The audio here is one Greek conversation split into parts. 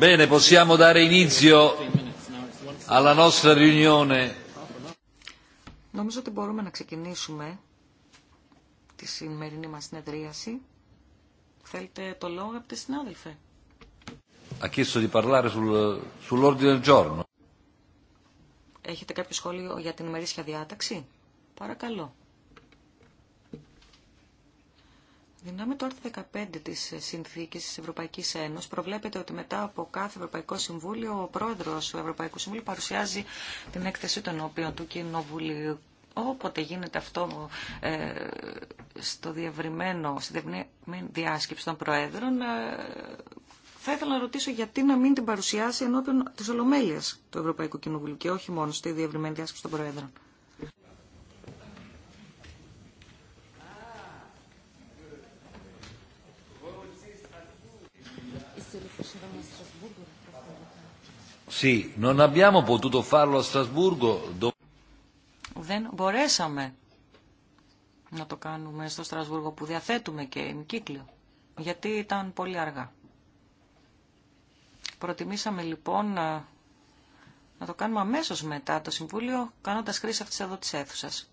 Bene, possiamo dare inizio alla nostra riunione. Νομίζω ότι μπορούμε να ξεκινήσουμε τη σημερινή μας συνεδρίαση. Θέλετε το λόγο, τη συνάδελφε. Ha chiesto di parlare sul, sull'ordine del giorno. Έχετε κάποιο σχόλιο για την ημερήσια διάταξη. Παρακαλώ. Δυνάμει το άρθρο 15 της Συνθήκης της Ευρωπαϊκής Ένωσης προβλέπεται ότι μετά από κάθε Ευρωπαϊκό Συμβούλιο ο πρόεδρος του Ευρωπαϊκού Συμβούλου παρουσιάζει την έκθεση των οποίων του Κοινοβουλίου. Όποτε γίνεται αυτό ε, στο διευρυμένο, στη διευρυμένη διάσκεψη των Προέδρων, ε, θα ήθελα να ρωτήσω γιατί να μην την παρουσιάσει ενώπιον της Ολομέλειας του Ευρωπαϊκού Κοινοβουλίου και όχι μόνο στη διευρυμένη διάσκεψη των Προέδρων. Δεν μπορέσαμε να το κάνουμε στο Στρασβούργο που διαθέτουμε και ημικύκλιο, γιατί ήταν πολύ αργά. Προτιμήσαμε λοιπόν ε, να, το κάνουμε αμέσως μετά το Συμβούλιο, κάνοντας χρήση αυτής εδώ της αίθουσας.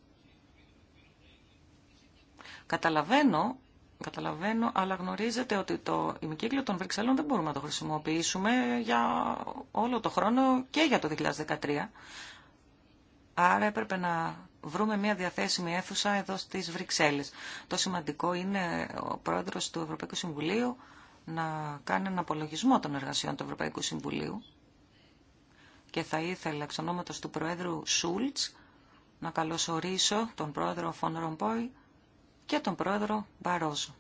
Καταλαβαίνω Καταλαβαίνω, αλλά γνωρίζετε ότι το ημικύκλιο των Βρυξελών δεν μπορούμε να το χρησιμοποιήσουμε για όλο το χρόνο και για το 2013. Άρα έπρεπε να βρούμε μια διαθέσιμη αίθουσα εδώ στις Βρυξέλλες. Το σημαντικό είναι ο πρόεδρος του Ευρωπαϊκού Συμβουλίου να κάνει ένα απολογισμό των εργασιών του Ευρωπαϊκού Συμβουλίου και θα ήθελα εξ του Προέδρου Σούλτς να καλωσορίσω τον Πρόεδρο Φων Ρομπόη και τον πρόεδρο Μπαρόζο.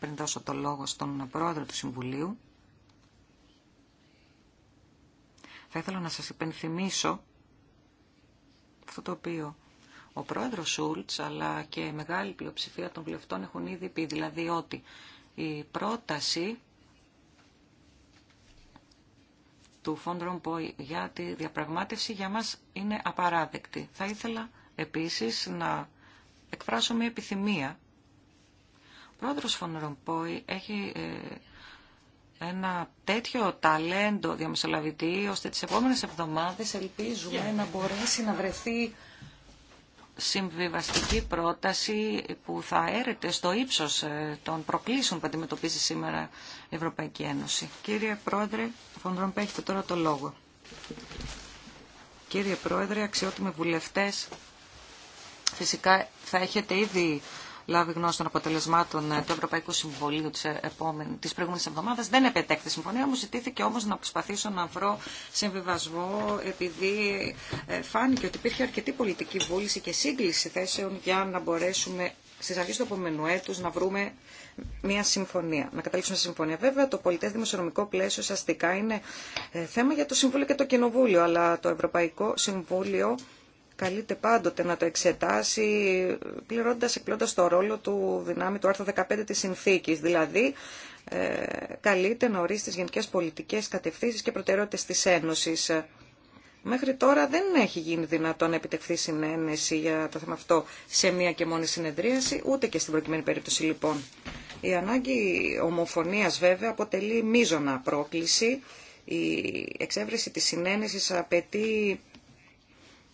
Πριν δώσω το λόγο στον πρόεδρο του Συμβουλίου, θα ήθελα να σας υπενθυμίσω αυτό το οποίο ο πρόεδρος Σούλτς αλλά και μεγάλη πλειοψηφία των βουλευτών έχουν ήδη πει, δηλαδή ότι η πρόταση του Φόντρον Πόη για τη διαπραγμάτευση για μας είναι απαράδεκτη. Θα ήθελα επίσης να εκφράσω μια επιθυμία. Ο πρόεδρος Φων Ρομπόη έχει ε, ένα τέτοιο ταλέντο διαμεσολαβητή, ώστε τις επόμενες εβδομάδες ελπίζουμε να μπορέσει να βρεθεί συμβιβαστική πρόταση που θα έρεται στο ύψος ε, των προκλήσεων που αντιμετωπίζει σήμερα η Ευρωπαϊκή Ένωση. Κύριε Πρόεδρε, Ρομπέ, έχετε τώρα το λόγο. Κύριε Πρόεδρε, αξιότιμοι βουλευτές, Φυσικά θα έχετε ήδη λάβει γνώση των αποτελεσμάτων ε, του Ευρωπαϊκού Συμβουλίου της, ε, προηγούμενη εβδομάδα. εβδομάδας. Δεν επετέχθη συμφωνία, μου ζητήθηκε όμως να προσπαθήσω να βρω συμβιβασμό, επειδή ε, φάνηκε ότι υπήρχε αρκετή πολιτική βούληση και σύγκληση θέσεων για να μπορέσουμε στις αρχές του επόμενου έτους να βρούμε μια συμφωνία, να καταλήξουμε σε συμφωνία. Βέβαια, το πολιτές δημοσιονομικό πλαίσιο ουσιαστικά είναι θέμα για το Συμβούλιο και το Κοινοβούλιο, αλλά το Ευρωπαϊκό Συμβούλιο καλείται πάντοτε να το εξετάσει πληρώντας, εκπλώντας το ρόλο του δυνάμει του άρθρου 15 της συνθήκης. Δηλαδή, ε, καλείται να ορίσει τις γενικές πολιτικές κατευθύνσεις και προτεραιότητες της Ένωσης. Μέχρι τώρα δεν έχει γίνει δυνατόν να επιτευχθεί συνένεση για το θέμα αυτό σε μία και μόνη συνεδρίαση, ούτε και στην προκειμένη περίπτωση λοιπόν. Η ανάγκη ομοφωνίας βέβαια αποτελεί μείζωνα πρόκληση. Η εξέβρεση της συνένεσης απαιτεί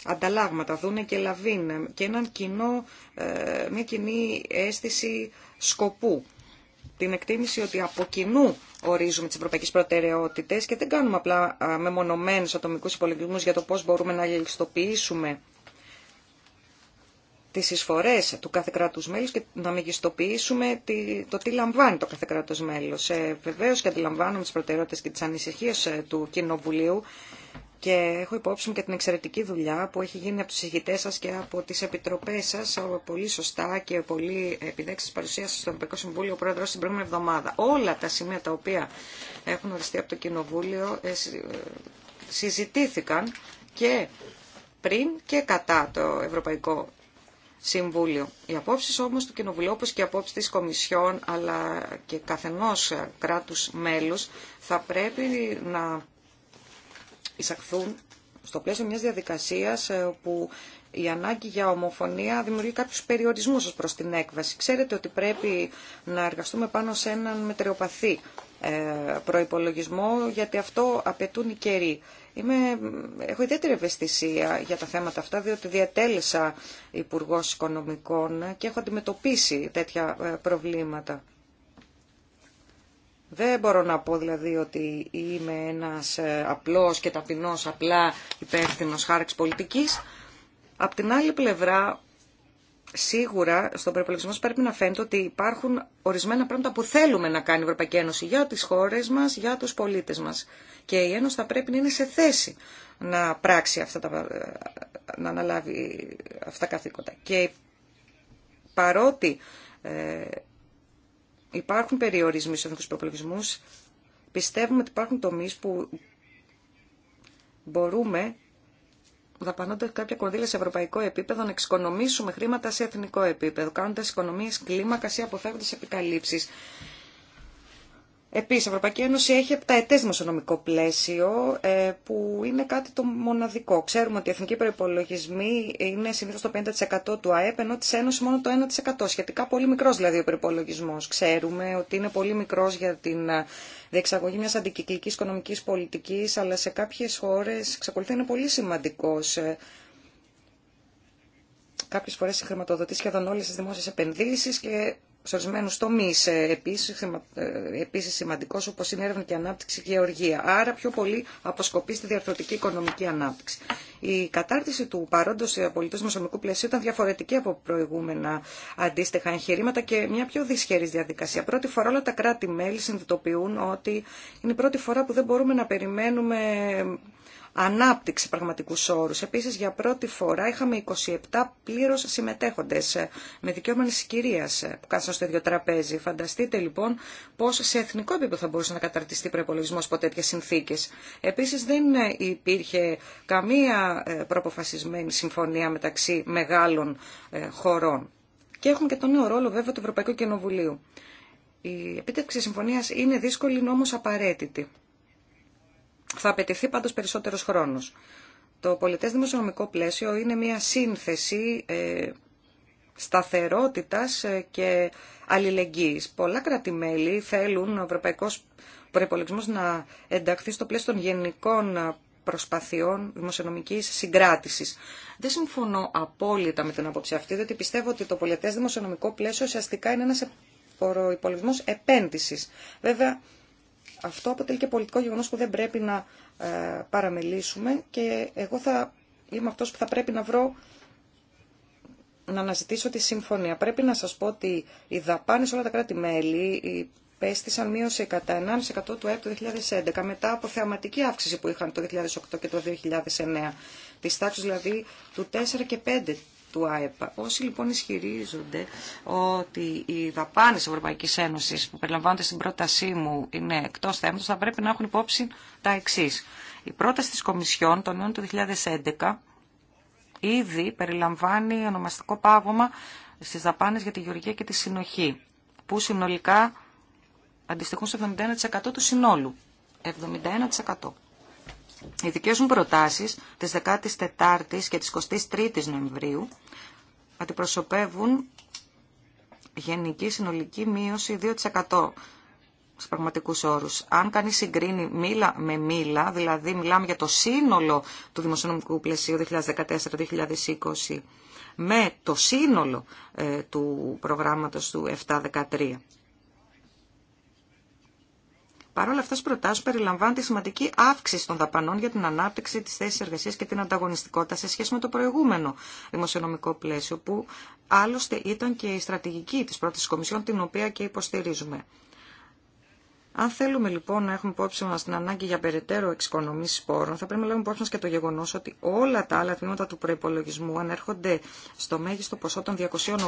ανταλλάγματα, δούνε και λαβίν και έναν κοινό, ε, μια κοινή αίσθηση σκοπού. Την εκτίμηση ότι από κοινού ορίζουμε τις ευρωπαϊκές προτεραιότητες και δεν κάνουμε απλά μεμονωμένους ατομικούς υπολογισμούς για το πώς μπορούμε να ελιστοποιήσουμε τις εισφορές του κάθε κράτους μέλους και να μεγιστοποιήσουμε το τι λαμβάνει το κάθε κράτος μέλος. Ε, βεβαίως και αντιλαμβάνομαι τις προτεραιότητες και τις ανησυχίες ε, του Κοινοβουλίου και έχω υπόψη μου και την εξαιρετική δουλειά που έχει γίνει από τους ηγητές σας και από τις επιτροπές σας πολύ σωστά και πολύ επιδέξεις παρουσίαση στο Ευρωπαϊκό Συμβούλιο ο Πρόεδρος την προηγούμενη εβδομάδα. Όλα τα σημεία τα οποία έχουν οριστεί από το Κοινοβούλιο ε, ε, συζητήθηκαν και πριν και κατά το Ευρωπαϊκό Συμβούλιο. Οι απόψει όμω του Κοινοβουλίου, όπω και οι απόψει τη Κομισιόν αλλά και καθενό ε, κράτου μέλου, θα πρέπει να εισαχθούν στο πλαίσιο μιας διαδικασίας ε, όπου η ανάγκη για ομοφωνία δημιουργεί κάποιους περιορισμούς ως προς την έκβαση. Ξέρετε ότι πρέπει να εργαστούμε πάνω σε έναν μετριοπαθή ε, προϋπολογισμό, γιατί αυτό απαιτούν οι καιροί. Είμαι, έχω ιδιαίτερη ευαισθησία για τα θέματα αυτά, διότι διατέλεσα υπουργό Οικονομικών και έχω αντιμετωπίσει τέτοια ε, προβλήματα. Δεν μπορώ να πω δηλαδή ότι είμαι ένας ε, απλός και ταπεινός απλά υπεύθυνος χάραξη πολιτικής. Απ' την άλλη πλευρά, σίγουρα στον προπολογισμό πρέπει να φαίνεται ότι υπάρχουν ορισμένα πράγματα που θέλουμε να κάνει η Ευρωπαϊκή Ένωση για τις χώρες μας, για τους πολίτες μας. Και η Ένωση θα πρέπει να είναι σε θέση να πράξει αυτά τα, ε, να αναλάβει αυτά τα καθήκοντα. Και παρότι ε, Υπάρχουν περιορισμοί στους εθνικούς προπολογισμούς. Πιστεύουμε ότι υπάρχουν τομείς που μπορούμε δαπανώντα κάποια κονδύλια σε ευρωπαϊκό επίπεδο, να εξοικονομήσουμε χρήματα σε εθνικό επίπεδο, κάνοντα οικονομίε κλίμακα ή αποφεύγοντα επικαλύψει. Επίσης, η Ευρωπαϊκή Ένωση έχει επταετές δημοσιονομικό πλαίσιο ε, που είναι κάτι το μοναδικό. Ξέρουμε ότι οι εθνικοί προπολογισμοί είναι συνήθως το 50% του ΑΕΠ, ενώ της Ένωσης μόνο το 1%. Σχετικά πολύ μικρός δηλαδή ο προπολογισμό. Ξέρουμε ότι είναι πολύ μικρός για την ε, διεξαγωγή μιας αντικυκλικής οικονομικής πολιτικής, αλλά σε κάποιες χώρες εξακολουθεί να είναι πολύ σημαντικός ε. κάποιε φορέ χρηματοδοτεί σχεδόν όλε τι δημόσιε επενδύσει και σε ορισμένου τομεί ε, επίση ε, σημαντικό όπω είναι έρευνα και ανάπτυξη και γεωργία. Άρα πιο πολύ αποσκοπεί στη διαρθρωτική οικονομική ανάπτυξη. Η κατάρτιση του παρόντο πολιτού δημοσιονομικού πλαισίου ήταν διαφορετική από προηγούμενα αντίστοιχα εγχειρήματα και μια πιο δυσχερή διαδικασία. Πρώτη φορά όλα τα κράτη-μέλη συνειδητοποιούν ότι είναι η πρώτη φορά που δεν μπορούμε να περιμένουμε ανάπτυξη πραγματικού όρου. Επίση, για πρώτη φορά είχαμε 27 πλήρω συμμετέχοντε ε, με δικαίωμα νησικηρίας ε, που κάθισαν στο ίδιο τραπέζι. Φανταστείτε λοιπόν πω σε εθνικό επίπεδο θα μπορούσε να καταρτιστεί προπολογισμό από τέτοιε συνθήκε. Επίσης, δεν ε, υπήρχε καμία προποφασισμένη συμφωνία μεταξύ μεγάλων χωρών. Και έχουμε και τον νέο ρόλο βέβαια του Ευρωπαϊκού Κοινοβουλίου. Η επίτευξη συμφωνίας είναι δύσκολη, όμω απαραίτητη. Θα απαιτηθεί πάντως περισσότερος χρόνος. Το πολιτές δημοσιονομικό πλαίσιο είναι μια σύνθεση ε, σταθερότητας ε, και αλληλεγγύης. Πολλά θέλουν ο ευρωπαϊκός προϋπολογισμός να ενταχθεί στο πλαίσιο των γενικών προσπαθειών δημοσιονομικής συγκράτησης. Δεν συμφωνώ απόλυτα με την άποψη αυτή, διότι πιστεύω ότι το πολιτές δημοσιονομικό πλαίσιο ουσιαστικά είναι ένας προϋπολογισμός επένδυσης. Βέβαια, αυτό αποτελεί και πολιτικό γεγονός που δεν πρέπει να ε, παραμελήσουμε και εγώ θα είμαι αυτός που θα πρέπει να βρω να αναζητήσω τη συμφωνία. Πρέπει να σας πω ότι οι δαπάνε όλα τα κράτη-μέλη πέστησαν μείωση κατά 1,5% του ΕΠ το 2011 μετά από θεαματική αύξηση που είχαν το 2008 και το 2009 Τη τάξη δηλαδή του 4 και 5 του ΑΕΠΑ. Όσοι λοιπόν ισχυρίζονται ότι οι δαπάνε τη Ευρωπαϊκή Ένωση που περιλαμβάνονται στην πρότασή μου είναι εκτό θέματο, θα πρέπει να έχουν υπόψη τα εξή. Η πρόταση τη Κομισιόν τον Ιούνιο του 2011 ήδη περιλαμβάνει ονομαστικό πάγωμα στις δαπάνε για τη γεωργία και τη συνοχή, που συνολικά αντιστοιχούν στο 71% του συνόλου. 71%. Οι δικέ μου προτάσεις της 14ης και της 23ης Νοεμβρίου αντιπροσωπεύουν γενική συνολική μείωση 2% στους πραγματικούς όρου. Αν κανεί συγκρίνει μήλα με μήλα, δηλαδή μιλάμε για το σύνολο του δημοσιονομικού πλαισίου 2014-2020 με το σύνολο ε, του προγράμματος του 7-13. Παρ' όλα αυτά, στι προτάσει περιλαμβάνεται σημαντική αύξηση των δαπανών για την ανάπτυξη τη θέση εργασία και την ανταγωνιστικότητα σε σχέση με το προηγούμενο δημοσιονομικό πλαίσιο, που άλλωστε ήταν και η στρατηγική τη πρώτη Κομισιόν, την οποία και υποστηρίζουμε. Αν θέλουμε λοιπόν να έχουμε υπόψη μα την ανάγκη για περαιτέρω εξοικονομήσει πόρων, θα πρέπει να λάβουμε υπόψη μα και το γεγονό ότι όλα τα άλλα τμήματα του προπολογισμού ανέρχονται στο μέγιστο ποσό των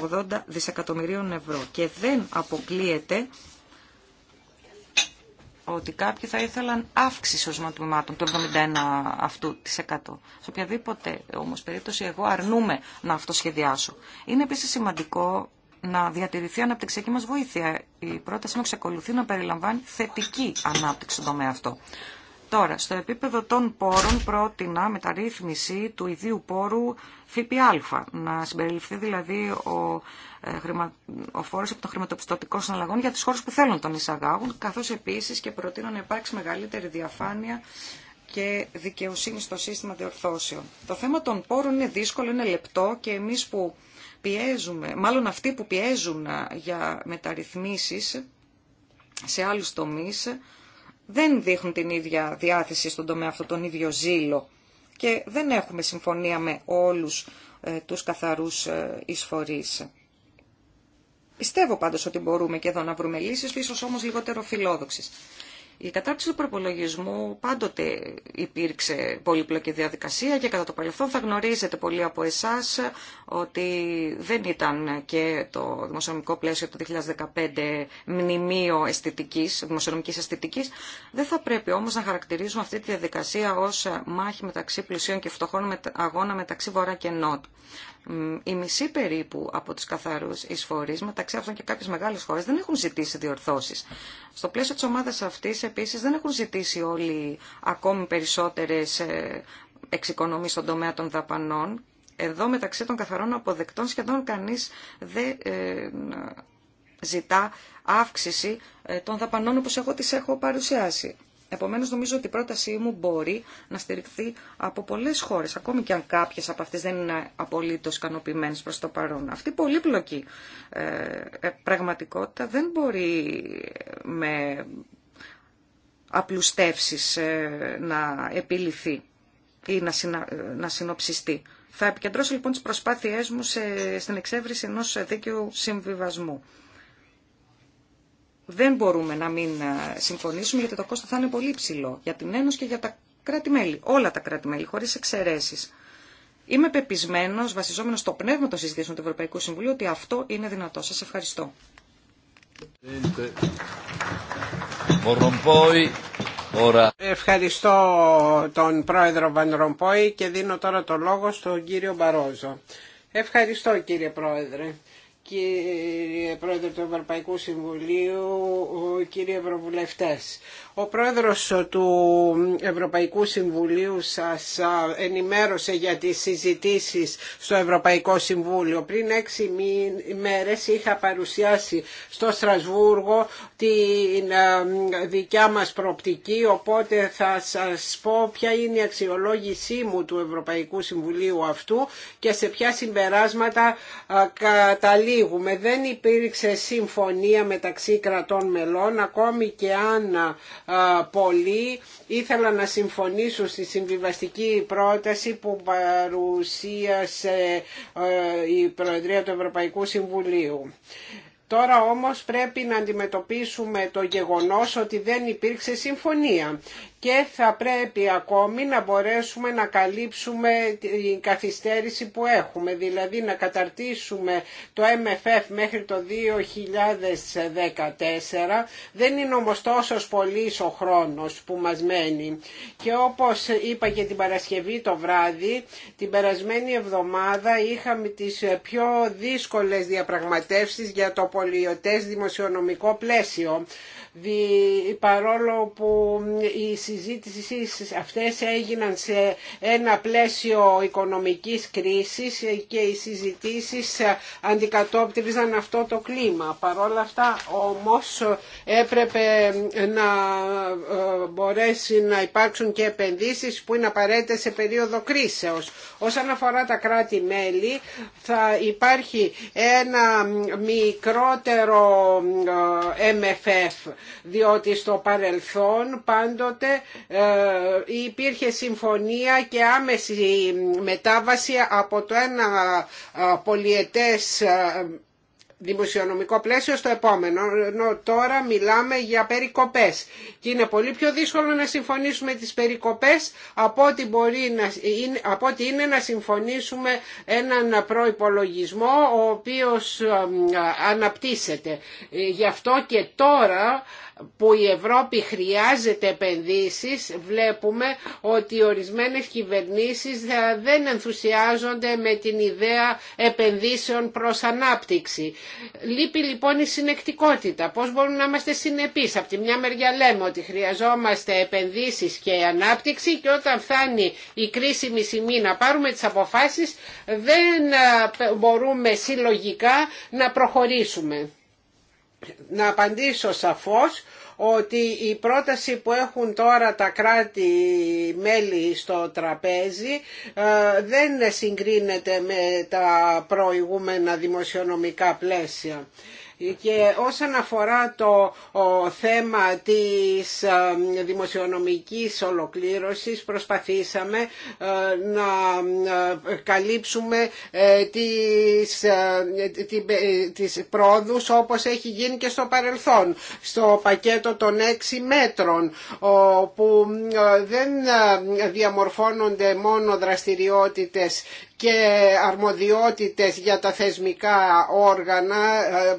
280 δισεκατομμυρίων ευρώ και δεν αποκλείεται ότι κάποιοι θα ήθελαν αύξηση των του 71 αυτού της 100. Σε οποιαδήποτε όμως περίπτωση εγώ αρνούμε να αυτοσχεδιάσω. Είναι επίσης σημαντικό να διατηρηθεί η αναπτυξιακή μας βοήθεια. Η πρόταση μου εξακολουθεί να περιλαμβάνει θετική ανάπτυξη στον τομέα αυτό. Τώρα, στο επίπεδο των πόρων πρότεινα μεταρρύθμιση του ιδίου πόρου ΦΠΑ, να συμπεριληφθεί δηλαδή ο, ε, φόρος από τον χρηματοπιστωτικό συναλλαγό για τις χώρες που θέλουν τον εισαγάγουν, καθώς επίσης και προτείνω να υπάρξει μεγαλύτερη διαφάνεια και δικαιοσύνη στο σύστημα διορθώσεων. Το θέμα των πόρων είναι δύσκολο, είναι λεπτό και εμείς που πιέζουμε, μάλλον αυτοί που πιέζουν ε, για μεταρρυθμίσεις σε άλλους τομείς, δεν δείχνουν την ίδια διάθεση στον τομέα αυτό, τον ίδιο ζήλο και δεν έχουμε συμφωνία με όλους ε, τους καθαρούς ε, εισφορείς. Πιστεύω πάντως ότι μπορούμε και εδώ να βρούμε λύσεις, ίσως όμως λιγότερο φιλόδοξες. Η κατάρτιση του προπολογισμού πάντοτε υπήρξε πολύπλοκη διαδικασία και κατά το παρελθόν θα γνωρίζετε πολλοί από εσάς ότι δεν ήταν και το δημοσιονομικό πλαίσιο το 2015 μνημείο αισθητικής, δημοσιονομικής αισθητικής. Δεν θα πρέπει όμως να χαρακτηρίζουμε αυτή τη διαδικασία ως μάχη μεταξύ πλουσίων και φτωχών αγώνα μεταξύ βορρά και νότ. Η μισή περίπου από τις καθαρούς εισφορείς, μεταξύ αυτών και κάποιες μεγάλες χώρες, δεν έχουν ζητήσει διορθώσεις. Στο πλαίσιο της ομάδας αυτής, επίσης, δεν έχουν ζητήσει όλοι ακόμη περισσότερες ε, εξοικονομίες στον τομέα των δαπανών. Εδώ, μεταξύ των καθαρών αποδεκτών, σχεδόν κανείς δεν ε, ζητά αύξηση ε, των δαπανών όπως εγώ τις έχω παρουσιάσει. Επομένως νομίζω ότι η πρότασή μου μπορεί να στηριχθεί από πολλές χώρες, ακόμη και αν κάποιες από αυτές δεν είναι απολύτως ικανοποιημένε προς το παρόν. Αυτή η πολύπλοκη ε, ε, πραγματικότητα δεν μπορεί ε, με απλουστεύσεις να επιληθεί ή να συνοψιστεί. Θα επικεντρώσω λοιπόν τις προσπάθειές μου στην εξέβριση ενός δίκαιου συμβιβασμού δεν μπορούμε να μην ε, συμφωνήσουμε γιατί το κόστο θα είναι πολύ ψηλό για την Ένωση και για τα κράτη-μέλη, όλα τα κράτη-μέλη, χωρίς εξαιρέσεις. Είμαι πεπισμένος, βασιζόμενος στο πνεύμα των συζητήσεων του Ευρωπαϊκού Συμβουλίου, ότι αυτό είναι δυνατό. Σα ευχαριστώ. Ευχαριστώ τον πρόεδρο Βαν Ρομπόη και δίνω τώρα το λόγο στον κύριο Μπαρόζο. Ευχαριστώ κύριε πρόεδρε κύριε Πρόεδρε του Ευρωπαϊκού Συμβουλίου, κύριε Ευρωβουλευτές. Ο πρόεδρος του Ευρωπαϊκού Συμβουλίου σας ενημέρωσε για τις συζητήσεις στο Ευρωπαϊκό Συμβούλιο. Πριν έξι μέρες είχα παρουσιάσει στο Στρασβούργο τη δικιά μας προοπτική, οπότε θα σας πω ποια είναι η αξιολόγησή μου του Ευρωπαϊκού Συμβουλίου αυτού και σε ποια συμπεράσματα καταλήγουμε. Δεν υπήρξε συμφωνία μεταξύ κρατών μελών, ακόμη και αν πολύ. Ήθελα να συμφωνήσω στη συμβιβαστική πρόταση που παρουσίασε ε, η Προεδρία του Ευρωπαϊκού Συμβουλίου. Τώρα όμως πρέπει να αντιμετωπίσουμε το γεγονός ότι δεν υπήρξε συμφωνία και θα πρέπει ακόμη να μπορέσουμε να καλύψουμε την καθυστέρηση που έχουμε, δηλαδή να καταρτήσουμε το MFF μέχρι το 2014. Δεν είναι όμως τόσο πολύ ο χρόνος που μας μένει. Και όπως είπα και την Παρασκευή το βράδυ, την περασμένη εβδομάδα είχαμε τις πιο δύσκολες διαπραγματεύσεις για το πολιωτές δημοσιονομικό πλαίσιο. παρόλο που η συζήτησεις αυτές έγιναν σε ένα πλαίσιο οικονομικής κρίσης και οι συζητήσεις ε, αντικατόπτριζαν αυτό το κλίμα. Παρόλα αυτά όμως έπρεπε ε, να ε, μπορέσει να υπάρξουν και επενδύσεις που είναι απαραίτητες σε περίοδο κρίσεως. Όσον αφορά τα κράτη-μέλη θα υπάρχει ένα μικρότερο MFF διότι στο παρελθόν πάντοτε ε, υπήρχε συμφωνία και άμεση μετάβαση από το ένα ε, πολιετές ε, δημοσιονομικό πλαίσιο στο επόμενο. Ενώ τώρα μιλάμε για περικοπές και είναι πολύ πιο δύσκολο να συμφωνήσουμε τις περικοπές από ό,τι, μπορεί από ό,τι είναι να συμφωνήσουμε έναν προϋπολογισμό ο οποίος αναπτύσσεται. Γι' αυτό και τώρα που η Ευρώπη χρειάζεται επενδύσεις βλέπουμε ότι ορισμένες κυβερνήσεις ε, δεν ενθουσιάζονται με την ιδέα επενδύσεων προς ανάπτυξη. Λείπει λοιπόν η συνεκτικότητα. Πώς μπορούμε να είμαστε συνεπείς. Από τη μια μεριά λέμε ότι χρειαζόμαστε επενδύσεις και ανάπτυξη και όταν φτάνει η κρίσιμη σημεία να πάρουμε τις αποφάσεις δεν ε, μπορούμε συλλογικά να προχωρήσουμε να απαντήσω σαφώς ότι η πρόταση που έχουν τώρα τα κράτη-μέλη στο τραπέζι ε, δεν συγκρίνεται με τα προηγούμενα δημοσιονομικά πλαίσια. Και όσον αφορά το θέμα της ε, δημοσιονομικής ολοκλήρωσης προσπαθήσαμε ε, να ε, καλύψουμε τις, τις πρόοδους όπως έχει γίνει και στο παρελθόν στο πακέτο των έξι μέτρων που δεν διαμορφώνονται μόνο δραστηριότητες και αρμοδιότητες για τα θεσμικά όργανα ε, ε,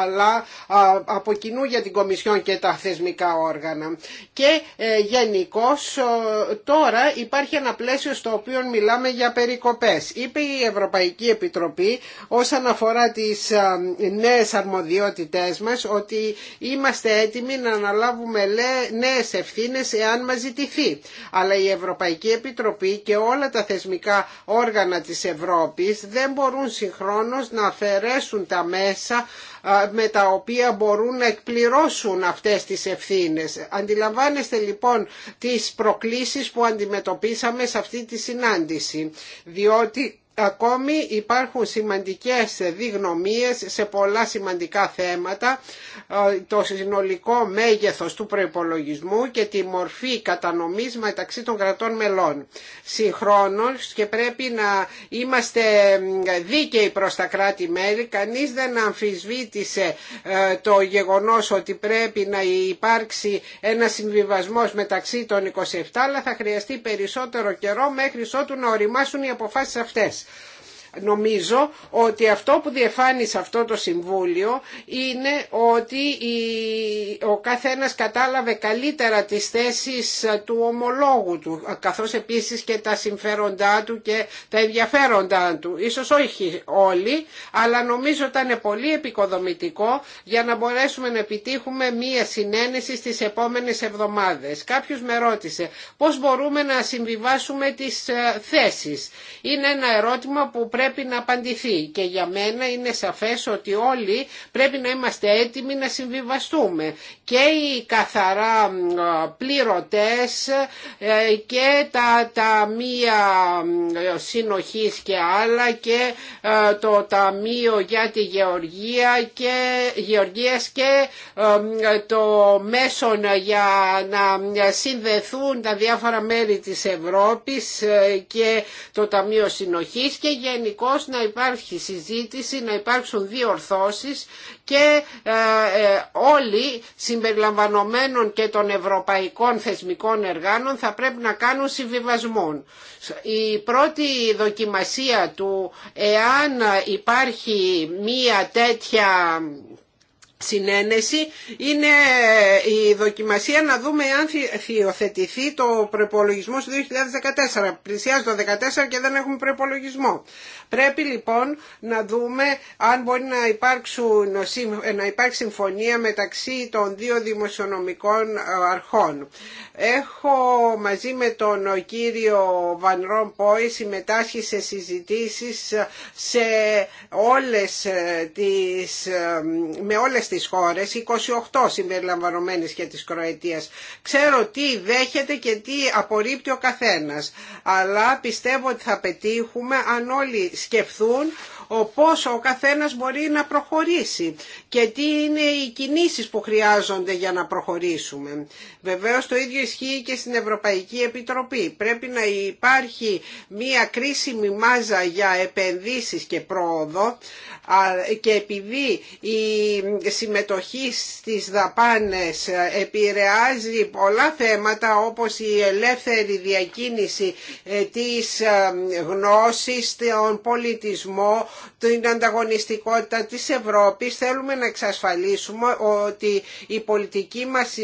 αλλά ε, από κοινού για την Κομισιόν και τα θεσμικά όργανα. Και γενικώ τώρα υπάρχει ένα πλαίσιο στο οποίο μιλάμε για περικοπές. Είπε η Ευρωπαϊκή Επιτροπή όσον αφορά τις νέες αρμοδιότητές μας ότι είμαστε έτοιμοι να αναλάβουμε νέες ευθύνες εάν μας ζητηθεί. Αλλά η Ευρωπαϊκή Επιτροπή και όλα τα θεσμικά όργανα όργανα της Ευρώπης δεν μπορούν συγχρόνως να αφαιρέσουν τα μέσα με τα οποία μπορούν να εκπληρώσουν αυτές τις ευθύνες. Αντιλαμβάνεστε λοιπόν τις προκλήσεις που αντιμετωπίσαμε σε αυτή τη συνάντηση, διότι Ακόμη υπάρχουν σημαντικές διγνωμίες σε πολλά σημαντικά θέματα, ε, το συνολικό μέγεθος του προϋπολογισμού και τη μορφή κατανομής μεταξύ των κρατών μελών. Συγχρόνως και πρέπει να είμαστε δίκαιοι προς τα κράτη-μέλη, κανείς δεν αμφισβήτησε ε, το γεγονός ότι πρέπει να υπάρξει ένα συμβιβασμός μεταξύ των 27, αλλά θα χρειαστεί περισσότερο καιρό μέχρι ότου να οριμάσουν οι αποφάσεις αυτές. Νομίζω ότι αυτό που διεφάνει σε αυτό το Συμβούλιο είναι ότι ο καθένας κατάλαβε καλύτερα τις θέσεις του ομολόγου του καθώς επίσης και τα συμφέροντά του και τα ενδιαφέροντά του. Ίσως όχι όλοι, αλλά νομίζω ήταν πολύ επικοδομητικό για να μπορέσουμε να επιτύχουμε μία συνένεση στις επόμενες εβδομάδες. Κάποιος με ρώτησε πώς μπορούμε να συμβιβάσουμε τις ε, θέσεις. Είναι ένα ερώτημα που πρέπει να απαντηθεί και για μένα είναι σαφές ότι όλοι πρέπει να είμαστε έτοιμοι να συμβιβαστούμε και οι καθαρά πληρωτές ε, και τα ταμεία συνοχής και άλλα και ε, το ταμείο για τη γεωργία και γεωργίας και ε, το μέσο για να συνδεθούν τα διάφορα μέρη της Ευρώπης και το Ταμείο Συνοχής και γενικά να υπάρχει συζήτηση, να υπάρξουν δύο ορθώσεις και ε, ε, όλοι συμπεριλαμβανομένων και των ευρωπαϊκών θεσμικών εργάνων θα πρέπει να κάνουν συμβιβασμόν. Η πρώτη δοκιμασία του εάν υπάρχει μία τέτοια συνένεση είναι ε, η δοκιμασία να δούμε αν θιοθετηθεί το προπολογισμό του 2014. Πλησιάζει το 2014 και δεν έχουμε προπολογισμό. Πρέπει λοιπόν να δούμε αν μπορεί να, υπάρξουν, να υπάρξει συμφωνία μεταξύ των δύο δημοσιονομικών ε, αρχών. Έχω μαζί με τον κύριο Βαν Ρομπόη συμμετάσχει σε συζητήσεις ε, σε όλες ε, τις, με όλες τις χώρες, 28 συμπεριλαμβανομένες και της Κροατίας. Ξέρω τι δέχεται και τι απορρίπτει ο καθένας, αλλά πιστεύω ότι θα πετύχουμε αν όλοι σκεφτούν πόσο ο καθένας μπορεί να προχωρήσει και τι είναι οι κινήσεις που χρειάζονται για να προχωρήσουμε. Βεβαίως το ίδιο ισχύει και στην Ευρωπαϊκή Επιτροπή. Πρέπει να υπάρχει μία κρίσιμη μάζα για επενδύσεις και πρόοδο και επειδή η συμμετοχή στις δαπάνες επηρεάζει πολλά θέματα όπως η ελεύθερη διακίνηση ε, της ε, γνώσης, τον πολιτισμό, την ανταγωνιστικότητα της Ευρώπης θέλουμε να εξασφαλίσουμε ότι η πολιτική μας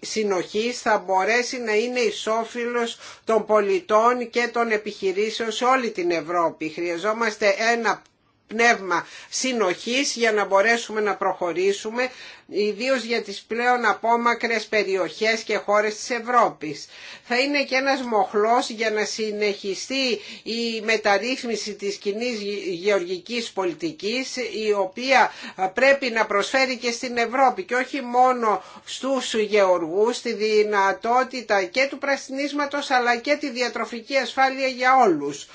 συνοχή θα μπορέσει να είναι ισόφιλος των πολιτών και των επιχειρήσεων σε όλη την Ευρώπη. Χρειαζόμαστε ένα πνεύμα συνοχής για να μπορέσουμε να προχωρήσουμε ιδίως για τις πλέον απόμακρες περιοχές και χώρες της Ευρώπης. Θα είναι και ένας μοχλός για να συνεχιστεί η μεταρρύθμιση της κοινή γεωργικής πολιτικής η οποία πρέπει να προσφέρει και στην Ευρώπη και όχι μόνο στους γεωργούς τη δυνατότητα και του πρασινίσματος αλλά και τη διατροφική ασφάλεια για όλους.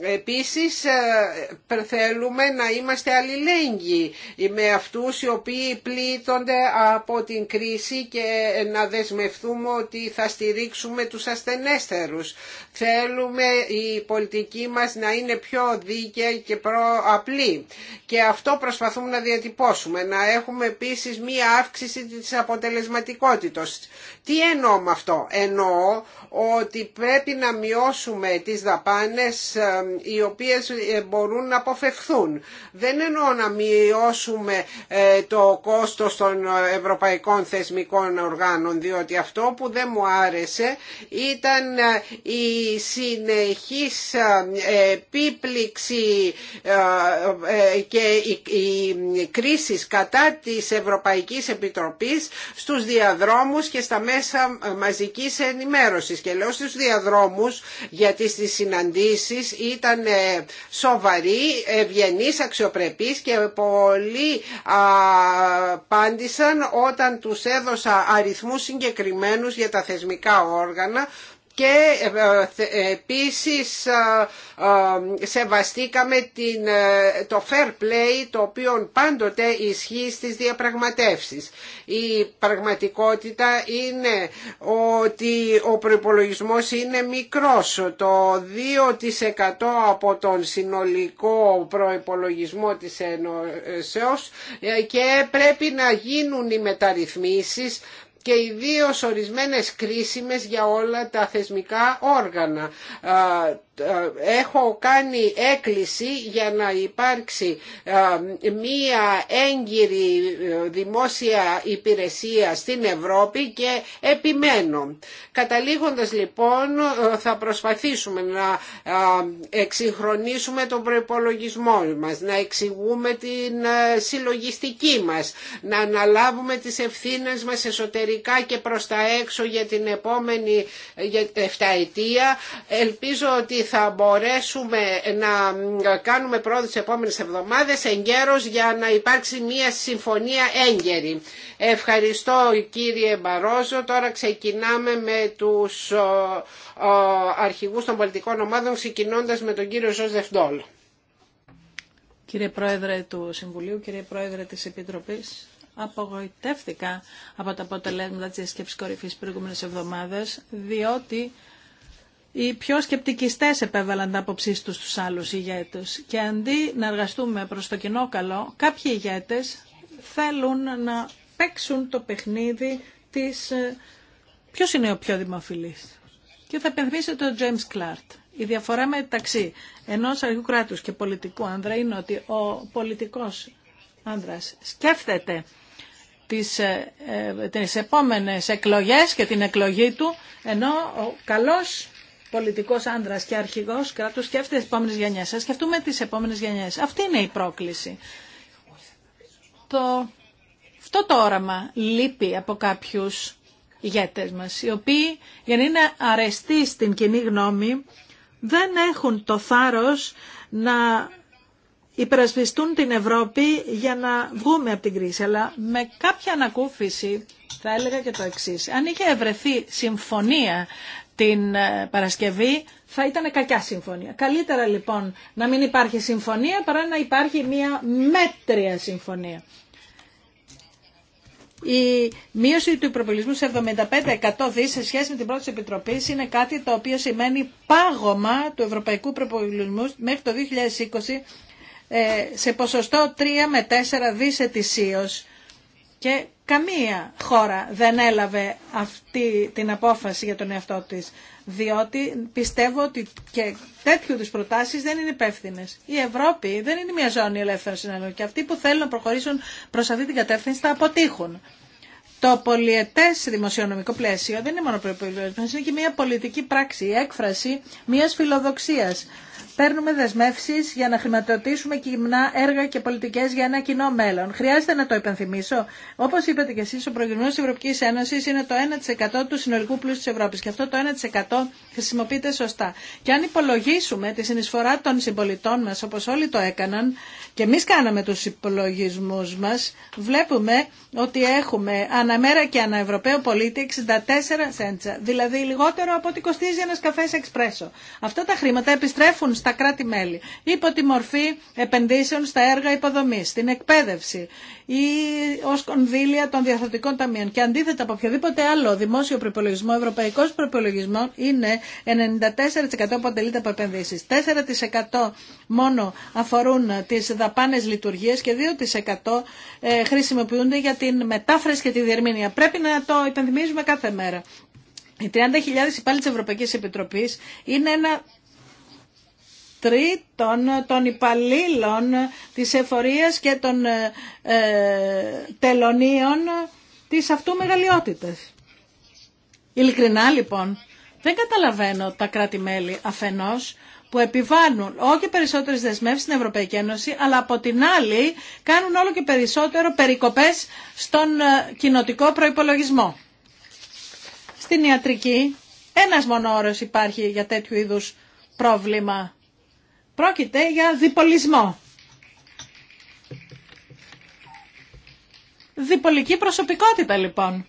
Επίσης ε, θέλουμε να είμαστε αλληλέγγυοι με αυτούς οι οποίοι πλήττονται από την κρίση και να δεσμευτούμε ότι θα στηρίξουμε τους ασθενέστερους. Θέλουμε η πολιτική μας να είναι πιο δίκαιη και απλή Και αυτό προσπαθούμε να διατυπώσουμε. Να έχουμε επίσης μία αύξηση της αποτελεσματικότητας. Τι εννοώ με αυτό. Εννοώ ότι πρέπει να μειώσουμε τις δαπάνες οι οποίες ε, μπορούν να αποφευθούν Δεν εννοώ να μειώσουμε ε, το κόστος των ε, ευρωπαϊκών θεσμικών οργάνων, διότι αυτό που δεν μου άρεσε ήταν η η συνεχής ε, επίπληξη ε, ε, και η κρίση κατά της Ευρωπαϊκής Επιτροπής στους διαδρόμους και στα μέσα μαζικής ενημέρωσης. Και λέω στους διαδρόμους γιατί στις συναντήσεις ήταν σοβαροί, ευγενείς, αξιοπρεπείς και πολλοί απάντησαν όταν τους έδωσα αριθμούς συγκεκριμένους για τα θεσμικά όργανα και ε, ε, επίσης ε, σεβαστήκαμε την, το fair play το οποίο πάντοτε ισχύει στις διαπραγματεύσεις. Η πραγματικότητα είναι ότι ο προϋπολογισμός είναι μικρός. Το 2% από τον συνολικό προϋπολογισμό της Ενώσεως και πρέπει να γίνουν οι μεταρρυθμίσεις και δύο ορισμένες κρίσιμες για όλα τα θεσμικά όργανα ε, έχω κάνει έκκληση για να υπάρξει ε, μία έγκυρη ε, δημόσια υπηρεσία στην Ευρώπη και επιμένω. Καταλήγοντας λοιπόν θα προσπαθήσουμε να εξυγχρονίσουμε τον προϋπολογισμό μας, να εξηγούμε την συλλογιστική μας, να αναλάβουμε τις ευθύνες μας εσωτερικά και προς τα έξω για την επόμενη εφταετία Ελπίζω ότι θα μπορέσουμε να κάνουμε πρόοδο τις επόμενες εβδομάδες εγκαίρως για να υπάρξει μια συμφωνία έγκαιρη. Ευχαριστώ κύριε Μπαρόζο. Τώρα ξεκινάμε με τους αρχηγούς των πολιτικών ομάδων ξεκινώντας με τον κύριο Ζωζεφ Κύριε Πρόεδρε του Συμβουλίου, κύριε Πρόεδρε της Επιτροπής, απογοητεύτηκα από τα αποτελέσματα της σκέψης κορυφής προηγούμενες εβδομάδες, διότι οι πιο σκεπτικιστές επέβαλαν τα άποψή τους στους άλλους ηγέτες και αντί να εργαστούμε προς το κοινό καλό, κάποιοι ηγέτες θέλουν να παίξουν το παιχνίδι της ε, ποιος είναι ο πιο δημοφιλής. Και θα επενδύσει τον James Clark. Η διαφορά μεταξύ ενός αργού κράτου και πολιτικού άνδρα είναι ότι ο πολιτικός άνδρας σκέφτεται τις, ε, ε τις επόμενες εκλογές και την εκλογή του, ενώ ο καλός πολιτικός άντρα και αρχηγός κράτους σκέφτε τι επόμενε γενιές. Ας σκεφτούμε τις επόμενες γενιές. Αυτή είναι η πρόκληση. Το... Αυτό το όραμα λείπει από κάποιους ηγέτε μας, οι οποίοι για να είναι αρεστοί στην κοινή γνώμη δεν έχουν το θάρρος να υπερασπιστούν την Ευρώπη για να βγούμε από την κρίση. Αλλά με κάποια ανακούφιση θα έλεγα και το εξή. Αν είχε ευρεθεί συμφωνία την ε, Παρασκευή θα ήταν κακιά συμφωνία. Καλύτερα λοιπόν να μην υπάρχει συμφωνία παρά να υπάρχει μια μέτρια συμφωνία. Η μείωση του προπολισμού σε 75% δι σε σχέση με την πρώτη επιτροπή είναι κάτι το οποίο σημαίνει πάγωμα του ευρωπαϊκού προπολισμού μέχρι το 2020 ε, σε ποσοστό 3 με 4 δις ετησίως και Καμία χώρα δεν έλαβε αυτή την απόφαση για τον εαυτό της, διότι πιστεύω ότι και τέτοιου τους προτάσεις δεν είναι υπεύθυνε. Η Ευρώπη δεν είναι μια ζώνη ελεύθερων συναλλαγών και αυτοί που θέλουν να προχωρήσουν προς αυτή την κατεύθυνση θα αποτύχουν. Το πολιετέ δημοσιονομικό πλαίσιο δεν είναι μόνο προπολογισμό, είναι και μια πολιτική πράξη, η έκφραση μιας φιλοδοξίας παίρνουμε δεσμεύσει για να χρηματοδοτήσουμε κοινά έργα και πολιτικέ για ένα κοινό μέλλον. Χρειάζεται να το υπενθυμίσω. Όπω είπατε και εσεί, ο προγραμματισμό τη Ευρωπαϊκή Ένωση είναι το 1% του συνολικού πλούτου τη Ευρώπη. Και αυτό το 1% χρησιμοποιείται σωστά. Και αν υπολογίσουμε τη συνεισφορά των συμπολιτών μα, όπω όλοι το έκαναν, και εμεί κάναμε του υπολογισμού μα, βλέπουμε ότι έχουμε αναμέρα και αναευρωπαίο πολίτη 64 σέντσα. Δηλαδή λιγότερο από ό,τι κοστίζει ένα καφέ εξπρέσο. Αυτά τα χρήματα επιστρέφουν στα κράτη-μέλη υπό τη μορφή επενδύσεων στα έργα υποδομής, στην εκπαίδευση ή ως κονδύλια των διαθετικών ταμείων. Και αντίθετα από οποιοδήποτε άλλο δημόσιο προπολογισμό, ευρωπαϊκό προπολογισμό είναι 94% αποτελείται από επενδύσει. 4% μόνο αφορούν τι δαπάνε λειτουργίε και 2% ε, χρησιμοποιούνται για την μετάφραση και τη διερμηνία. Πρέπει να το υπενθυμίζουμε κάθε μέρα. Οι 30.000 υπάλληλοι τη Ευρωπαϊκή Επιτροπή είναι ένα τρίτων ε, των υπαλλήλων της εφορίας και των ε, ε, τελωνίων της αυτού μεγαλειότητας. Ειλικρινά λοιπόν, δεν καταλαβαίνω τα κράτη-μέλη αφενός που επιβάλλουν όχι περισσότερες δεσμεύσεις στην Ευρωπαϊκή Ένωση, αλλά από την άλλη κάνουν όλο και περισσότερο περικοπές στον ε, κοινοτικό προϋπολογισμό. Στην ιατρική, ένας μόνο υπάρχει για τέτοιου είδους πρόβλημα Πρόκειται για διπολισμό. Διπολική προσωπικότητα λοιπόν.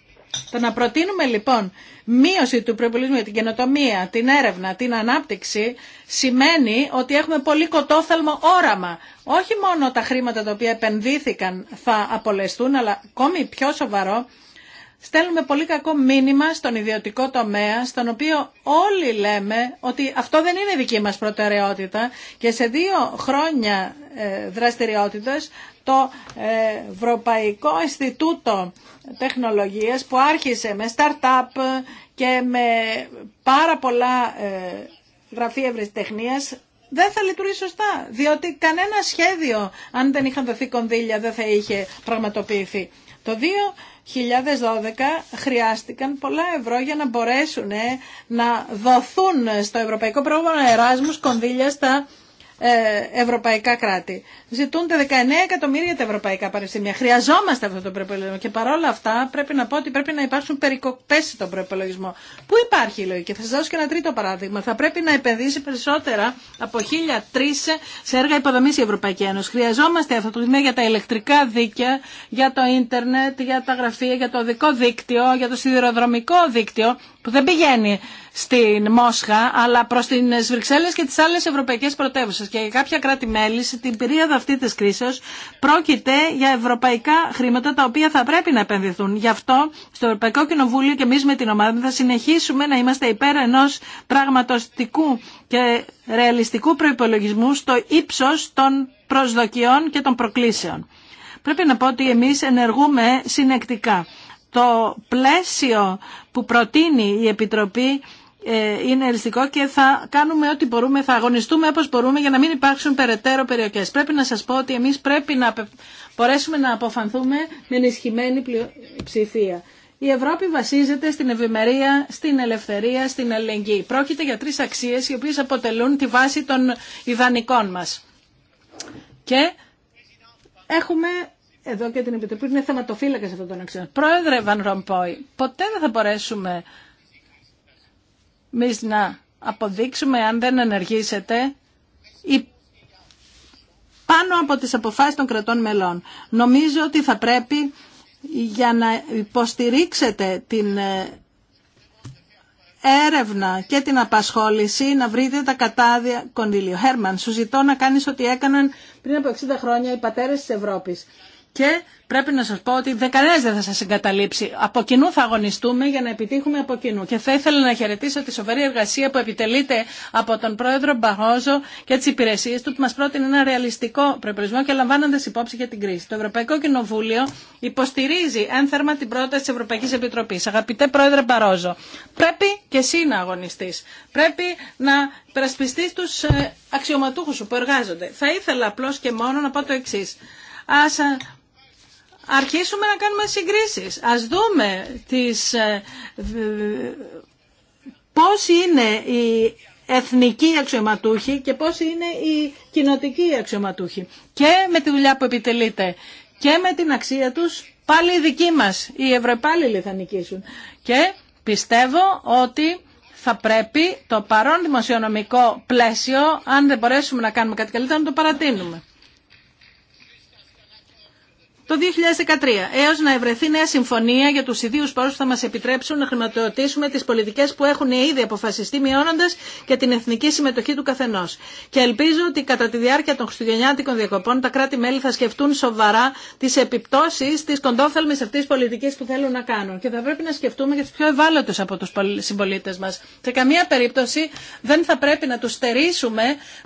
Το να προτείνουμε λοιπόν μείωση του προπολισμού για την καινοτομία, την έρευνα, την ανάπτυξη σημαίνει ότι έχουμε πολύ κοτόφθαλμο όραμα. Όχι μόνο τα χρήματα τα οποία επενδύθηκαν θα απολεστούν, αλλά ακόμη πιο σοβαρό στέλνουμε πολύ κακό μήνυμα στον ιδιωτικό τομέα, στον οποίο όλοι λέμε ότι αυτό δεν είναι δική μας προτεραιότητα και σε δύο χρόνια ε, δραστηριότητας το ε, Ευρωπαϊκό Ινστιτούτο Τεχνολογίας που άρχισε με startup και με πάρα πολλά ε, γραφεία ευρεσιτεχνίας δεν θα λειτουργεί σωστά, διότι κανένα σχέδιο, αν δεν είχαν δοθεί κονδύλια, δεν θα είχε πραγματοποιηθεί. Το 2012 χρειάστηκαν πολλά ευρώ για να μπορέσουν να δοθούν στο Ευρωπαϊκό Πρόγραμμα Εράσμους κονδύλια στα ε, ευρωπαϊκά κράτη. Ζητούνται 19 εκατομμύρια τα ευρωπαϊκά πανεπιστήμια. Χρειαζόμαστε αυτό το προπολογισμό και παρόλα αυτά πρέπει να πω ότι πρέπει να υπάρξουν περικοπέ στον προπολογισμό. Πού υπάρχει η λογική. Θα σα δώσω και ένα τρίτο παράδειγμα. Θα πρέπει να επενδύσει περισσότερα από 1.003 σε έργα υποδομή η Ευρωπαϊκή Ένωση. Χρειαζόμαστε αυτό το τμήμα για τα ηλεκτρικά δίκαια, για το ίντερνετ, για τα γραφεία, για το οδικό δίκτυο, για το σιδηροδρομικό δίκτυο που δεν πηγαίνει στην Μόσχα, αλλά προ τι Βρυξέλλε και τι άλλε ευρωπαϊκέ πρωτεύουσες. Και για κάποια κράτη-μέλη, στην περίοδο αυτή τη κρίσεως, πρόκειται για ευρωπαϊκά χρήματα τα οποία θα πρέπει να επενδυθούν. Γι' αυτό, στο Ευρωπαϊκό Κοινοβούλιο και εμεί με την ομάδα θα συνεχίσουμε να είμαστε υπέρ ενό πραγματοστικού και ρεαλιστικού προπολογισμού στο ύψο των προσδοκιών και των προκλήσεων. Πρέπει να πω ότι εμείς ενεργούμε συνεκτικά. Το πλαίσιο που προτείνει η Επιτροπή ε, είναι ελιστικό και θα κάνουμε ό,τι μπορούμε, θα αγωνιστούμε όπως μπορούμε για να μην υπάρξουν περαιτέρω περιοχές. Πρέπει να σας πω ότι εμείς πρέπει να μπορέσουμε να αποφανθούμε με ενισχυμένη ψηφία. Η Ευρώπη βασίζεται στην ευημερία, στην ελευθερία, στην ελεγγύη. Πρόκειται για τρεις αξίες οι οποίες αποτελούν τη βάση των ιδανικών μας. Και έχουμε εδώ και την Επιτροπή, είναι θεματοφύλακα σε αυτόν τον αξιών. Πρόεδρε Βαν Ρομπόη, ποτέ δεν θα μπορέσουμε εμείς να αποδείξουμε αν δεν ενεργήσετε πάνω από τις αποφάσεις των κρατών μελών. Νομίζω ότι θα πρέπει για να υποστηρίξετε την ε, έρευνα και την απασχόληση να βρείτε τα κατάδια κονδύλιο. Χέρμαν, σου ζητώ να κάνεις ό,τι έκαναν πριν από 60 χρόνια οι πατέρες της Ευρώπης. Και πρέπει να σα πω ότι κανένα δεν θα σα εγκαταλείψει. Από κοινού θα αγωνιστούμε για να επιτύχουμε από κοινού. Και θα ήθελα να χαιρετήσω τη σοβαρή εργασία που επιτελείται από τον πρόεδρο Μπαρόζο και τι υπηρεσίε του που μα πρότεινε ένα ρεαλιστικό προπολογισμό και λαμβάνοντα υπόψη για την κρίση. Το Ευρωπαϊκό Κοινοβούλιο υποστηρίζει ένθερμα την πρόταση τη Ευρωπαϊκή Επιτροπή. Αγαπητέ πρόεδρε Μπαρόζο, πρέπει και εσύ να αγωνιστεί. Πρέπει να περασπιστεί του ε, αξιωματούχου σου που εργάζονται. Θα ήθελα απλώ και μόνο να πω το εξή αρχίσουμε να κάνουμε συγκρίσεις. Ας δούμε τις, ε, πώς είναι η εθνική αξιωματούχη και πώς είναι η κοινοτική αξιωματούχη. Και με τη δουλειά που επιτελείται και με την αξία τους πάλι οι δικοί μας, οι ευρωπάλληλοι θα νικήσουν. Και πιστεύω ότι θα πρέπει το παρόν δημοσιονομικό πλαίσιο, αν δεν μπορέσουμε να κάνουμε κάτι καλύτερο, να το παρατείνουμε το 2013 έως να ευρεθεί νέα συμφωνία για τους ιδίους πόρους που θα μας επιτρέψουν να χρηματοδοτήσουμε τις πολιτικές που έχουν ήδη αποφασιστεί μειώνοντας και την εθνική συμμετοχή του καθενός. Και ελπίζω ότι κατά τη διάρκεια των χριστουγεννιάτικων διακοπών τα κράτη-μέλη θα σκεφτούν σοβαρά τις επιπτώσεις της κοντόφθαλμης αυτής πολιτικής που θέλουν να κάνουν. Και θα πρέπει να σκεφτούμε για τους πιο ευάλωτους από τους συμπολίτε μας. Σε καμία περίπτωση δεν θα πρέπει να τους στερήσουμε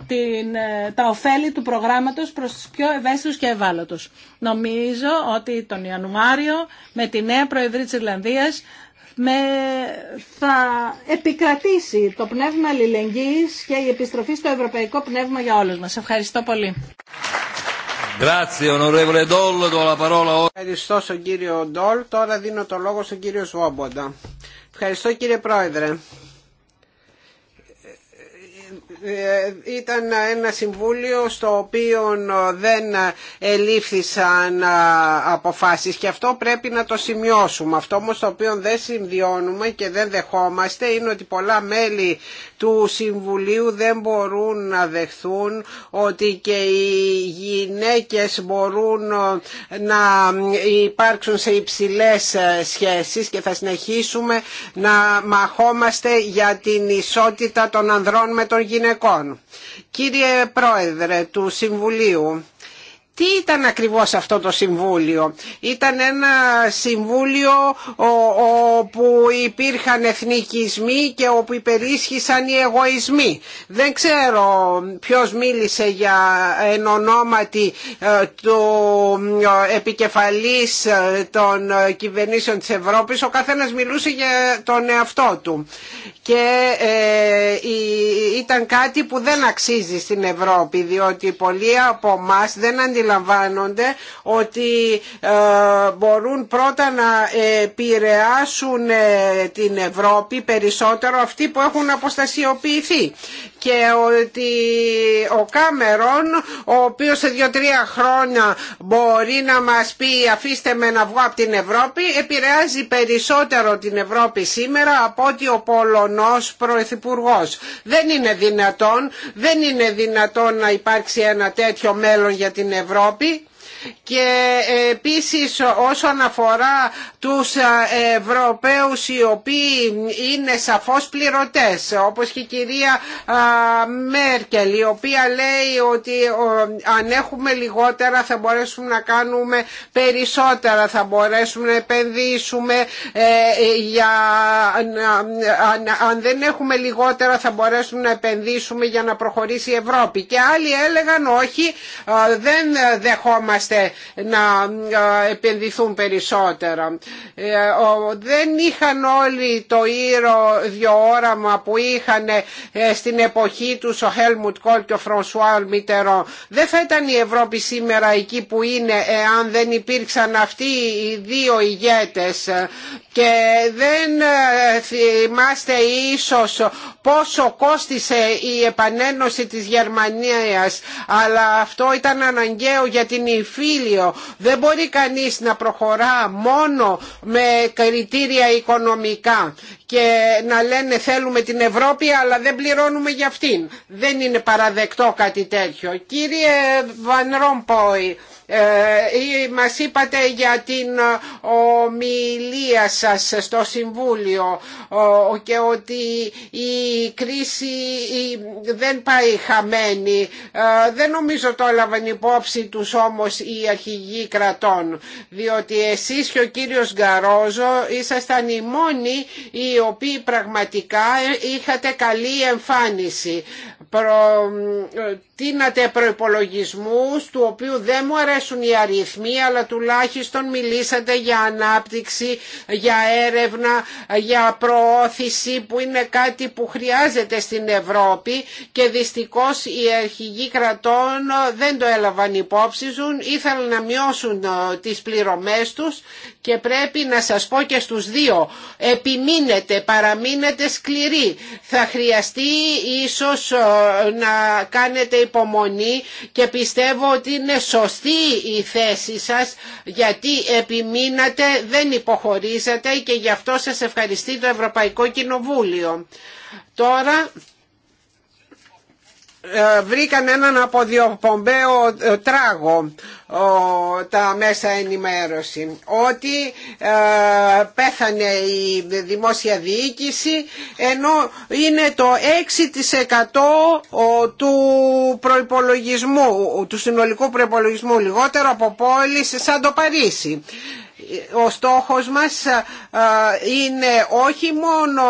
την, ε, τα ωφέλη του προγράμματος προς τους πιο ευαίσθητους και ευάλωτους. Νομίζω Ελπίζω ότι τον Ιανουάριο με τη νέα Προεδρή της Ιρλανδίας με... θα επικρατήσει το πνεύμα αλληλεγγύης και η επιστροφή στο ευρωπαϊκό πνεύμα για όλους μας. Ευχαριστώ πολύ. Ευχαριστώ στον κύριο Ντόλ. Τώρα δίνω το λόγο στον κύριο Σβόμποντα. Ευχαριστώ κύριε Πρόεδρε. Ε, ήταν ένα συμβούλιο στο οποίο δεν ελήφθησαν ε, αποφάσεις και αυτό πρέπει να το σημειώσουμε. Αυτό όμως το οποίο δεν συμβιώνουμε και δεν δεχόμαστε είναι ότι πολλά μέλη του Συμβουλίου δεν μπορούν να δεχθούν ότι και οι γυναίκες μπορούν ε, να υπάρξουν σε υψηλές ε, σχέσεις και θα συνεχίσουμε να μαχόμαστε για την ισότητα των ανδρών με των γυναικών. Κύριε Πρόεδρε του Συμβουλίου, τι ήταν ακριβώς αυτό το συμβούλιο. Ήταν ένα συμβούλιο όπου υπήρχαν εθνικισμοί και όπου υπερίσχυσαν οι εγωισμοί. Δεν ξέρω ποιος μίλησε για εν ονόματι ε, του ε, επικεφαλής ε, των κυβερνήσεων της Ευρώπης. Ο καθένας μιλούσε για τον εαυτό του. Και ήταν κάτι που δεν αξίζει στην Ευρώπη διότι πολλοί από εμά δεν αντιλαμβάνονται αντιλαμβάνονται ότι ε, μπορούν πρώτα να επηρεάσουν ε, την Ευρώπη περισσότερο αυτοί που έχουν αποστασιοποιηθεί και ότι ο Κάμερον ο οποίος σε δύο-τρία χρόνια μπορεί να μας πει αφήστε με να βγω από την Ευρώπη επηρεάζει περισσότερο την Ευρώπη σήμερα από ότι ο Πολωνός Πρωθυπουργός. Δεν είναι δυνατόν, δεν είναι δυνατόν να υπάρξει ένα τέτοιο μέλλον για την Ευρώπη και ε, επίσης όσον αφορά τους ε, Ευρωπαίους οι οποίοι είναι σαφώς πληρωτές όπως και η κυρία Μέρκελ η οποία λέει ότι αν έχουμε λιγότερα θα μπορέσουμε να κάνουμε περισσότερα θα μπορέσουμε να επενδύσουμε ε, για, αν δεν έχουμε λιγότερα θα μπορέσουμε να επενδύσουμε για να προχωρήσει η Ευρώπη και άλλοι έλεγαν όχι δεν δεχόμαστε να ε, επενδυθούν περισσότερα. Ε, δεν είχαν όλοι το ήρω όραμα που είχαν ε, στην εποχή τους ο Χέλμουτ Κόλ και ο Φρονσουά Μιτερό. Δεν θα ήταν η Ευρώπη σήμερα εκεί που είναι εάν δεν υπήρξαν αυτοί οι δύο ηγέτες και δεν θυμάστε ίσως πόσο κόστισε η επανένωση της Γερμανίας αλλά αυτό ήταν αναγκαίο για την υφή δεν μπορεί κανείς να προχωρά μόνο με κριτήρια οικονομικά και να λένε θέλουμε την Ευρώπη αλλά δεν πληρώνουμε για αυτήν. Δεν είναι παραδεκτό κάτι τέτοιο. Κύριε Βαν ε, μα είπατε για την ομιλία σας στο Συμβούλιο και ότι η κρίση δεν πάει χαμένη. Ε, δεν νομίζω το έλαβαν υπόψη τους όμως οι αρχηγοί κρατών, διότι εσείς και ο κύριος Γκαρόζο ήσασταν οι μόνοι οι οποίοι πραγματικά είχατε καλή εμφάνιση. Προ ε, τίνατε προϋπολογισμούς του οποίου δεν μου αρέσουν οι αριθμοί αλλά τουλάχιστον μιλήσατε για ανάπτυξη, για έρευνα, για προώθηση που είναι κάτι που χρειάζεται στην Ευρώπη και δυστυχώς οι αρχηγοί κρατών δεν το έλαβαν υπόψη ήθελαν να μειώσουν ε, τις πληρωμές τους και πρέπει να σας πω και στους δύο επιμείνετε, παραμείνετε σκληροί θα χρειαστεί ίσως ε, να κάνετε υπομονή και πιστεύω ότι είναι σωστή η θέση σας γιατί επιμείνατε, δεν υποχωρήσατε και γι' αυτό σας ευχαριστεί το Ευρωπαϊκό Κοινοβούλιο. Τώρα ε, βρήκαν έναν αποδιοπομπαίο ε, τράγο τα μέσα ενημέρωση ότι ε, πέθανε η δημόσια διοίκηση ενώ είναι το 6% του προϋπολογισμού του συνολικού προϋπολογισμού λιγότερο από πόλεις σαν το Παρίσι ο στόχος μας ε, είναι όχι μόνο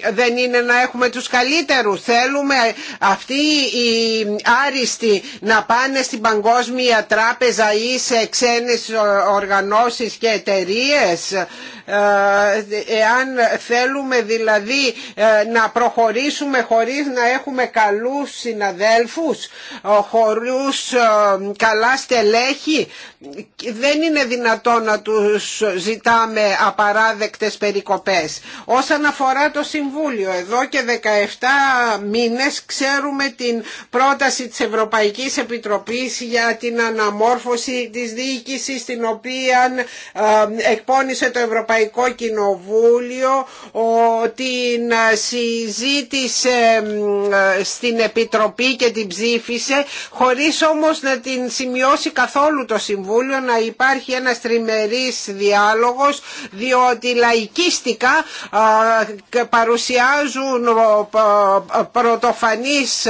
ε, δεν είναι να έχουμε τους καλύτερους θέλουμε αυτοί οι άριστοι να πάνε στην Παγκόσμια Τράπεζα ή σε ξένες ε, οργανώσεις και εταιρείες ε, εάν θέλουμε δηλαδή ε, να προχωρήσουμε χωρίς να έχουμε καλούς συναδέλφους, ε, χωρίς καλά στελέχη, δεν είναι δυνατόν να τους ζητάμε απαράδεκτες περικοπές. Όσον αφορά το Συμβούλιο, εδώ και 17 μήνες ξέρουμε την πρόταση της Ευρωπαϊκής Επιτροπής για την αναμόρφωση της διοίκησης την οποία εκπώνησε το Ευρωπαϊκό Ευρωπαϊκό Κοινοβούλιο την συζήτησε στην Επιτροπή και την ψήφισε χωρίς όμως να την σημειώσει καθόλου το Συμβούλιο να υπάρχει ένας τριμερής διάλογος διότι λαϊκίστικα παρουσιάζουν πρωτοφανείς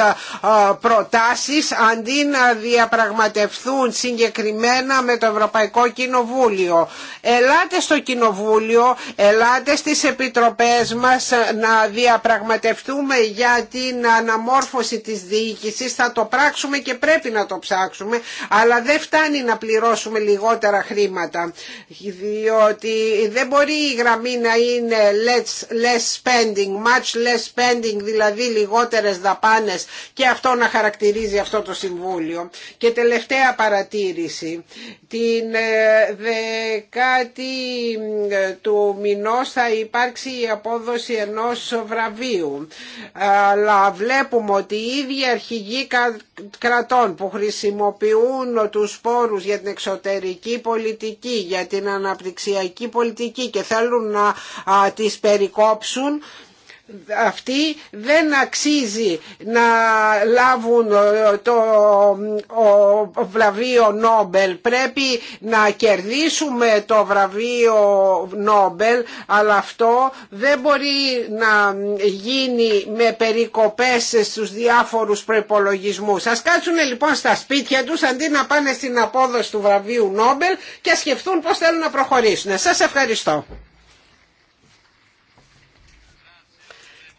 προτάσεις αντί να διαπραγματευθούν συγκεκριμένα με το Ευρωπαϊκό Κοινοβούλιο. Ελάτε στο Κοινοβούλιο Συμβούλιο, ελάτε στις επιτροπές μας να διαπραγματευτούμε για την αναμόρφωση της διοίκησης. Θα το πράξουμε και πρέπει να το ψάξουμε, αλλά δεν φτάνει να πληρώσουμε λιγότερα χρήματα, διότι δεν μπορεί η γραμμή να είναι less, less spending, much less spending, δηλαδή λιγότερες δαπάνες και αυτό να χαρακτηρίζει αυτό το Συμβούλιο. Και τελευταία παρατήρηση την ε, δεκάτη ε, του μηνός θα υπάρξει η απόδοση ενός βραβείου. Αλλά βλέπουμε ότι οι ίδιοι αρχηγοί κρατών που χρησιμοποιούν τους πόρους για την εξωτερική πολιτική, για την αναπτυξιακή πολιτική και θέλουν να τις περικόψουν αυτοί δεν αξίζει να λάβουν ε, το βραβείο Νόμπελ. Πρέπει να κερδίσουμε το βραβείο Νόμπελ, αλλά αυτό δεν μπορεί να γίνει με περικοπές στους διάφορους προϋπολογισμούς. Ας κάτσουν λοιπόν στα σπίτια τους αντί να πάνε στην απόδοση του βραβείου Νόμπελ και σκεφτούν πώς θέλουν να προχωρήσουν. Σας ευχαριστώ.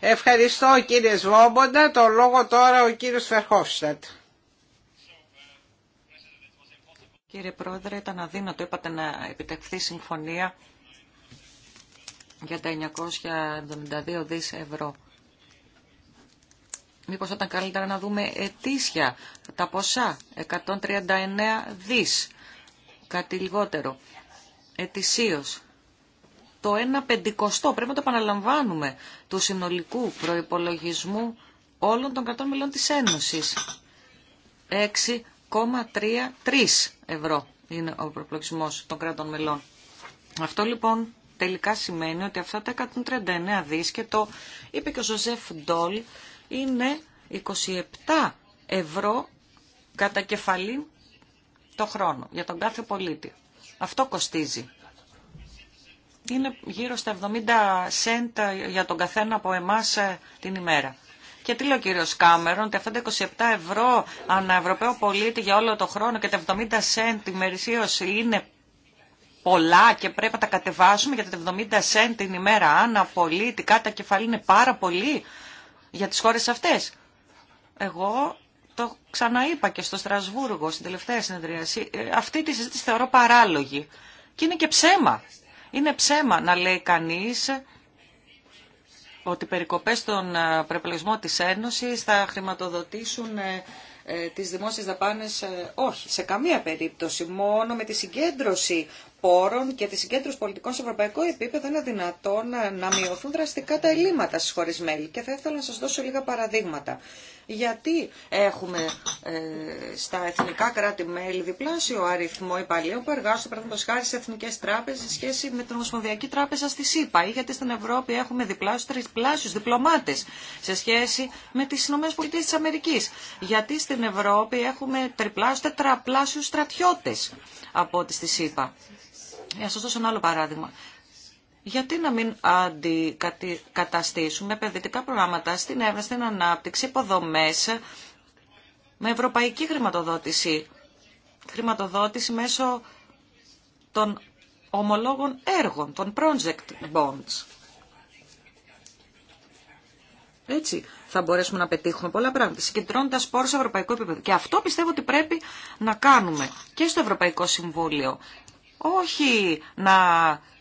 Ευχαριστώ κύριε Σβόμποντα. Το λόγο τώρα ο κύριος Φερχόφστατ. Κύριε Πρόεδρε, ήταν αδύνατο, είπατε, να επιτευχθεί συμφωνία για τα 972 δις ευρώ. Μήπως ήταν καλύτερα να δούμε ετήσια τα ποσά, 139 δις, κάτι λιγότερο, ετησίως το 1 πεντηκοστό, πρέπει να το επαναλαμβάνουμε, του συνολικού προϋπολογισμού όλων των κρατών μελών της Ένωσης. 6,33 ευρώ είναι ο προϋπολογισμός των κρατών μελών. Αυτό λοιπόν τελικά σημαίνει ότι αυτά τα 139 δις και το είπε και ο Ζωζεφ Ντόλ είναι 27 ευρώ κατά κεφαλή το χρόνο για τον κάθε πολίτη. Αυτό κοστίζει είναι γύρω στα 70 σέντ για τον καθένα από εμάς ε, την ημέρα. Και τι λέει ο κύριος Κάμερον, ότι αυτά τα 27 ευρώ ανά Ευρωπαίο πολίτη για όλο το χρόνο και τα 70 σέντ ημερησίως είναι πολλά και πρέπει να τα κατεβάσουμε γιατί τα 70 σέντ την ημέρα ανά πολίτη κατά κεφαλή είναι πάρα πολύ για τις χώρες αυτές. Εγώ το ξαναείπα και στο Στρασβούργο στην τελευταία συνεδρίαση, ε, αυτή τη συζήτηση θεωρώ παράλογη. Και είναι και ψέμα. Είναι ψέμα να λέει κανείς ότι οι περικοπές στον ε, προεπλογισμό της Ένωσης θα χρηματοδοτήσουν ε, ε, τις δημόσιες δαπάνες όχι, σε καμία περίπτωση. Μόνο με τη συγκέντρωση πόρων και τη συγκέντρωση πολιτικών σε ευρωπαϊκό επίπεδο είναι δυνατόν να μειωθούν δραστικά τα ελλείμματα στις χώρες μέλη. Και θα ήθελα να σας δώσω λίγα παραδείγματα γιατί έχουμε ε, στα εθνικά κράτη-μέλη διπλάσιο αριθμό υπαλλήλων που εργάζονται παραδείγματο χάρη σε εθνικέ τράπεζε σε σχέση με την Ομοσπονδιακή Τράπεζα στη ΣΥΠΑ ή γιατί στην Ευρώπη έχουμε διπλάσιου τριπλάσιου διπλωμάτε σε σχέση με τι ΗΠΑ. Γιατί στην Ευρώπη έχουμε τριπλάσιου τετραπλάσιου στρατιώτε από ό,τι στη ΣΥΠΑ. Να σα δώσω ένα άλλο παράδειγμα γιατί να μην αντικαταστήσουμε επενδυτικά προγράμματα στην έρευνα, στην ανάπτυξη, υποδομές, με ευρωπαϊκή χρηματοδότηση. Χρηματοδότηση μέσω των ομολόγων έργων, των project bonds. Έτσι θα μπορέσουμε να πετύχουμε πολλά πράγματα, συγκεντρώνοντα πόρου σε ευρωπαϊκό επίπεδο. Και αυτό πιστεύω ότι πρέπει να κάνουμε και στο Ευρωπαϊκό Συμβούλιο. Όχι να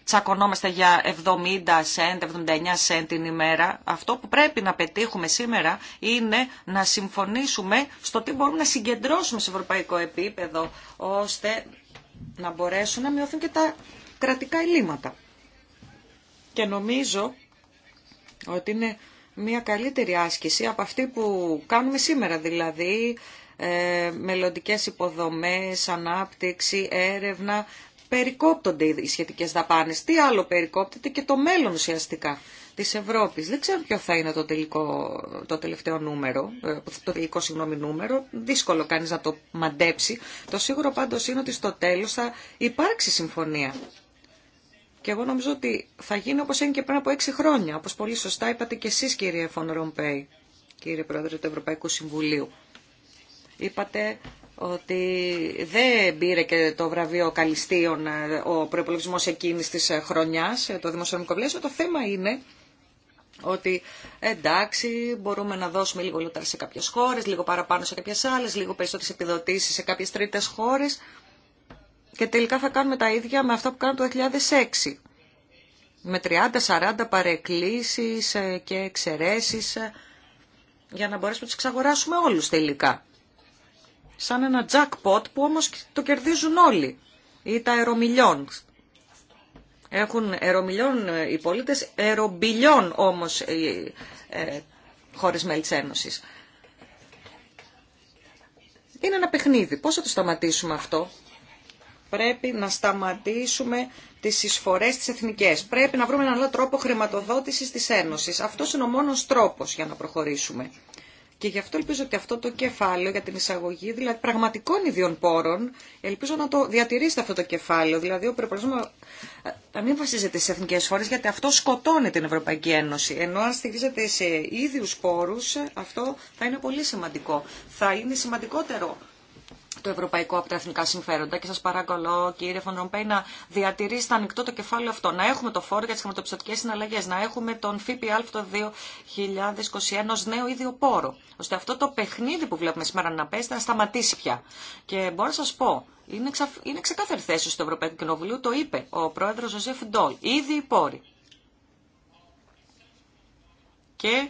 τσακωνόμαστε για 70 σέντ, 79 σέντ την ημέρα. Αυτό που πρέπει να πετύχουμε σήμερα είναι να συμφωνήσουμε στο τι μπορούμε να συγκεντρώσουμε σε ευρωπαϊκό επίπεδο, ώστε να μπορέσουν να μειωθούν και τα κρατικά ελλείμματα. Και νομίζω ότι είναι μια καλύτερη άσκηση από αυτή που κάνουμε σήμερα, δηλαδή ε, μελλοντικές υποδομές, ανάπτυξη, έρευνα, περικόπτονται οι σχετικές δαπάνες. Τι άλλο περικόπτεται και το μέλλον ουσιαστικά της Ευρώπης. Δεν ξέρω ποιο θα είναι το, τελικό, το τελευταίο νούμερο, ε, το τελικό συγγνώμη νούμερο. Δύσκολο κανείς να το μαντέψει. Το σίγουρο πάντως είναι ότι στο τέλος θα υπάρξει συμφωνία. Και εγώ νομίζω ότι θα γίνει όπως έγινε και πριν από έξι χρόνια, όπως πολύ σωστά είπατε και εσείς κύριε Φων Ρομπέη, κύριε Πρόεδρε του Ευρωπαϊκού Συμβουλίου. Είπατε ότι δεν πήρε και το βραβείο Καλιστίων ε, ο προπολογισμό εκείνη τη ε, χρονιά, ε, το δημοσιονομικό πλαίσιο. Το θέμα είναι ότι εντάξει, μπορούμε να δώσουμε λίγο λιγότερα σε κάποιε χώρε, λίγο παραπάνω σε κάποιε άλλε, λίγο περισσότερε επιδοτήσει σε κάποιε τρίτε χώρε. Και τελικά θα κάνουμε τα ίδια με αυτά που κάναμε το 2006. Με 30-40 παρεκκλήσεις και εξαιρέσεις για να μπορέσουμε να τις εξαγοράσουμε όλους τελικά σαν ένα jackpot που όμως το κερδίζουν όλοι ή τα αερομιλιών. Έχουν αερομιλιών ε, οι πολίτες, αερομπιλιών όμως οι ε, χώρες μέλη της Είναι ένα παιχνίδι. Πώς θα το σταματήσουμε αυτό. Πρέπει να σταματήσουμε τις εισφορές τις εθνικές. Πρέπει να βρούμε έναν άλλο τρόπο χρηματοδότησης της Ένωσης. Αυτός είναι ο μόνος τρόπος για να προχωρήσουμε. Και γι' αυτό ελπίζω ότι αυτό το κεφάλαιο για την εισαγωγή, δηλαδή πραγματικών ιδιών πόρων, ελπίζω να το διατηρήσετε αυτό το κεφάλαιο. Δηλαδή, ο προπολογισμό να ε, μην βασίζεται στι εθνικέ φορέ, γιατί αυτό σκοτώνει την Ευρωπαϊκή Ένωση. Ενώ αν στηρίζεται σε ίδιου πόρου, αυτό θα είναι πολύ σημαντικό. Θα είναι σημαντικότερο το ευρωπαϊκό από τα εθνικά συμφέροντα και σα παρακαλώ κύριε Φωνρομπέη να διατηρήσετε ανοιχτό το κεφάλαιο αυτό, να έχουμε το φόρο για τι χρηματοπιστωτικές συναλλαγέ. να έχουμε τον ΦΠΑ το 2021 ω νέο ίδιο πόρο, ώστε αυτό το παιχνίδι που βλέπουμε σήμερα να παίζει να σταματήσει πια. Και μπορώ να σα πω, είναι, ξα... είναι ξεκάθαρη θέση του Ευρωπαϊκό Κοινοβουλίου, το είπε ο πρόεδρος Ζωζεφ Ντόλ, ήδη οι πόροι. Και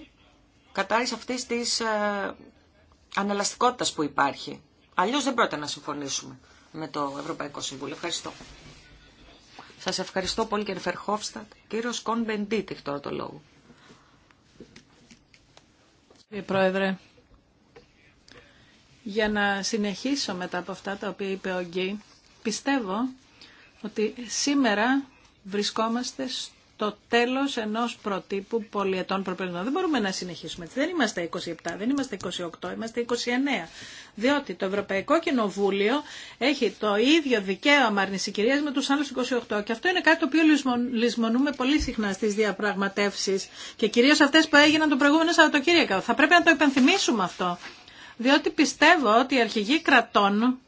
κατάρρισε αυτής της ε, που υπάρχει Αλλιώς δεν πρόκειται να συμφωνήσουμε με το Ευρωπαϊκό Συμβούλιο. Ευχαριστώ. Σας ευχαριστώ πολύ κύριε Φερχόφστατ. Κύριος Κον Μπεντίτ έχει τώρα το λόγο. Κύριε Πρόεδρε, για να συνεχίσω μετά από αυτά τα οποία είπε ο Γκί, πιστεύω ότι σήμερα βρισκόμαστε το τέλο ενό προτύπου πολιετών προπελών. Δεν μπορούμε να συνεχίσουμε. Δεν είμαστε 27, δεν είμαστε 28, είμαστε 29. Διότι το Ευρωπαϊκό Κοινοβούλιο έχει το ίδιο δικαίωμα αρνησικυρία με του άλλου 28. Και αυτό είναι κάτι το οποίο λησμονούμε πολύ συχνά στι διαπραγματεύσει. και κυρίω αυτέ που έγιναν το προηγούμενο Σαββατοκύριακο. Θα πρέπει να το υπενθυμίσουμε αυτό. Διότι πιστεύω ότι οι αρχηγοί κρατών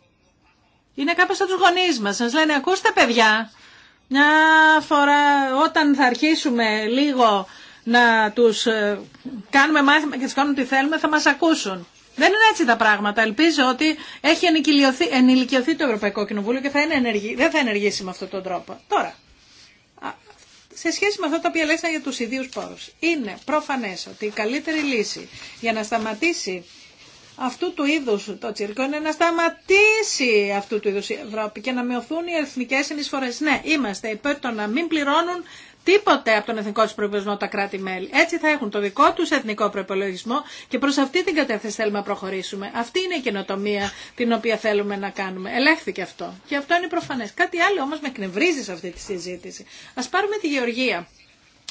είναι κάπω σαν του γονεί Μα λένε ακούστε παιδιά, μια φορά όταν θα αρχίσουμε λίγο να τους ε, κάνουμε μάθημα και τους κάνουν τι θέλουμε θα μας ακούσουν. Δεν είναι έτσι τα πράγματα. Ελπίζω ότι έχει ενηλικιωθεί το Ευρωπαϊκό Κοινοβούλιο και θα είναι ενεργή, δεν θα ενεργήσει με αυτόν τον τρόπο. Τώρα, σε σχέση με αυτό το οποίο λέξα για τους ιδίους πόρους, είναι προφανές ότι η καλύτερη λύση για να σταματήσει αυτού του είδους το τσίρκο είναι να σταματήσει αυτού του είδους η Ευρώπη και να μειωθούν οι εθνικές συνεισφορές. Ναι, είμαστε υπέρ των να μην πληρώνουν τίποτε από τον εθνικό του προϋπολογισμό τα κράτη-μέλη. Έτσι θα έχουν το δικό τους εθνικό προπολογισμό και προς αυτή την κατεύθυνση θέλουμε να προχωρήσουμε. Αυτή είναι η καινοτομία την οποία θέλουμε να κάνουμε. Ελέγχθηκε αυτό. Και αυτό είναι προφανές. Κάτι άλλο όμως με εκνευρίζει σε αυτή τη συζήτηση. Ας πάρουμε τη Γεωργία.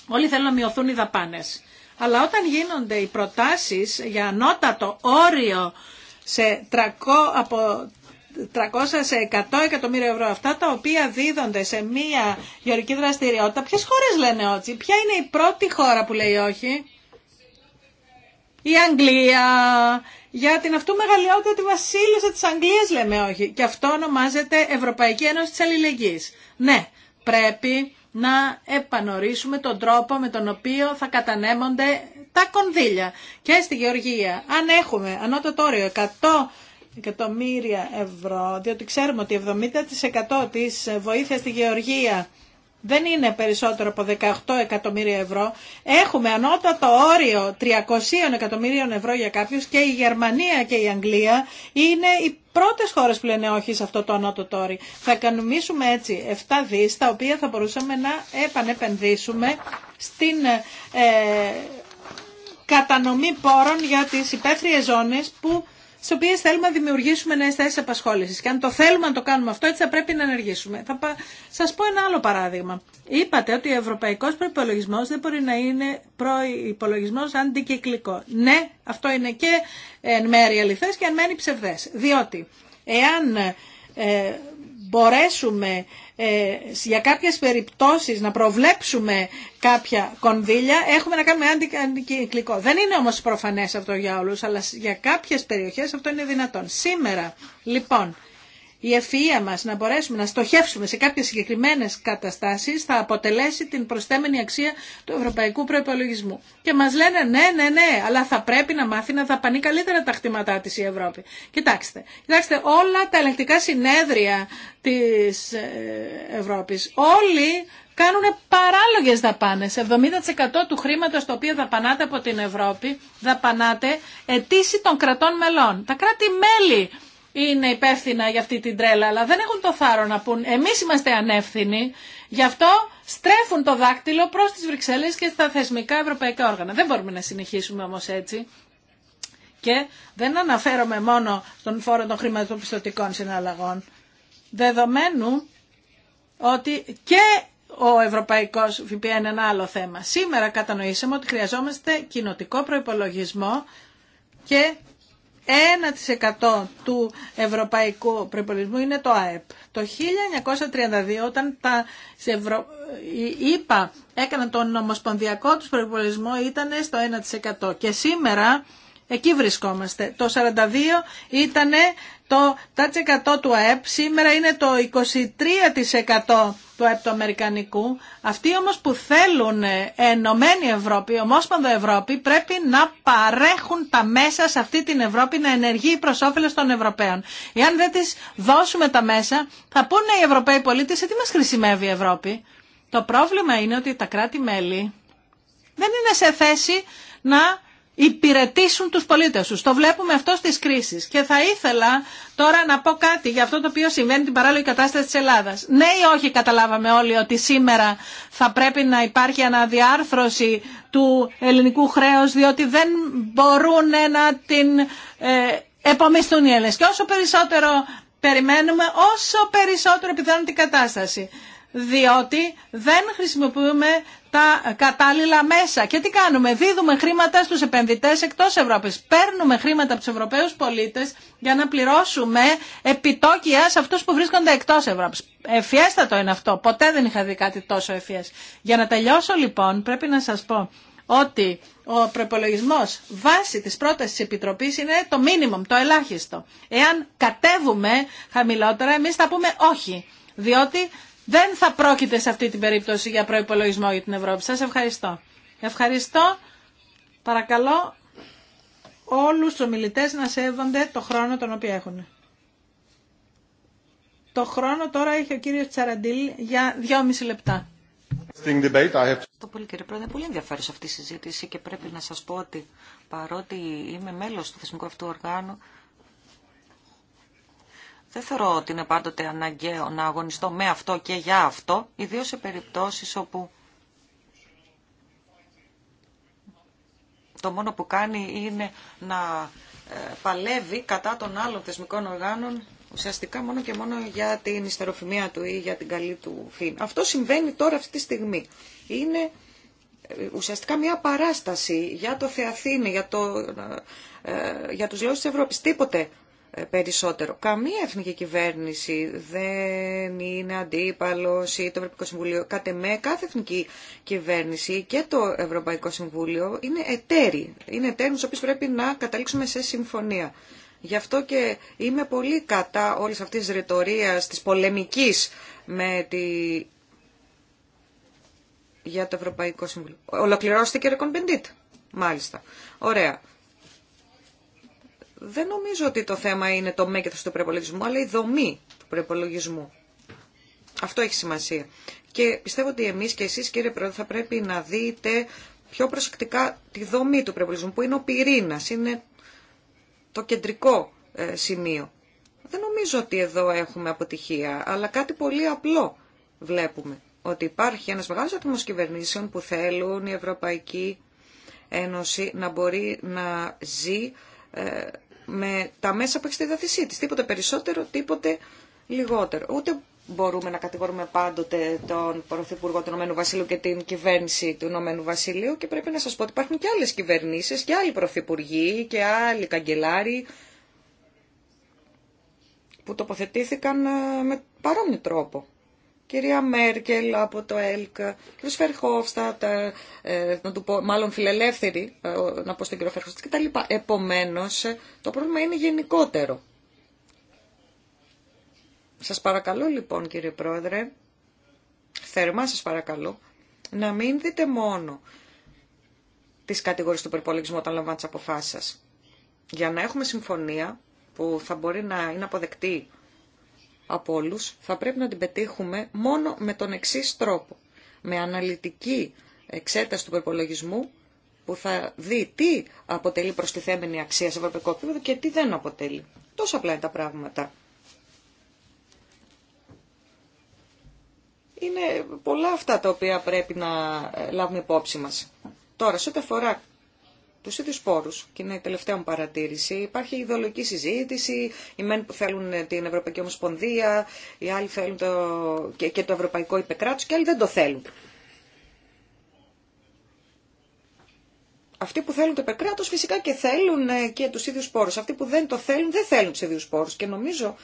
Όλοι θέλουν να μειωθούν οι δαπάνες. Αλλά όταν γίνονται οι προτάσεις για ανώτατο όριο σε 300, από 300 σε 100 εκατομμύρια ευρώ, αυτά τα οποία δίδονται σε μία γεωρική δραστηριότητα, ποιες χώρες λένε όχι, ποια είναι η πρώτη χώρα που λέει όχι. Η Αγγλία, για την αυτού μεγαλειότητα τη βασίλισσα της Αγγλίας λέμε όχι. Και αυτό ονομάζεται Ευρωπαϊκή Ένωση της Αλληλεγγύης. Ναι, πρέπει να επανορίσουμε τον τρόπο με τον οποίο θα κατανέμονται τα κονδύλια. Και στη Γεωργία, αν έχουμε ανώτατο όριο 100 εκατομμύρια ευρώ, διότι ξέρουμε ότι 70% της βοήθειας στη Γεωργία δεν είναι περισσότερο από 18 εκατομμύρια ευρώ. Έχουμε ανώτατο όριο 300 εκατομμύριων ευρώ για κάποιου και η Γερμανία και η Αγγλία είναι οι πρώτε χώρε που λένε όχι σε αυτό το ανώτατο όριο. Θα κανονίσουμε έτσι 7 δι τα οποία θα μπορούσαμε να επανεπενδύσουμε στην ε, κατανομή πόρων για τις υπαίθριες ζώνες που τι οποίε θέλουμε να δημιουργήσουμε νέε θέσει απασχόληση. Και αν το θέλουμε να το κάνουμε αυτό, έτσι θα πρέπει να ενεργήσουμε. Θα σα πω ένα άλλο παράδειγμα. Είπατε ότι ο ευρωπαϊκό προπολογισμό δεν μπορεί να είναι προπολογισμό αντικυκλικό. Ναι, αυτό είναι και εν μέρει αληθέ και εν μέρει ψευδέ. Διότι εάν ε, μπορέσουμε ε, για κάποιες περιπτώσεις να προβλέψουμε κάποια κονδύλια έχουμε να κάνουμε αντικυκλικό. Δεν είναι όμως προφανές αυτό για όλους, αλλά για κάποιες περιοχές αυτό είναι δυνατόν. Σήμερα, λοιπόν, η ευφυΐα μας να μπορέσουμε να στοχεύσουμε σε κάποιες συγκεκριμένες καταστάσεις θα αποτελέσει την προστέμενη αξία του ευρωπαϊκού προϋπολογισμού. Και μας λένε ναι, ναι, ναι, αλλά θα πρέπει να μάθει να δαπανεί καλύτερα τα χτήματά της η Ευρώπη. Κοιτάξτε, κοιτάξτε όλα τα ελεκτικά συνέδρια της ε, Ευρώπης, όλοι κάνουν παράλογε δαπάνε. 70% του χρήματο το οποίο δαπανάτε από την Ευρώπη δαπανάτε ετήσι των κρατών μελών. Τα κράτη-μέλη είναι υπεύθυνα για αυτή την τρέλα, αλλά δεν έχουν το θάρρο να πούν εμείς είμαστε ανεύθυνοι, γι' αυτό στρέφουν το δάκτυλο προς τις Βρυξέλλες και στα θεσμικά ευρωπαϊκά όργανα. Δεν μπορούμε να συνεχίσουμε όμως έτσι. Και δεν αναφέρομαι μόνο στον φόρο των χρηματοπιστωτικών συναλλαγών, δεδομένου ότι και ο Ευρωπαϊκό ΦΠΑ είναι ένα άλλο θέμα. Σήμερα κατανοήσαμε ότι χρειαζόμαστε κοινοτικό προπολογισμό και 1% του ευρωπαϊκού προπολογισμού είναι το ΑΕΠ. Το 1932 όταν τα Ευρω... ΗΠΑ έκαναν τον νομοσπονδιακό τους προπολογισμό ήταν στο 1% και σήμερα εκεί βρισκόμαστε. Το 42 ήταν το 100% του ΑΕΠ σήμερα είναι το 23% του ΑΕΠ του Αμερικανικού. Αυτοί όμως που θέλουν ε, ενωμένη Ευρώπη, ομόσπονδο Ευρώπη, πρέπει να παρέχουν τα μέσα σε αυτή την Ευρώπη να ενεργεί η όφελος των Ευρωπαίων. Εάν δεν τις δώσουμε τα μέσα, θα πούνε οι Ευρωπαίοι πολίτες σε τι μας χρησιμεύει η Ευρώπη. Το πρόβλημα είναι ότι τα κράτη-μέλη δεν είναι σε θέση να υπηρετήσουν τους πολίτες τους. Το βλέπουμε αυτό στις κρίσεις. Και θα ήθελα τώρα να πω κάτι για αυτό το οποίο συμβαίνει την παράλληλη κατάσταση της Ελλάδας. Ναι ή όχι καταλάβαμε όλοι ότι σήμερα θα πρέπει να υπάρχει αναδιάρθρωση του ελληνικού χρέους διότι δεν μπορούν να την ε, οι Έλληνες. Και όσο περισσότερο περιμένουμε, όσο περισσότερο επιδένουν την κατάσταση διότι δεν χρησιμοποιούμε τα κατάλληλα μέσα. Και τι κάνουμε, δίδουμε χρήματα στους επενδυτές εκτός Ευρώπης. Παίρνουμε χρήματα από τους Ευρωπαίους πολίτες για να πληρώσουμε επιτόκια σε αυτούς που βρίσκονται εκτός Ευρώπης. Εφιέστατο είναι αυτό, ποτέ δεν είχα δει κάτι τόσο εφιές. Για να τελειώσω λοιπόν πρέπει να σας πω ότι ο προπολογισμό βάσει της πρόταση της Επιτροπής είναι το μίνιμουμ, το ελάχιστο. Εάν κατέβουμε χαμηλότερα, εμείς θα πούμε όχι, δεν θα πρόκειται σε αυτή την περίπτωση για προϋπολογισμό για την Ευρώπη. Σας ευχαριστώ. Ευχαριστώ. Παρακαλώ όλους τους ομιλητές να σέβονται το χρόνο τον οποίο έχουν. Το χρόνο τώρα έχει ο κύριος Τσαραντήλ για δυόμιση λεπτά. Το πολύ κύριε Πρόεδρε, πολύ ενδιαφέρουσα αυτή η συζήτηση και πρέπει να σας πω ότι παρότι είμαι μέλος του θεσμικού αυτού οργάνου, δεν θεωρώ ότι είναι πάντοτε αναγκαίο να αγωνιστώ με αυτό και για αυτό, ιδίω σε περιπτώσεις όπου το μόνο που κάνει είναι να ε, παλεύει κατά των άλλων θεσμικών οργάνων ουσιαστικά μόνο και μόνο για την ιστεροφημία του ή για την καλή του φήμη. Αυτό συμβαίνει τώρα αυτή τη στιγμή. Είναι ε, ουσιαστικά μια παράσταση για το Θεαθήνη, για, το, ε, για τους λαούς της Τίποτε ε, περισσότερο. Καμία εθνική κυβέρνηση δεν είναι αντίπαλος ή το Ευρωπαϊκό Συμβούλιο. Κατ' κάθε εθνική κυβέρνηση και το Ευρωπαϊκό Συμβούλιο είναι εταίροι. Είναι εταίροι στους πρέπει να καταλήξουμε σε συμφωνία. Γι' αυτό και είμαι πολύ κατά όλης αυτής τη ρητορία της πολεμικής με τη... για το Ευρωπαϊκό Συμβούλιο. Ολοκληρώστε ο Ρεκονπεντήτ. Μάλιστα. Ωραία. Δεν νομίζω ότι το θέμα είναι το μέγεθος του προπολογισμού, αλλά η δομή του προπολογισμού. Αυτό έχει σημασία. Και πιστεύω ότι εμείς και εσείς κύριε Πρόεδρε θα πρέπει να δείτε πιο προσεκτικά τη δομή του προπολογισμού που είναι ο πυρήνας, είναι το κεντρικό ε, σημείο. Δεν νομίζω ότι εδώ έχουμε αποτυχία, αλλά κάτι πολύ απλό βλέπουμε. Ότι υπάρχει ένας μεγάλος αριθμός κυβερνήσεων που θέλουν η Ευρωπαϊκή Ένωση να μπορεί να ζει ε, με τα μέσα που έχει στη διάθεσή τη. Τίποτε περισσότερο, τίποτε λιγότερο. Ούτε μπορούμε να κατηγορούμε πάντοτε τον Πρωθυπουργό του Ηνωμένου Βασιλείου και την κυβέρνηση του Ηνωμένου Βασιλείου και πρέπει να σας πω ότι υπάρχουν και άλλες κυβερνήσεις και άλλοι πρωθυπουργοί και άλλοι καγκελάροι που τοποθετήθηκαν ε, με παρόμοιο τρόπο κυρία Μέρκελ από το ΕΛΚ, κύριο Φερχόφστατ, ε, ε, να του μάλλον φιλελεύθερη, ε, να πω στον κύριο τα λοιπά. Επομένως, το πρόβλημα είναι γενικότερο. Σας παρακαλώ λοιπόν κύριε Πρόεδρε, θερμά σας παρακαλώ, να μην δείτε μόνο τις κατηγορίες του περιπολογισμού όταν λαμβάνετε τις αποφάσεις σας. Για να έχουμε συμφωνία που θα μπορεί να είναι αποδεκτή από όλου θα πρέπει να την πετύχουμε μόνο με τον εξή τρόπο. Με αναλυτική εξέταση του προπολογισμού που θα δει τι αποτελεί προστιθέμενη αξία σε ευρωπαϊκό επίπεδο και τι δεν αποτελεί. Τόσο απλά είναι τα πράγματα. Είναι πολλά αυτά τα οποία πρέπει να ε, λάβουμε υπόψη μας. Τώρα, σε ό,τι του ίδιου πόρου. Και είναι η τελευταία μου παρατήρηση. Υπάρχει ιδεολογική συζήτηση. Οι μεν που θέλουν την Ευρωπαϊκή Ομοσπονδία, οι άλλοι θέλουν το... Και, το Ευρωπαϊκό Υπεκράτο και άλλοι δεν το θέλουν. Αυτοί που θέλουν το υπερκράτο φυσικά και θέλουν ε, και του ίδιου πόρου. Αυτοί που δεν το θέλουν δεν θέλουν του ίδιου πόρου. Και νομίζω,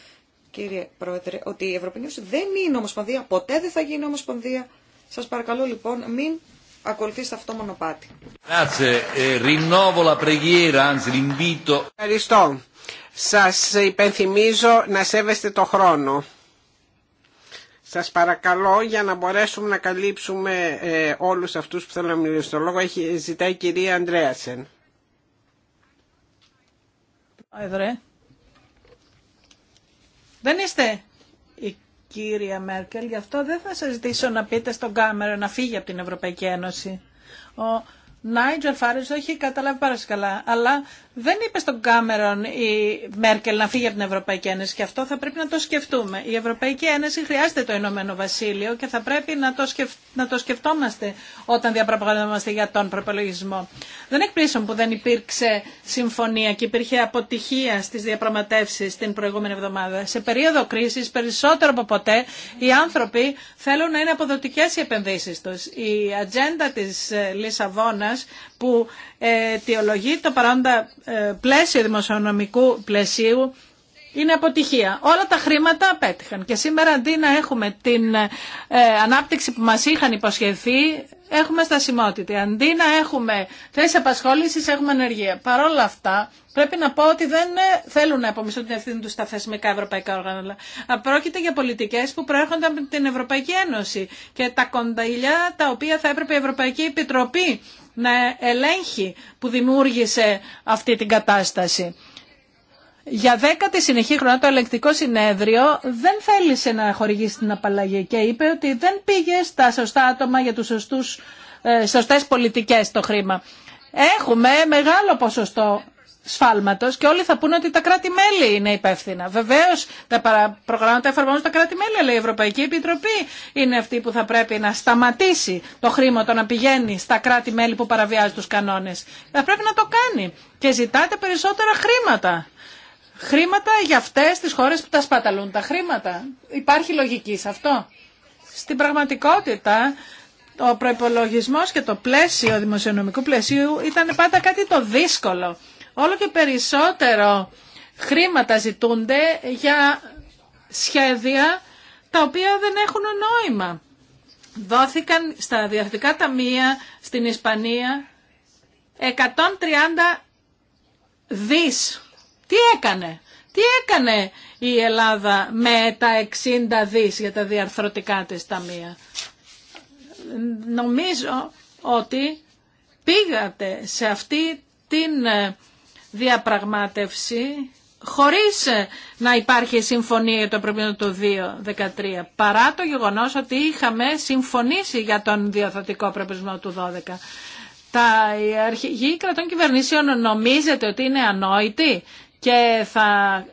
κύριε Πρόεδρε, ότι η Ευρωπαϊκή δεν είναι ομοσπονδία, ποτέ δεν θα γίνει ομοσπονδία. Σα παρακαλώ λοιπόν μην ακολουθήσετε αυτό το μονοπάτι. Ευχαριστώ. Σας υπενθυμίζω να σέβεστε το χρόνο. Σας παρακαλώ για να μπορέσουμε να καλύψουμε ε, όλους αυτούς που θέλουν να μιλήσουν. Το λόγο έχει, ζητάει η κυρία Ανδρέασεν. Πρόεδρε, δεν είστε κύρια Μέρκελ, γι' αυτό δεν θα σας ζητήσω να πείτε στον Κάμερο να φύγει από την Ευρωπαϊκή Ένωση. Ο Νάιτζελ Φάρε το έχει καταλάβει πάρα καλά, αλλά δεν είπε στον Κάμερον η Μέρκελ να φύγει από την Ευρωπαϊκή Ένωση και αυτό θα πρέπει να το σκεφτούμε. Η Ευρωπαϊκή Ένωση χρειάζεται το Ηνωμένο Βασίλειο και θα πρέπει να το, να το σκεφτόμαστε όταν διαπραγματευόμαστε για τον προπολογισμό. Δεν εκπλήσω που δεν υπήρξε συμφωνία και υπήρχε αποτυχία στι διαπραγματεύσει την προηγούμενη εβδομάδα. Σε περίοδο κρίση, περισσότερο από ποτέ, οι άνθρωποι θέλουν να είναι αποδοτικέ οι επενδύσει του. Η ατζέντα τη ε, Λισαβόνα που ε, τιολογεί το παρόντα ε, πλαίσιο δημοσιονομικού πλαισίου είναι αποτυχία. Όλα τα χρήματα απέτυχαν και σήμερα αντί να έχουμε την ε, ανάπτυξη που μας είχαν υποσχεθεί έχουμε στασιμότητα. Αντί να έχουμε θέσει απασχόληση, έχουμε ανεργία. Παρ' όλα αυτά, πρέπει να πω ότι δεν ε, θέλουν να απομισθούν την ευθύνη του στα θεσμικά ευρωπαϊκά όργανα. Αλλά πρόκειται για πολιτικέ που προέρχονται από την Ευρωπαϊκή Ένωση και τα κονταϊλιά τα οποία θα έπρεπε η Ευρωπαϊκή Επιτροπή να ελέγχει που δημιούργησε αυτή την κατάσταση για δέκατη συνεχή χρονιά το ελεκτικό συνέδριο δεν θέλησε να χορηγήσει την απαλλαγή και είπε ότι δεν πήγε στα σωστά άτομα για τους σωστούς, ε, σωστές πολιτικές το χρήμα. Έχουμε μεγάλο ποσοστό σφάλματος και όλοι θα πούνε ότι τα κράτη-μέλη είναι υπεύθυνα. Βεβαίως τα προγράμματα εφαρμόζουν τα κράτη-μέλη, αλλά η Ευρωπαϊκή Επιτροπή είναι αυτή που θα πρέπει να σταματήσει το χρήμα το να πηγαίνει στα κράτη-μέλη που παραβιάζει τους κανόνες. Θα πρέπει να το κάνει και ζητάτε περισσότερα χρήματα χρήματα για αυτές τις χώρες που τα σπαταλούν τα χρήματα. Υπάρχει λογική σε αυτό. Στην πραγματικότητα, ο προϋπολογισμός και το πλαίσιο δημοσιονομικού πλαισίου ήταν πάντα κάτι το δύσκολο. Όλο και περισσότερο χρήματα ζητούνται για σχέδια τα οποία δεν έχουν νόημα. Δόθηκαν στα διαθετικά ταμεία στην Ισπανία 130 δις τι έκανε. Τι έκανε η Ελλάδα με τα 60 δις για τα διαρθρωτικά της ταμεία. Νομίζω ότι πήγατε σε αυτή την ε, διαπραγμάτευση χωρίς ε, να υπάρχει συμφωνία για το προβλήμα του 2013, παρά το γεγονός ότι είχαμε συμφωνήσει για τον διαθωτικό προπλησμό του 2012. Τα αρχηγοί κρατών κυβερνήσεων νομίζετε ότι είναι ανόητοι και θα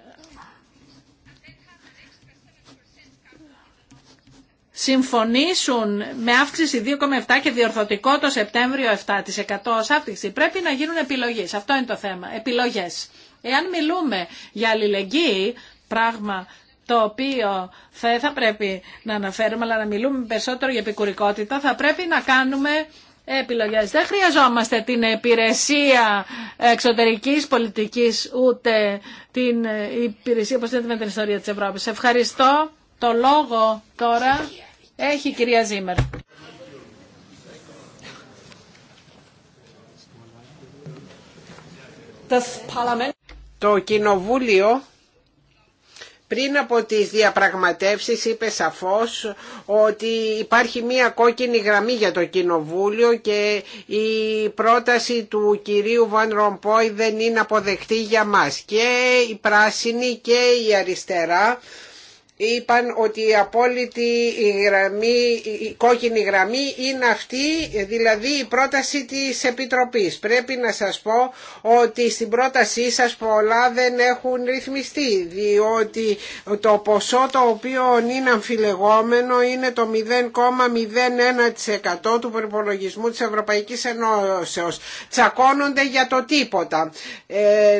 συμφωνήσουν με αύξηση 2,7 και διορθωτικό το Σεπτέμβριο 7% ως αύξηση. Πρέπει να γίνουν επιλογές. Αυτό είναι το θέμα. Επιλογές. Εάν μιλούμε για αλληλεγγύη, πράγμα το οποίο θα, θα πρέπει να αναφέρουμε, αλλά να μιλούμε περισσότερο για επικουρικότητα, θα πρέπει να κάνουμε επιλογές. Δεν χρειαζόμαστε την υπηρεσία εξωτερικής πολιτικής ούτε την υπηρεσία όπως είναι με την ιστορία της Ευρώπης. Ευχαριστώ. Το λόγο τώρα έχει η κυρία Ζήμερ. Το Κοινοβούλιο πριν από τις διαπραγματεύσεις είπε σαφώς ότι υπάρχει μία κόκκινη γραμμή για το Κοινοβούλιο και η πρόταση του κυρίου Βαν Ρομπόι δεν είναι αποδεκτή για μας. Και η πράσινη και η αριστερά είπαν ότι η απόλυτη γραμμή, η κόκκινη γραμμή είναι αυτή, δηλαδή η πρόταση της Επιτροπής. Πρέπει να σας πω ότι στην πρότασή σας πολλά δεν έχουν ρυθμιστεί, διότι το ποσό το οποίο είναι αμφιλεγόμενο είναι το 0,01% του προπολογισμού της Ευρωπαϊκής Ενώσεως. Τσακώνονται για το τίποτα.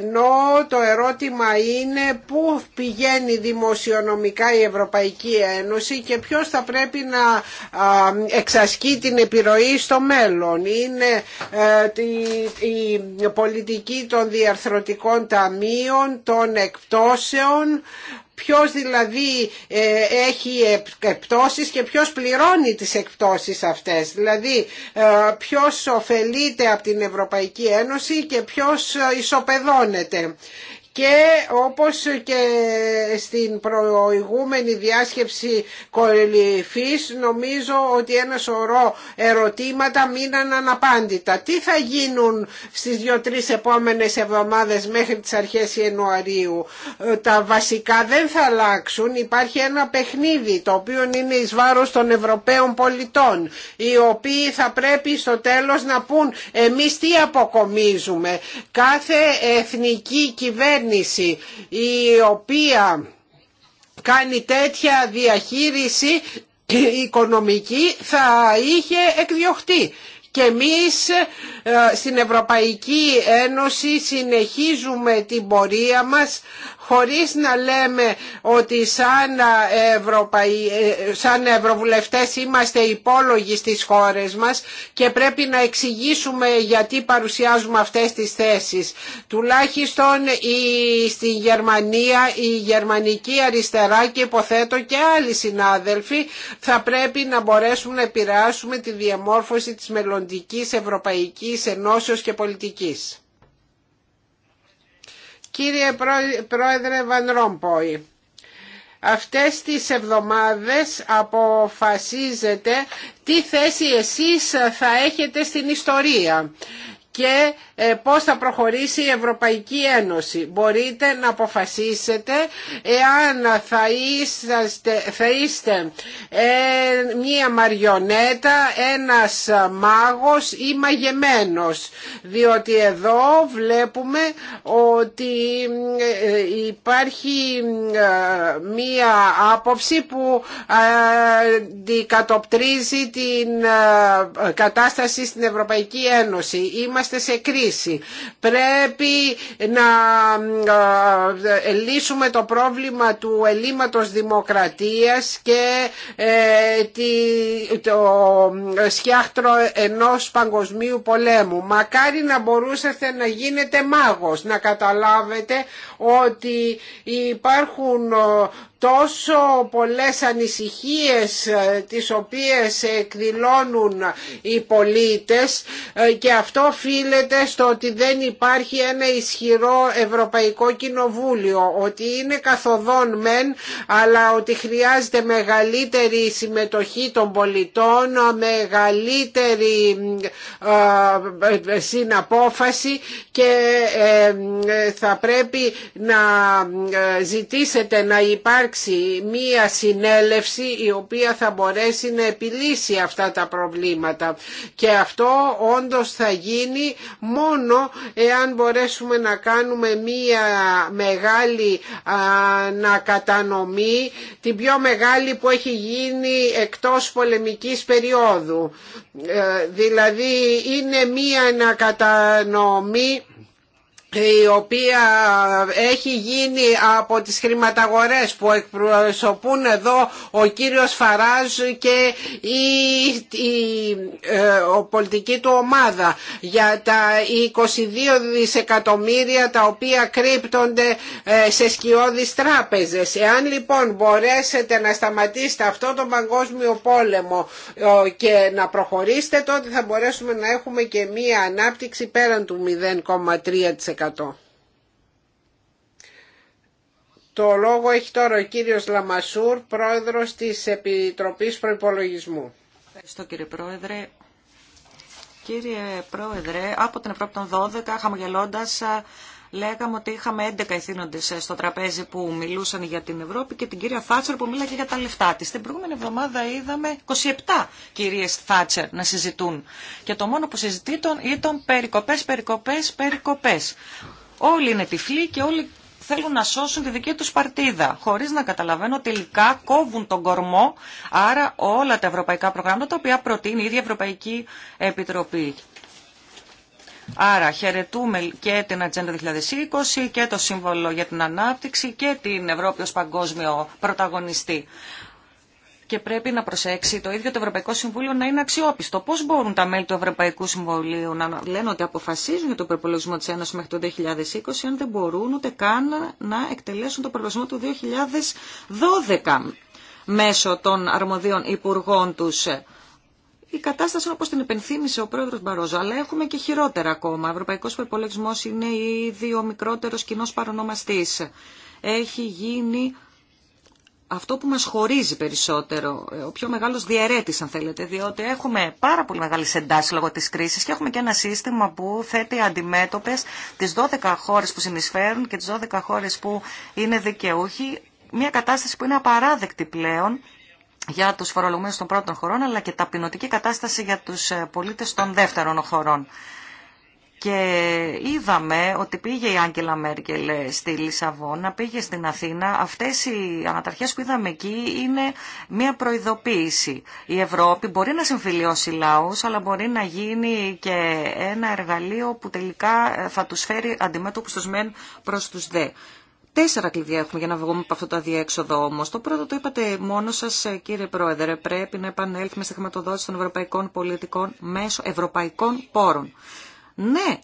Ενώ το ερώτημα είναι πού πηγαίνει δημοσιονομικά η Ευρωπαϊκή Ένωση και ποιος θα πρέπει να εξασκεί την επιρροή στο μέλλον. Είναι ε, η πολιτική των διαρθρωτικών ταμείων, των εκπτώσεων, ποιος δηλαδή ε, έχει εκπτώσεις και ποιος πληρώνει τις εκπτώσεις αυτές. Δηλαδή ε, ποιος ωφελείται από την Ευρωπαϊκή Ένωση και ποιος ισοπεδώνεται και όπως και στην προηγούμενη διάσκεψη κορυφής νομίζω ότι ένα σωρό ερωτήματα μείναν αναπάντητα. Τι θα γίνουν στις δύο-τρεις επόμενες εβδομάδες μέχρι τις αρχές Ιανουαρίου. Ε, τα βασικά δεν θα αλλάξουν. Υπάρχει ένα παιχνίδι το οποίο είναι εις βάρος των Ευρωπαίων πολιτών οι οποίοι θα πρέπει στο τέλος να πούν εμείς τι αποκομίζουμε. Κάθε εθνική κυβέρνηση η οποία κάνει τέτοια διαχείριση οικονομική θα είχε εκδιωχτεί. Και εμείς ε, στην Ευρωπαϊκή Ένωση συνεχίζουμε την πορεία μας χωρίς να λέμε ότι σαν, ε, Ευρωπαϊ... Ε, σαν Ευρωβουλευτές είμαστε υπόλογοι στις χώρες μας και πρέπει να εξηγήσουμε γιατί παρουσιάζουμε αυτές τις θέσεις. Τουλάχιστον η... στη Γερμανία η γερμανική αριστερά και υποθέτω και άλλοι συνάδελφοι θα πρέπει να μπορέσουν να επηρεάσουμε τη διαμόρφωση της μελλοντικής Ευρωπαϊκής Ενώσεως και Πολιτικής. Κύριε Πρόεδρε Βαν Ρόμποη, αυτές τις εβδομάδες αποφασίζετε τι θέση εσείς θα έχετε στην ιστορία και ε, πώς θα προχωρήσει η Ευρωπαϊκή Ένωση. Μπορείτε να αποφασίσετε εάν θα είστε, θα ε, μία μαριονέτα, ένας μάγος ή μαγεμένος. Διότι εδώ βλέπουμε ότι ε, υπάρχει μία άποψη που αντικατοπτρίζει την κατάσταση στην Ευρωπαϊκή Ένωση. Είμαστε είμαστε σε κρίση. Πρέπει να ε, λύσουμε το πρόβλημα του ελλείμματος δημοκρατίας και ε, το σκιάχτρο ενός παγκοσμίου πολέμου. Μακάρι να μπορούσατε να γίνετε μάγος, να καταλάβετε ότι υπάρχουν τόσο πολλές ανησυχίες ε, τις οποίες εκδηλώνουν οι πολίτες ε, και αυτό οφείλεται στο ότι δεν υπάρχει ένα ισχυρό Ευρωπαϊκό Κοινοβούλιο ότι είναι καθοδόν μεν αλλά ότι χρειάζεται μεγαλύτερη συμμετοχή των πολιτών μεγαλύτερη ε, συναπόφαση και θα πρέπει να ζητήσετε να υπάρχει μία συνέλευση η οποία θα μπορέσει να επιλύσει αυτά τα προβλήματα και αυτό όντως θα γίνει μόνο εάν μπορέσουμε να κάνουμε μία μεγάλη ανακατανομή την πιο μεγάλη που έχει γίνει εκτός πολεμικής περίοδου ε, δηλαδή είναι μία ανακατανομή η οποία έχει γίνει από τις χρηματαγορές που εκπροσωπούν εδώ ο κύριος Φαράζ και η, η ε, πολιτική του ομάδα για τα 22 δισεκατομμύρια τα οποία κρύπτονται ε, σε σκιώδεις τράπεζες. Εάν λοιπόν μπορέσετε να σταματήσετε αυτό το παγκόσμιο πόλεμο ε, και να προχωρήσετε τότε θα μπορέσουμε να έχουμε και μία ανάπτυξη πέραν του 0,3%. Το λόγο έχει τώρα ο κύριος Λαμασούρ, πρόεδρος της Επιτροπής Προϋπολογισμού. Ευχαριστώ κύριε Πρόεδρε. Κύριε Πρόεδρε, από την Ευρώπη των 12, χαμογελώντας, Λέγαμε ότι είχαμε 11 ευθύνοντε στο τραπέζι που μιλούσαν για την Ευρώπη και την κυρία Θάτσερ που μίλαγε για τα λεφτά τη. Την προηγούμενη εβδομάδα είδαμε 27 κυρίε Θάτσερ να συζητούν. Και το μόνο που συζητήτων ήταν περικοπέ, περικοπέ, περικοπέ. Όλοι είναι τυφλοί και όλοι θέλουν να σώσουν τη δική τους παρτίδα, χωρίς να καταλαβαίνω ότι τελικά κόβουν τον κορμό, άρα όλα τα ευρωπαϊκά προγράμματα τα οποία προτείνει η ίδια Ευρωπαϊκή Επιτροπή. Άρα χαιρετούμε και την Ατζέντα 2020 και το Σύμβολο για την Ανάπτυξη και την Ευρώπη ως παγκόσμιο πρωταγωνιστή. Και πρέπει να προσέξει το ίδιο το Ευρωπαϊκό Συμβούλιο να είναι αξιόπιστο. Πώς μπορούν τα μέλη του Ευρωπαϊκού Συμβουλίου να λένε ότι αποφασίζουν για το προπολογισμό τη Ένωση μέχρι το 2020, αν δεν μπορούν ούτε καν να εκτελέσουν το προπολογισμό του 2012 μέσω των αρμοδίων υπουργών τους η κατάσταση όπως την επενθύμησε ο πρόεδρος Μπαρόζο, αλλά έχουμε και χειρότερα ακόμα. Ο Ευρωπαϊκός Περιπολεγισμός είναι ήδη ο μικρότερος κοινό παρονομαστής. Έχει γίνει αυτό που μας χωρίζει περισσότερο, ο πιο μεγάλος διαιρέτης αν θέλετε, διότι έχουμε πάρα πολύ μεγάλη εντάσεις λόγω της κρίσης και έχουμε και ένα σύστημα που θέτει αντιμέτωπες τις 12 χώρες που συνεισφέρουν και τις 12 χώρες που είναι δικαιούχοι, μια κατάσταση που είναι απαράδεκτη πλέον για τους φορολογουμένους των πρώτων χωρών, αλλά και ταπεινωτική κατάσταση για τους ε, πολίτες των δεύτερων χωρών. Και είδαμε ότι πήγε η Άγγελα Μέρκελ ε, στη Λισαβόνα, πήγε στην Αθήνα. Αυτές οι αναταρχές που είδαμε εκεί είναι μια προειδοποίηση. Η Ευρώπη μπορεί να συμφιλιώσει λαούς, αλλά μπορεί να γίνει και ένα εργαλείο που τελικά ε, θα τους φέρει αντιμέτωπους τους μεν προς τους δε. Τέσσερα κλειδιά έχουμε για να βγούμε από αυτό το αδιέξοδο όμω. Το πρώτο το είπατε μόνο σα, ε, κύριε Πρόεδρε. Πρέπει να επανέλθουμε στη χρηματοδότηση των ευρωπαϊκών πολιτικών μέσω ευρωπαϊκών πόρων. Ναι,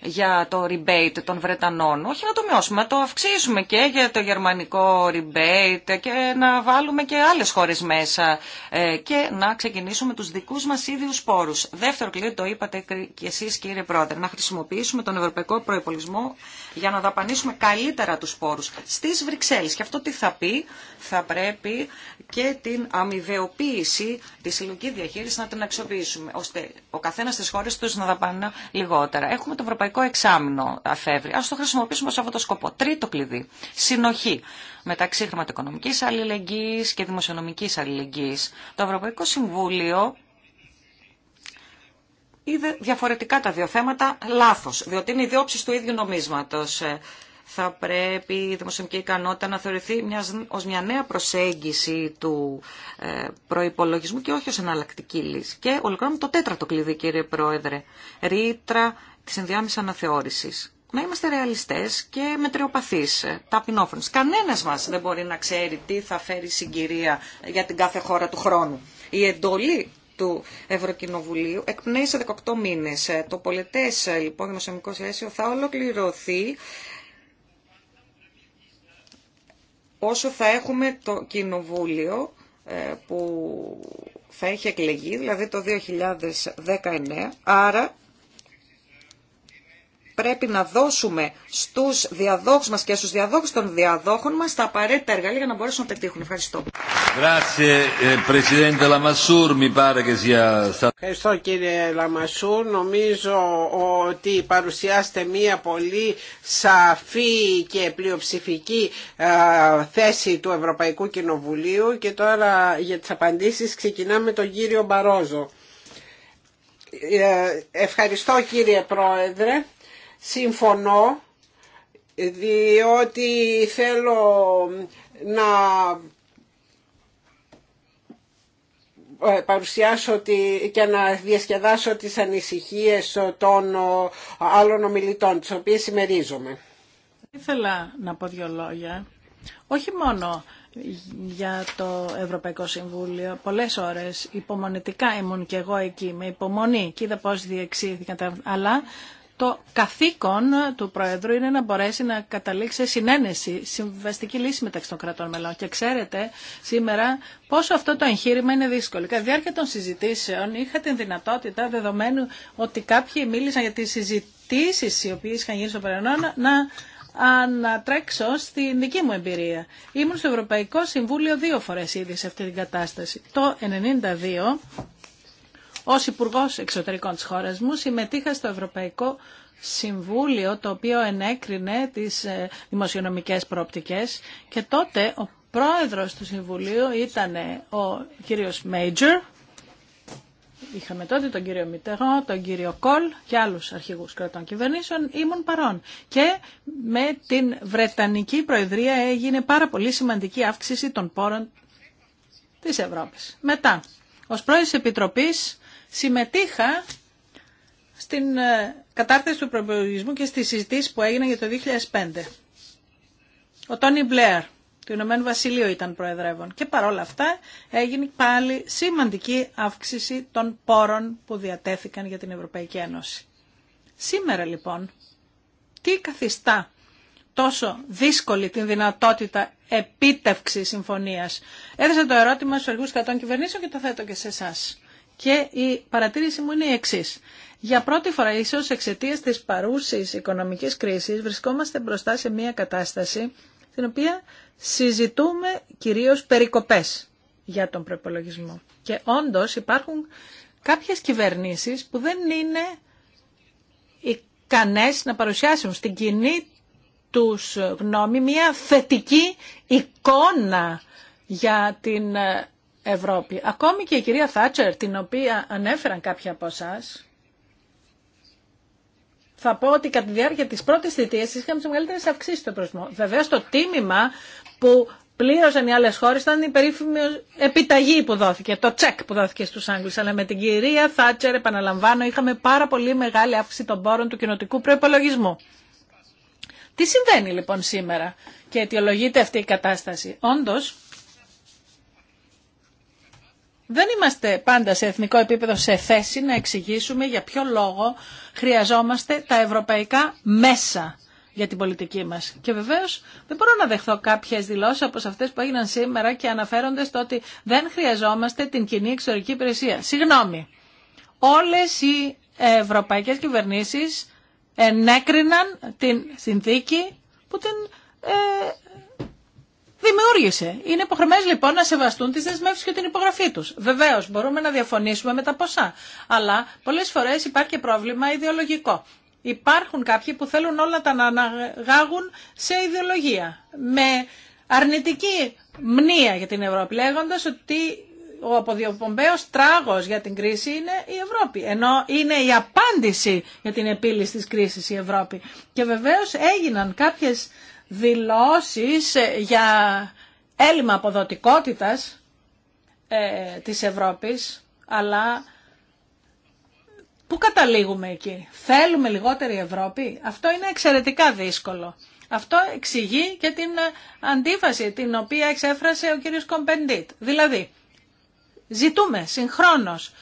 για το rebate των Βρετανών. Όχι να το μειώσουμε, να το αυξήσουμε και για το γερμανικό rebate και να βάλουμε και άλλες χώρες μέσα ε, και να ξεκινήσουμε τους δικούς μας ίδιους πόρους. Δεύτερο κλειδί το είπατε και εσείς κύριε Πρόεδρε, να χρησιμοποιήσουμε τον ευρωπαϊκό προϋπολισμό για να δαπανίσουμε καλύτερα τους πόρους στις Βρυξέλλες. Και αυτό τι θα πει, θα πρέπει και την αμοιβεοποίηση, τη συλλογική διαχείριση να την αξιοποιήσουμε, ώστε ο καθένας στις χώρες τους να δαπανά λιγότερα. Έχουμε το Ευρωπαϊκό Εξάμεινο αφεύρει. Ας το χρησιμοποιήσουμε σε αυτό το σκοπό. Τρίτο κλειδί, συνοχή μεταξύ χρηματοοικονομικής αλληλεγγύης και δημοσιονομικής αλληλεγγύης. Το Ευρωπαϊκό Συμβούλιο είδε διαφορετικά τα δύο θέματα λάθος, διότι είναι οι δύο του ίδιου νομίσματος. Ε, θα πρέπει η δημοσιομική ικανότητα να θεωρηθεί μιας, ως μια νέα προσέγγιση του ε, προϋπολογισμού και όχι ως εναλλακτική λύση. Και ολοκληρώνουμε το τέταρτο κλειδί, κύριε Πρόεδρε, ρήτρα της ενδιάμεσης αναθεώρησης. Να είμαστε ρεαλιστές και μετριοπαθείς, ε, ταπεινόφρονες. Κανένας μας δεν μπορεί να ξέρει τι θα φέρει συγκυρία για την κάθε χώρα του χρόνου. Η εντολή του Ευρωκοινοβουλίου εκπνέει σε 18 μήνες. Ε, το πολιτές ε, λοιπόν γνωσιαμικό σχέσιο θα ολοκληρωθεί όσο θα έχουμε το κοινοβούλιο ε, που θα έχει εκλεγεί, δηλαδή το 2019. Άρα πρέπει να δώσουμε στους διαδόχους μας και στους διαδόχους των διαδόχων μας τα απαραίτητα εργαλεία για να μπορέσουν να πετύχουν. Ευχαριστώ. Eh, ευχαριστώ κύριε Λαμασούρ. Νομίζω ότι παρουσιάστε μία πολύ σαφή και πλειοψηφική ε, θέση του Ευρωπαϊκού Κοινοβουλίου και τώρα για τις απαντήσεις ξεκινάμε τον κύριο Μπαρόζο. Ε, ευχαριστώ κύριε Πρόεδρε συμφωνώ διότι θέλω να ε, παρουσιάσω και να διασκεδάσω τις ανησυχίες των ε, άλλων ομιλητών, τις οποίες συμμερίζομαι. Ήθελα να πω δύο λόγια. Όχι μόνο για το Ευρωπαϊκό Συμβούλιο. Πολλές ώρες υπομονητικά ήμουν και εγώ εκεί, με υπομονή και είδα πώς διεξήθηκαν τα... Αλλά το καθήκον του Προέδρου είναι να μπορέσει να καταλήξει συνένεση, συμβαστική λύση μεταξύ των κρατών μελών. Και ξέρετε σήμερα πόσο αυτό το εγχείρημα είναι δύσκολο. Κατά διάρκεια των συζητήσεων είχα την δυνατότητα, δεδομένου ότι κάποιοι μίλησαν για τις συζητήσεις οι οποίες είχαν γίνει στο παρελθόν, να ανατρέξω στην δική μου εμπειρία. Ήμουν στο Ευρωπαϊκό Συμβούλιο δύο φορές ήδη σε αυτή την κατάσταση. Το 1992 Ω υπουργό Εξωτερικών τη χώρα μου συμμετείχα στο Ευρωπαϊκό Συμβούλιο το οποίο ενέκρινε τις ε, δημοσιονομικέ προοπτικέ. και τότε ο πρόεδρος του Συμβουλίου ήταν ο κύριος Μέιτζερ Είχαμε τότε τον κύριο Μιτερό, τον κύριο Κολ και άλλους αρχηγούς κρατών κυβερνήσεων ήμουν παρόν. Και με την Βρετανική Προεδρία έγινε πάρα πολύ σημαντική αύξηση των πόρων της Ευρώπης. Μετά, ως πρόεδρος Επιτροπής συμμετείχα στην ε, κατάρτιση του προπολογισμού και στις συζητήσεις που έγιναν για το 2005. Ο Τόνι Μπλέαρ του Ηνωμένου Βασιλείου ήταν προεδρεύων και παρόλα αυτά έγινε πάλι σημαντική αύξηση των πόρων που διατέθηκαν για την Ευρωπαϊκή Ένωση. Σήμερα λοιπόν, τι καθιστά τόσο δύσκολη την δυνατότητα επίτευξης συμφωνίας. Έθεσα το ερώτημα στους αργούς κατών κυβερνήσεων και το θέτω και σε εσάς. Και η παρατήρηση μου είναι η εξή. Για πρώτη φορά, ίσω εξαιτία τη παρούση οικονομική κρίση, βρισκόμαστε μπροστά σε μια κατάσταση στην οποία συζητούμε κυρίω περικοπές για τον προπολογισμό. Και όντω υπάρχουν κάποιε κυβερνήσεις που δεν είναι ικανές να παρουσιάσουν στην κοινή τους γνώμη μια θετική εικόνα για την ε, Ευρώπη. Ακόμη και η κυρία Θάτσερ, την οποία ανέφεραν κάποια από εσά, θα πω ότι κατά τη διάρκεια της πρώτης θητείας είχαμε τις μεγαλύτερες αυξήσεις στον προσμό. Βεβαίως το τίμημα που πλήρωσαν οι άλλες χώρες ήταν η περίφημη επιταγή που δόθηκε, το τσεκ που δόθηκε στους Άγγλους. Αλλά με την κυρία Θάτσερ, επαναλαμβάνω, είχαμε πάρα πολύ μεγάλη αύξηση των πόρων του κοινοτικού προπολογισμού. Τι συμβαίνει λοιπόν σήμερα και αιτιολογείται αυτή η κατάσταση. Όντως, δεν είμαστε πάντα σε εθνικό επίπεδο σε θέση να εξηγήσουμε για ποιο λόγο χρειαζόμαστε τα ευρωπαϊκά μέσα για την πολιτική μας. Και βεβαίως δεν μπορώ να δεχθώ κάποιες δηλώσεις όπως αυτές που έγιναν σήμερα και αναφέρονται στο ότι δεν χρειαζόμαστε την κοινή εξωτερική υπηρεσία. Συγγνώμη. Όλες οι ευρωπαϊκές κυβερνήσεις ενέκριναν την συνθήκη που την ε, δημιούργησε. Είναι υποχρεωμένε λοιπόν να σεβαστούν τι δεσμεύσει και την υπογραφή του. Βεβαίω, μπορούμε να διαφωνήσουμε με τα ποσά. Αλλά πολλέ φορέ υπάρχει και πρόβλημα ιδεολογικό. Υπάρχουν κάποιοι που θέλουν όλα τα να αναγάγουν σε ιδεολογία. Με αρνητική μνήα για την Ευρώπη, λέγοντα ότι ο αποδιοπομπαίο τράγο για την κρίση είναι η Ευρώπη. Ενώ είναι η απάντηση για την επίλυση τη κρίση η Ευρώπη. Και βεβαίω έγιναν κάποιες δηλώσεις ε, για έλλειμμα αποδοτικότητας ε, της Ευρώπης, αλλά πού καταλήγουμε εκεί. Θέλουμε λιγότερη Ευρώπη. Αυτό είναι εξαιρετικά δύσκολο. Αυτό εξηγεί και την αντίφαση την οποία εξέφρασε ο κύριος Κομπεντίτ. Δηλαδή, ζητούμε συγχρόνως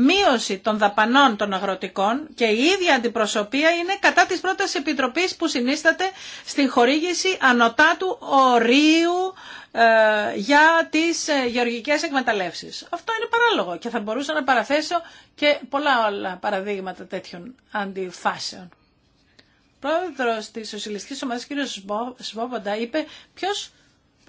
μείωση των δαπανών των αγροτικών και η ίδια αντιπροσωπεία είναι κατά της πρώτας επιτροπής που συνίσταται στην χορήγηση ανωτάτου ορίου ε, για τις ε, γεωργικές εκμεταλλεύσεις. Αυτό είναι παράλογο και θα μπορούσα να παραθέσω και πολλά άλλα παραδείγματα τέτοιων αντιφάσεων. Πρόεδρος της Σοσιαλιστικής Ομάδας κ. Σβόποντα είπε ποιος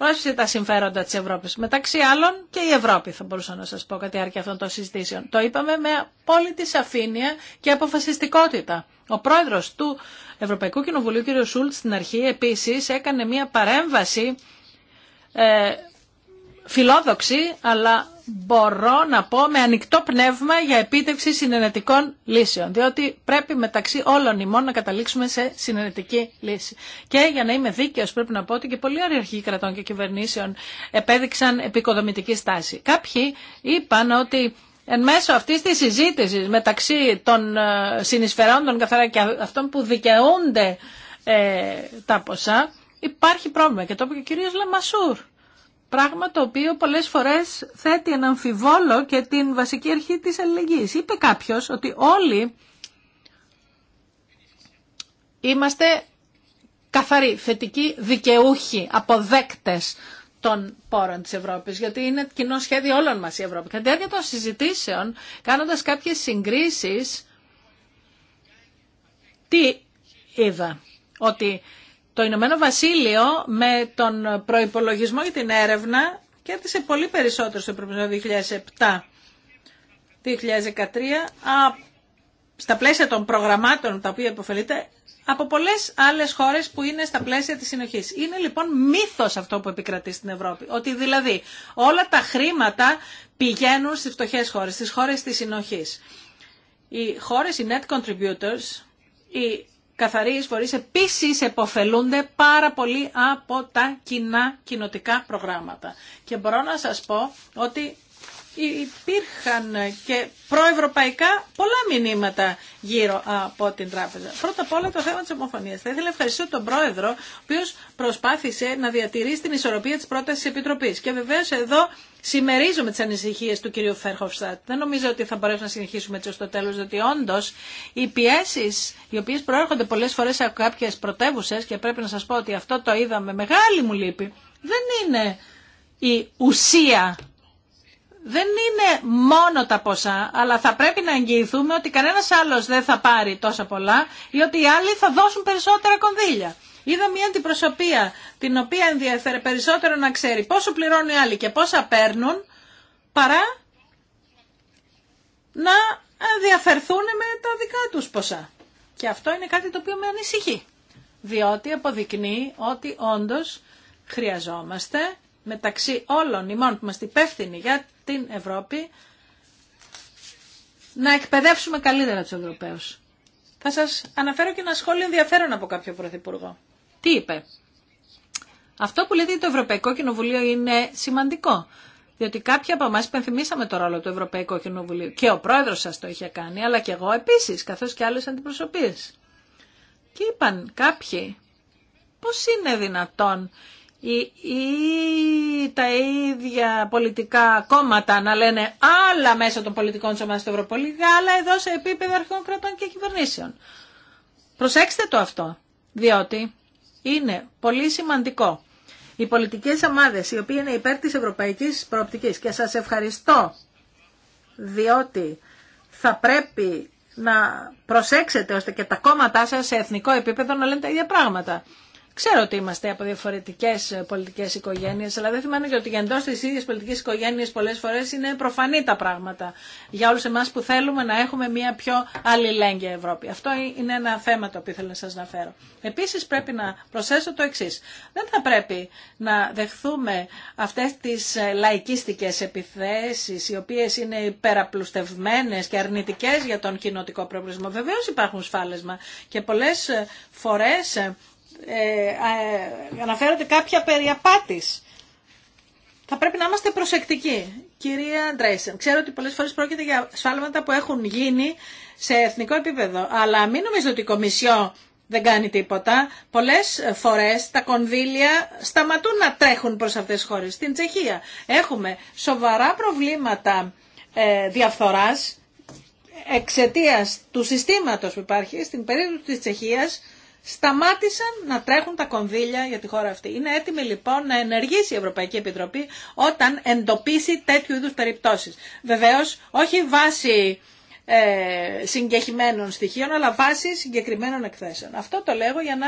πρόσφυσε τα συμφέροντα της Ευρώπης. Μεταξύ άλλων και η Ευρώπη θα μπορούσα να σας πω κατά τη διάρκεια αυτών των συζητήσεων. Το είπαμε με απόλυτη σαφήνεια και αποφασιστικότητα. Ο πρόεδρος του Ευρωπαϊκού Κοινοβουλίου, κ. Σούλτ, στην αρχή επίσης έκανε μια παρέμβαση ε, φιλόδοξη, αλλά μπορώ να πω με ανοιχτό πνεύμα για επίτευξη συνενετικών λύσεων, διότι πρέπει μεταξύ όλων ημών να καταλήξουμε σε συνενετική λύση. Και για να είμαι δίκαιο, πρέπει να πω ότι και πολλοί αρχηγοί κρατών και κυβερνήσεων επέδειξαν επικοδομητική στάση. Κάποιοι είπαν ότι εν μέσω αυτή τη συζήτηση μεταξύ των ε, συνεισφερόντων καθαρά και αυτών που δικαιούνται ε, τα ποσά, υπάρχει πρόβλημα. Και το είπε και ο κύριος Λαμασούρ. Πράγμα το οποίο πολλές φορές θέτει ένα αμφιβόλο και την βασική αρχή της αλληλεγγύης. Είπε κάποιος ότι όλοι είμαστε καθαροί, θετικοί δικαιούχοι, αποδέκτες των πόρων της Ευρώπης, γιατί είναι κοινό σχέδιο όλων μας η Ευρώπη. Κατά τη διάρκεια των συζητήσεων, κάνοντας κάποιες συγκρίσεις, τι είδα, ότι το Ηνωμένο Βασίλειο με τον προϋπολογισμό για την έρευνα κέρδισε πολύ περισσότερο στο προϋπολογισμό 2007-2013 στα πλαίσια των προγραμμάτων τα οποία υποφελείται από πολλές άλλες χώρες που είναι στα πλαίσια τη συνοχής. Είναι λοιπόν μύθος αυτό που επικρατεί στην Ευρώπη. Ότι δηλαδή όλα τα χρήματα πηγαίνουν στι φτωχέ χώρες, στις χώρες της συνοχή. Οι χώρες, οι net contributors, οι καθαροί εισφορεί επίση επωφελούνται πάρα πολύ από τα κοινά κοινοτικά προγράμματα. Και μπορώ να σας πω ότι υπήρχαν και προευρωπαϊκά πολλά μηνύματα γύρω από την τράπεζα. Πρώτα απ' όλα το θέμα της ομοφωνίας. Θα ήθελα να ευχαριστήσω τον πρόεδρο, ο οποίο προσπάθησε να διατηρήσει την ισορροπία της πρότασης τη Επιτροπής. Και βεβαίω εδώ συμμερίζομαι τι ανησυχίε του κυρίου Φέρχοφστατ. Δεν νομίζω ότι θα μπορέσουμε να συνεχίσουμε έτσι ω το τέλος, διότι όντω οι πιέσει οι οποίε προέρχονται πολλέ φορέ από κάποιε πρωτεύουσε και πρέπει να σα πω ότι αυτό το είδαμε μεγάλη μου λύπη, δεν είναι η ουσία δεν είναι μόνο τα ποσά, αλλά θα πρέπει να εγγυηθούμε ότι κανένας άλλος δεν θα πάρει τόσα πολλά ή ότι οι άλλοι θα δώσουν περισσότερα κονδύλια. Είδα μια αντιπροσωπεία την οποία ενδιαφέρει περισσότερο να ξέρει πόσο πληρώνουν οι άλλοι και πόσα παίρνουν παρά να ενδιαφερθούν με τα δικά τους ποσά. Και αυτό είναι κάτι το οποίο με ανησυχεί, διότι αποδεικνύει ότι όντως χρειαζόμαστε μεταξύ όλων ημών που είμαστε υπεύθυνοι για την Ευρώπη να εκπαιδεύσουμε καλύτερα τους Ευρωπαίους. Θα σας αναφέρω και ένα σχόλιο ενδιαφέρον από κάποιο Πρωθυπουργό. Τι είπε. Αυτό που λέτε το Ευρωπαϊκό Κοινοβουλίο είναι σημαντικό. Διότι κάποιοι από εμά υπενθυμίσαμε το ρόλο του Ευρωπαϊκού Κοινοβουλίου. Και ο πρόεδρο σα το είχε κάνει, αλλά και εγώ επίση, καθώ και άλλε αντιπροσωπείε. Και είπαν κάποιοι, πώ είναι δυνατόν ή τα ίδια πολιτικά κόμματα να λένε άλλα μέσα των πολιτικών της ομάδας του Ευρωπολίγα, αλλά εδώ σε επίπεδο αρχών κρατών και κυβερνήσεων. Προσέξτε το αυτό, διότι είναι πολύ σημαντικό. Οι πολιτικές ομάδες, οι οποίοι είναι υπέρ της ευρωπαϊκής προοπτικής και σας ευχαριστώ, διότι θα πρέπει να προσέξετε ώστε και τα κόμματά σας σε εθνικό επίπεδο να λένε τα ίδια πράγματα. Ξέρω ότι είμαστε από διαφορετικέ πολιτικέ οικογένειε, αλλά δεν θυμάμαι και ότι εντό τη ίδια πολιτική οικογένεια πολλέ φορέ είναι προφανή τα πράγματα για όλου εμά που θέλουμε να έχουμε μια πιο αλληλέγγυα Ευρώπη. Αυτό είναι ένα θέμα το οποίο θέλω να σα αναφέρω. Επίση πρέπει να προσθέσω το εξή. Δεν θα πρέπει να δεχθούμε αυτέ τι λαϊκίστικε επιθέσει, οι οποίε είναι υπεραπλουστευμένε και αρνητικέ για τον κοινοτικό προβλησμό. Βεβαίω υπάρχουν σφάλεσμα και πολλέ φορέ ε, αναφέρονται κάποια περί απάτης. Θα πρέπει να είμαστε προσεκτικοί. Κυρία Ντρέισεν, ξέρω ότι πολλές φορές πρόκειται για σφάλματα που έχουν γίνει σε εθνικό επίπεδο, αλλά μην νομίζω ότι η Κομισιό δεν κάνει τίποτα. Πολλές φορές τα κονδύλια σταματούν να τρέχουν προς αυτές τις χώρες. Στην Τσεχία έχουμε σοβαρά προβλήματα ε, διαφθοράς εξαιτίας του συστήματος που υπάρχει στην περίπτωση της Τσεχίας σταμάτησαν να τρέχουν τα κονδύλια για τη χώρα αυτή. Είναι έτοιμη λοιπόν να ενεργήσει η Ευρωπαϊκή Επιτροπή όταν εντοπίσει τέτοιου είδους περιπτώσεις. Βεβαίως, όχι βάσει ε, συγκεκριμένων στοιχείων, αλλά βάσει συγκεκριμένων εκθέσεων. Αυτό το λέγω για να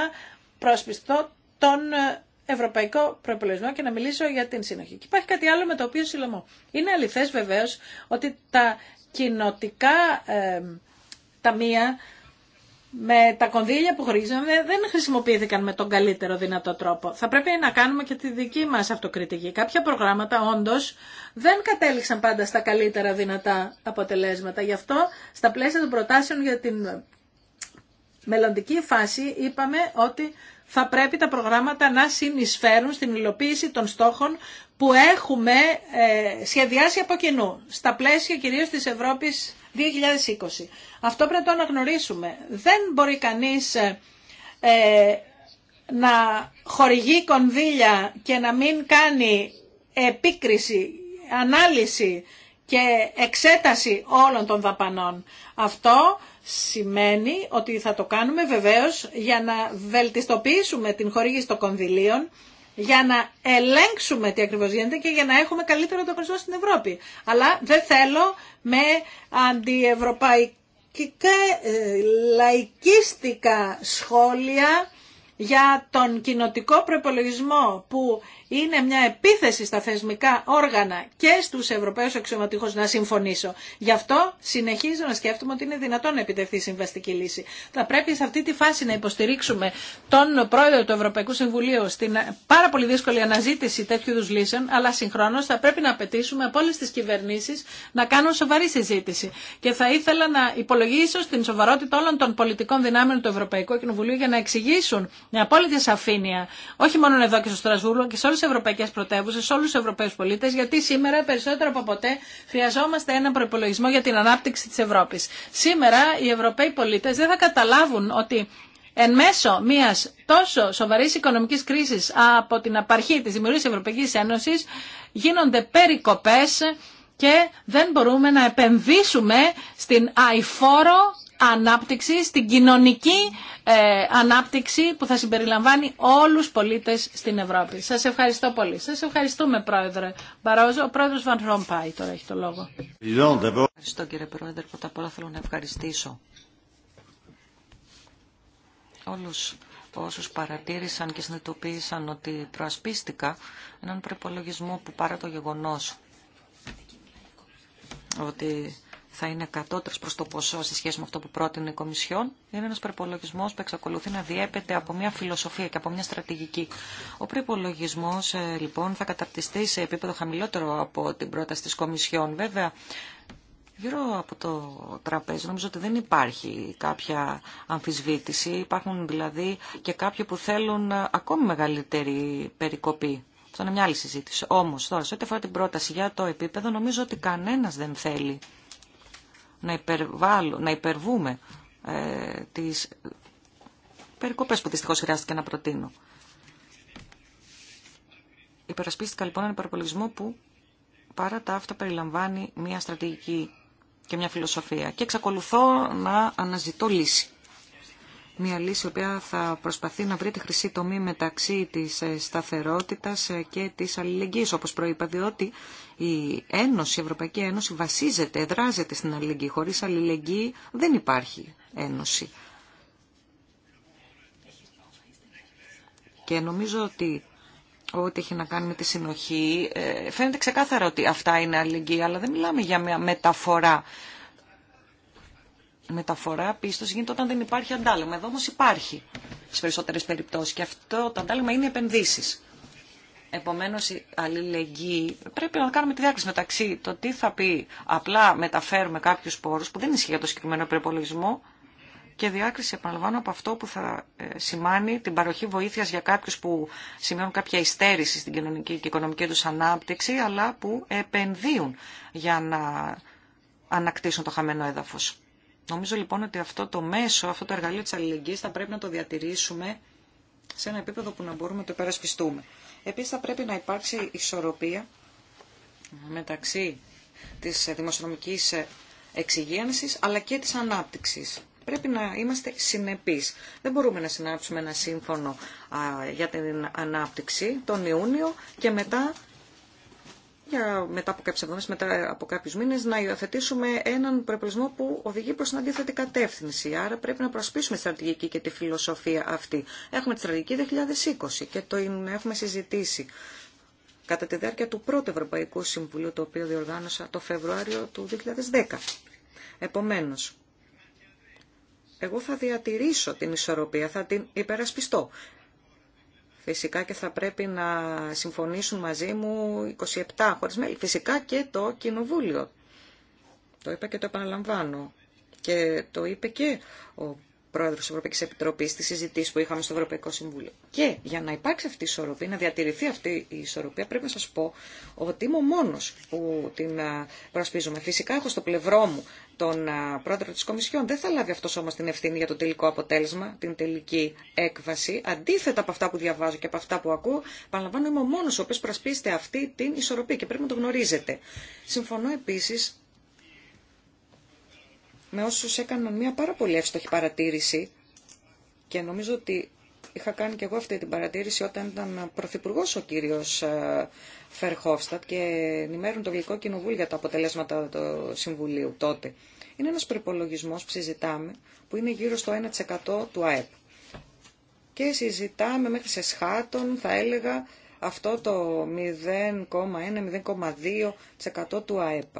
προσπιστώ τον ε, ευρωπαϊκό προπολογισμό και να μιλήσω για την συνοχή. Και υπάρχει κάτι άλλο με το οποίο συλλομώ. Είναι αληθές βεβαίως ότι τα κοινοτικά ε, ταμεία με τα κονδύλια που χρήσαμε δεν χρησιμοποιήθηκαν με τον καλύτερο δυνατό τρόπο. Θα πρέπει να κάνουμε και τη δική μας αυτοκριτική. Κάποια προγράμματα όντως δεν κατέληξαν πάντα στα καλύτερα δυνατά αποτελέσματα. Γι' αυτό στα πλαίσια των προτάσεων για την μελλοντική φάση είπαμε ότι θα πρέπει τα προγράμματα να συνεισφέρουν στην υλοποίηση των στόχων που έχουμε ε, σχεδιάσει από κοινού. Στα πλαίσια κυρίως της Ευρώπης 2020. Αυτό πρέπει να το αναγνωρίσουμε. Δεν μπορεί κανείς ε, ε, να χορηγεί κονδύλια και να μην κάνει επίκριση, ανάλυση και εξέταση όλων των δαπανών. Αυτό σημαίνει ότι θα το κάνουμε βεβαίως για να βελτιστοποιήσουμε την χορήγηση των κονδυλίων για να ελέγξουμε τι ακριβώς γίνεται και για να έχουμε καλύτερο το ανταγωνισμό στην Ευρώπη. Αλλά δεν θέλω με αντιευρωπαϊκά ε, λαϊκίστικα σχόλια για τον κοινοτικό προπολογισμό που είναι μια επίθεση στα θεσμικά όργανα και στους Ευρωπαίους αξιωματικούς να συμφωνήσω. Γι' αυτό συνεχίζω να σκέφτομαι ότι είναι δυνατόν να επιτευχθεί η συμβαστική λύση. Θα πρέπει σε αυτή τη φάση να υποστηρίξουμε τον πρόεδρο του Ευρωπαϊκού Συμβουλίου στην πάρα πολύ δύσκολη αναζήτηση τέτοιου είδου λύσεων, αλλά συγχρόνω θα πρέπει να απαιτήσουμε από όλε τι κυβερνήσει να κάνουν σοβαρή συζήτηση. Και θα ήθελα να υπολογίσω στην σοβαρότητα όλων των πολιτικών δυνάμεων του Ευρωπαϊκού Κοινοβουλίου για να εξηγήσουν με απόλυτη σαφήνεια, όχι μόνο εδώ και στο Στρασβούργο ευρωπαϊκέ πρωτεύουσε, σε όλου του Ευρωπαίου πολίτε, γιατί σήμερα περισσότερο από ποτέ χρειαζόμαστε έναν προπολογισμό για την ανάπτυξη τη Ευρώπη. Σήμερα οι Ευρωπαίοι πολίτε δεν θα καταλάβουν ότι εν μέσω μια τόσο σοβαρή οικονομική κρίση από την απαρχή τη δημιουργία Ευρωπαϊκή Ένωση γίνονται περικοπέ και δεν μπορούμε να επενδύσουμε στην αηφόρο ανάπτυξη, στην κοινωνική ε, ανάπτυξη που θα συμπεριλαμβάνει όλους τους πολίτες στην Ευρώπη. Σας ευχαριστώ πολύ. Σας ευχαριστούμε Πρόεδρε Μπαρόζο. Ο Πρόεδρος Βαν Ρομπάι τώρα έχει το λόγο. Ευχαριστώ κύριε Πρόεδρε. Πρώτα απ' όλα θέλω να ευχαριστήσω όλους όσους παρατήρησαν και συνειδητοποίησαν ότι προασπίστηκα έναν προπολογισμό που παρά το γεγονός ότι θα είναι κατώτερο προ το ποσό σε σχέση με αυτό που πρότεινε η Κομισιόν, είναι ένα προπολογισμό που εξακολουθεί να διέπεται από μια φιλοσοφία και από μια στρατηγική. Ο προπολογισμό ε, λοιπόν θα καταρτιστεί σε επίπεδο χαμηλότερο από την πρόταση τη Κομισιόν. Βέβαια, γύρω από το τραπέζι νομίζω ότι δεν υπάρχει κάποια αμφισβήτηση. Υπάρχουν δηλαδή και κάποιοι που θέλουν ε, ακόμη μεγαλύτερη περικοπή. Αυτό είναι μια άλλη συζήτηση. Όμω, τώρα, σε ό,τι αφορά την πρόταση για το επίπεδο, νομίζω ότι κανένα δεν θέλει να, να υπερβούμε ε, τις περικοπές που δυστυχώς χρειάστηκε να προτείνω. Υπερασπίστηκα λοιπόν έναν υπερπολογισμό που παρά τα αυτά περιλαμβάνει μια στρατηγική και μια φιλοσοφία και εξακολουθώ να αναζητώ λύση μια λύση η οποία θα προσπαθεί να βρει τη χρυσή τομή μεταξύ της ε, σταθερότητας ε, και της αλληλεγγύης, όπως προείπα, διότι η Ένωση, η Ευρωπαϊκή Ένωση βασίζεται, δράζεται στην αλληλεγγύη. Χωρίς αλληλεγγύη δεν υπάρχει Ένωση. Και νομίζω ότι ό,τι έχει να κάνει με τη συνοχή, ε, φαίνεται ξεκάθαρα ότι αυτά είναι αλληλεγγύη, αλλά δεν μιλάμε για μια μεταφορά μεταφορά πίστος γίνεται όταν δεν υπάρχει αντάλλαγμα. Εδώ όμως υπάρχει στις περισσότερες περιπτώσεις και αυτό το αντάλλαγμα είναι οι επενδύσεις. Επομένως η αλληλεγγύη πρέπει να κάνουμε τη διάκριση μεταξύ το τι θα πει απλά μεταφέρουμε κάποιους πόρους που δεν ισχύει για το συγκεκριμένο προπολογισμό και διάκριση επαναλαμβάνω από αυτό που θα ε, σημάνει την παροχή βοήθειας για κάποιους που σημαίνουν κάποια υστέρηση στην κοινωνική και οικονομική τους ανάπτυξη αλλά που επενδύουν για να ανακτήσουν το χαμένο έδαφος. Νομίζω λοιπόν ότι αυτό το μέσο, αυτό το εργαλείο της αλληλεγγύης θα πρέπει να το διατηρήσουμε σε ένα επίπεδο που να μπορούμε να το υπερασπιστούμε. Επίσης θα πρέπει να υπάρξει ισορροπία μεταξύ της δημοσιονομικής εξυγίανσης αλλά και της ανάπτυξης. Πρέπει να είμαστε συνεπείς. Δεν μπορούμε να συνάψουμε ένα σύμφωνο για την ανάπτυξη τον Ιούνιο και μετά μετά από κάποιε εβδομάδε, μετά από κάποιου μήνε να υιοθετήσουμε έναν προεπλισμό που οδηγεί προ την αντίθετη κατεύθυνση. Άρα πρέπει να προσπίσουμε τη στρατηγική και τη φιλοσοφία αυτή. Έχουμε τη στρατηγική 2020 και το έχουμε συζητήσει κατά τη διάρκεια του πρώτου Ευρωπαϊκού Συμβουλίου, το οποίο διοργάνωσα το Φεβρουάριο του 2010. Επομένω. εγώ θα διατηρήσω την ισορροπία, θα την υπερασπιστώ. Φυσικά και θα πρέπει να συμφωνήσουν μαζί μου 27 χωρίς μέλη. Φυσικά και το Κοινοβούλιο. Το είπα και το επαναλαμβάνω. Και το είπε και ο πρόεδρο τη Ευρωπαϊκή Επιτροπή στι συζητήσει που είχαμε στο Ευρωπαϊκό Συμβούλιο. Και για να υπάρξει αυτή η ισορροπία, να διατηρηθεί αυτή η ισορροπία, πρέπει να σα πω ότι είμαι ο μόνο που την προσπίζουμε. Φυσικά έχω στο πλευρό μου τον πρόεδρο τη Κομισιόν. Δεν θα λάβει αυτό όμω την ευθύνη για το τελικό αποτέλεσμα, την τελική έκβαση. Αντίθετα από αυτά που διαβάζω και από αυτά που ακούω, παραλαμβάνω είμαι ο μόνο ο οποίο αυτή την ισορροπία και πρέπει να το γνωρίζετε. Συμφωνώ επίση με όσους έκαναν μια πάρα πολύ εύστοχη παρατήρηση και νομίζω ότι είχα κάνει και εγώ αυτή την παρατήρηση όταν ήταν πρωθυπουργό ο κύριος ε, Φερχόφστατ και ενημέρουν το Γλυκό Κοινοβούλιο για τα αποτελέσματα του Συμβουλίου τότε. Είναι ένας προπολογισμό που συζητάμε που είναι γύρω στο 1% του ΑΕΠ. Και συζητάμε μέχρι σε σχάτων, θα έλεγα, αυτό το 0,1-0,2% του ΑΕΠ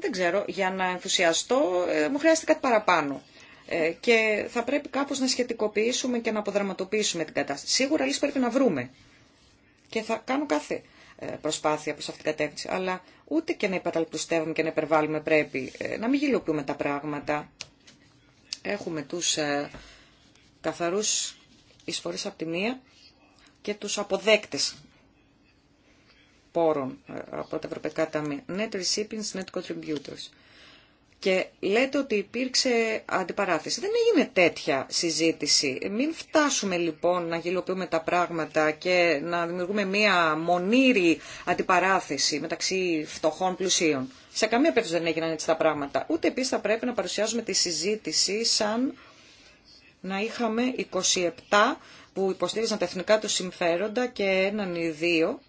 δεν ξέρω, για να ενθουσιαστώ ε, μου χρειάζεται κάτι παραπάνω. Ε, και θα πρέπει κάπως να σχετικοποιήσουμε και να αποδραματοποιήσουμε την κατάσταση. Σίγουρα λύση πρέπει να βρούμε. Και θα κάνω κάθε ε, προσπάθεια προς αυτήν την κατεύθυνση. Αλλά ούτε και να υπαταλπιστεύουμε και να υπερβάλλουμε πρέπει. να μην γελιοποιούμε τα πράγματα. Έχουμε τους καθαρούς εισφορείς από τη μία και τους αποδέκτες πόρων ε, από τα Ευρωπαϊκά Ταμεία. Net recipients, net contributors. Και λέτε ότι υπήρξε αντιπαράθεση. Δεν έγινε τέτοια συζήτηση. Μην φτάσουμε λοιπόν να γελοποιούμε τα πράγματα και να δημιουργούμε μία μονήρη αντιπαράθεση μεταξύ φτωχών πλουσίων. Σε καμία περίπτωση δεν έγιναν έτσι τα πράγματα. Ούτε επίση θα πρέπει να παρουσιάζουμε τη συζήτηση σαν να είχαμε 27 που υποστήριζαν τα εθνικά του συμφέροντα και έναν ή δύο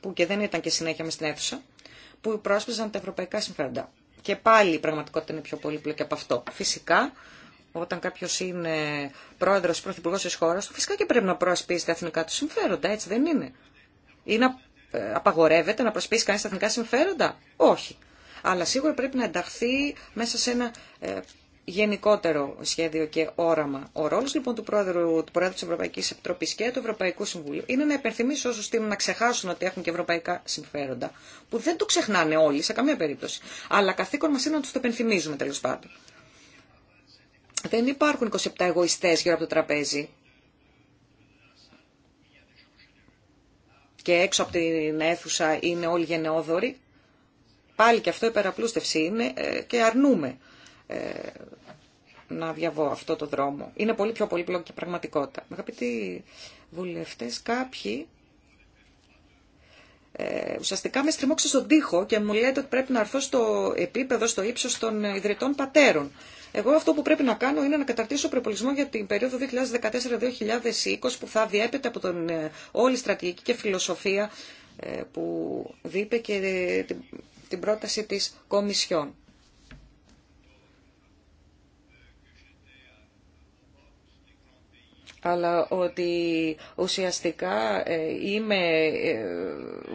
που και δεν ήταν και συνέχεια με στην αίθουσα, που πρόσπιζαν τα ευρωπαϊκά συμφέροντα. Και πάλι η πραγματικότητα είναι πιο πολύπλοκη από αυτό. Φυσικά, όταν κάποιο είναι πρόεδρο ή πρωθυπουργό τη χώρα του, φυσικά και πρέπει να προασπίσει τα εθνικά του συμφέροντα, έτσι δεν είναι. Ή να ε, απαγορεύεται να προσπίσει κανεί τα εθνικά συμφέροντα. Όχι. Αλλά σίγουρα πρέπει να ενταχθεί μέσα σε ένα ε, γενικότερο σχέδιο και όραμα. Ο ρόλο λοιπόν του Πρόεδρου, του Πρόεδρου της Ευρωπαϊκής Επιτροπής και του Ευρωπαϊκού Συμβουλίου είναι να υπενθυμίσει όσου θέλουν να ξεχάσουν ότι έχουν και ευρωπαϊκά συμφέροντα, που δεν το ξεχνάνε όλοι σε καμία περίπτωση, αλλά καθήκον μας είναι να του το υπενθυμίζουμε τέλο πάντων. Δεν υπάρχουν 27 εγωιστές γύρω από το τραπέζι. Και έξω από την αίθουσα είναι όλοι γενναιόδοροι. Πάλι και αυτό η είναι ε, και αρνούμε ε, να διαβώ αυτό το δρόμο. Είναι πολύ πιο πολύπλοκη πραγματικότητα. Αγαπητοί βουλευτές, κάποιοι ε, ουσιαστικά με στριμώξε στον τοίχο και μου λέτε ότι πρέπει να έρθω στο επίπεδο, στο ύψο των ιδρυτών πατέρων. Εγώ αυτό που πρέπει να κάνω είναι να καταρτήσω προπολισμό για την περίοδο 2014-2020 που θα διέπεται από τον, ε, όλη στρατηγική και φιλοσοφία ε, που δείπε και την πρόταση της Κομισιόν. αλλά ότι ουσιαστικά ε, είμαι ε,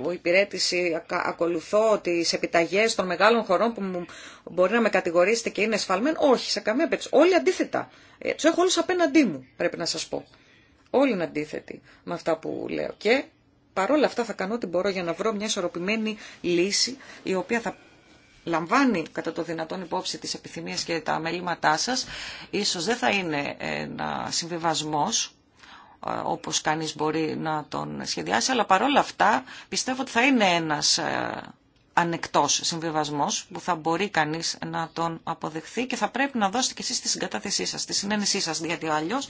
ο υπηρέτηση, ακολουθώ τις επιταγές των μεγάλων χωρών που μπορεί να με κατηγορήσετε και είναι εσφαλμένο. Όχι, σε καμία περίπτωση. Όλοι αντίθετα. Ε, τους έχω όλους απέναντί μου, πρέπει να σας πω. Όλοι είναι αντίθετοι με αυτά που λέω. Και παρόλα αυτά θα κάνω ό,τι μπορώ για να βρω μια ισορροπημένη λύση η οποία θα λαμβάνει κατά το δυνατόν υπόψη τις επιθυμίες και τα μέλήματά σας, ίσως δεν θα είναι ένα συμβιβασμός, ε, όπως κανείς μπορεί να τον σχεδιάσει, αλλά παρόλα αυτά πιστεύω ότι θα είναι ένας ε, ανεκτός συμβιβασμός που θα μπορεί κανείς να τον αποδεχθεί και θα πρέπει να δώσετε και εσείς τη συγκατάθεσή σας, τη συνένεσή σας, γιατί αλλιώ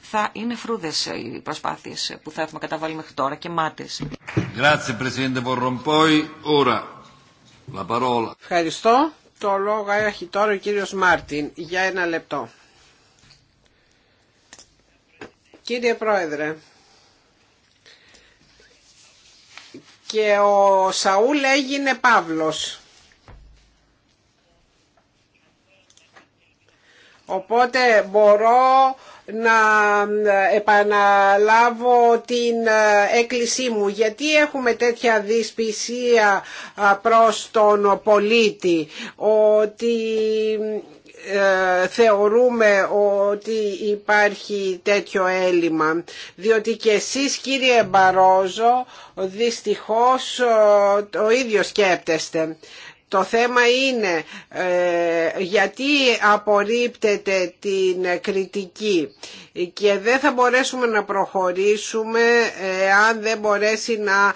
θα είναι φρούδες οι προσπάθειες που θα έχουμε καταβάλει μέχρι τώρα και μάτες. Ευχαριστώ. Το λόγο έχει τώρα ο κύριος Μάρτιν για ένα λεπτό. Κύριε Πρόεδρε, και ο Σαούλ έγινε Παύλος. Οπότε μπορώ να ε, επαναλάβω την ε, έκκλησή μου γιατί έχουμε τέτοια δυσπισία προς τον πολίτη ότι ε, θεωρούμε ότι υπάρχει τέτοιο έλλειμμα διότι και εσείς κύριε Μπαρόζο δυστυχώς το ίδιο σκέπτεστε το θέμα είναι ε, γιατί απορρίπτεται την κριτική και δεν θα μπορέσουμε να προχωρήσουμε ε, αν δεν μπορέσει να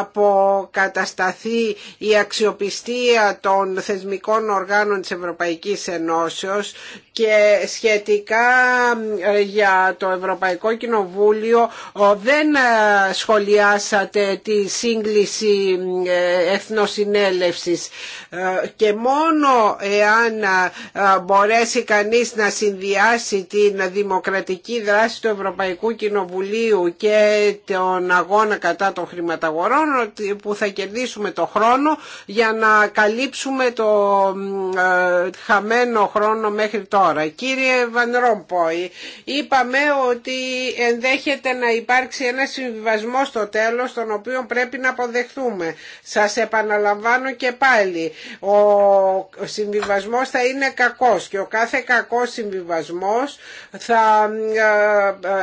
αποκατασταθεί η αξιοπιστία των θεσμικών οργάνων της Ευρωπαϊκής Ενώσεως και σχετικά ε, για το Ευρωπαϊκό Κοινοβούλιο ε, δεν σχολιάσατε τη σύγκληση εθνοσυνέλευσης και μόνο εάν μπορέσει κανείς να συνδυάσει την δημοκρατία συστηματική δράση του Ευρωπαϊκού Κοινοβουλίου και τον αγώνα κατά των χρηματαγορών που θα κερδίσουμε το χρόνο για να καλύψουμε το ε, χαμένο χρόνο μέχρι τώρα. Κύριε Βαν είπαμε ότι ενδέχεται να υπάρξει ένα συμβιβασμό στο τέλος τον οποίο πρέπει να αποδεχθούμε. Σας επαναλαμβάνω και πάλι, ο συμβιβασμός θα είναι κακός και ο κάθε κακός συμβιβασμός θα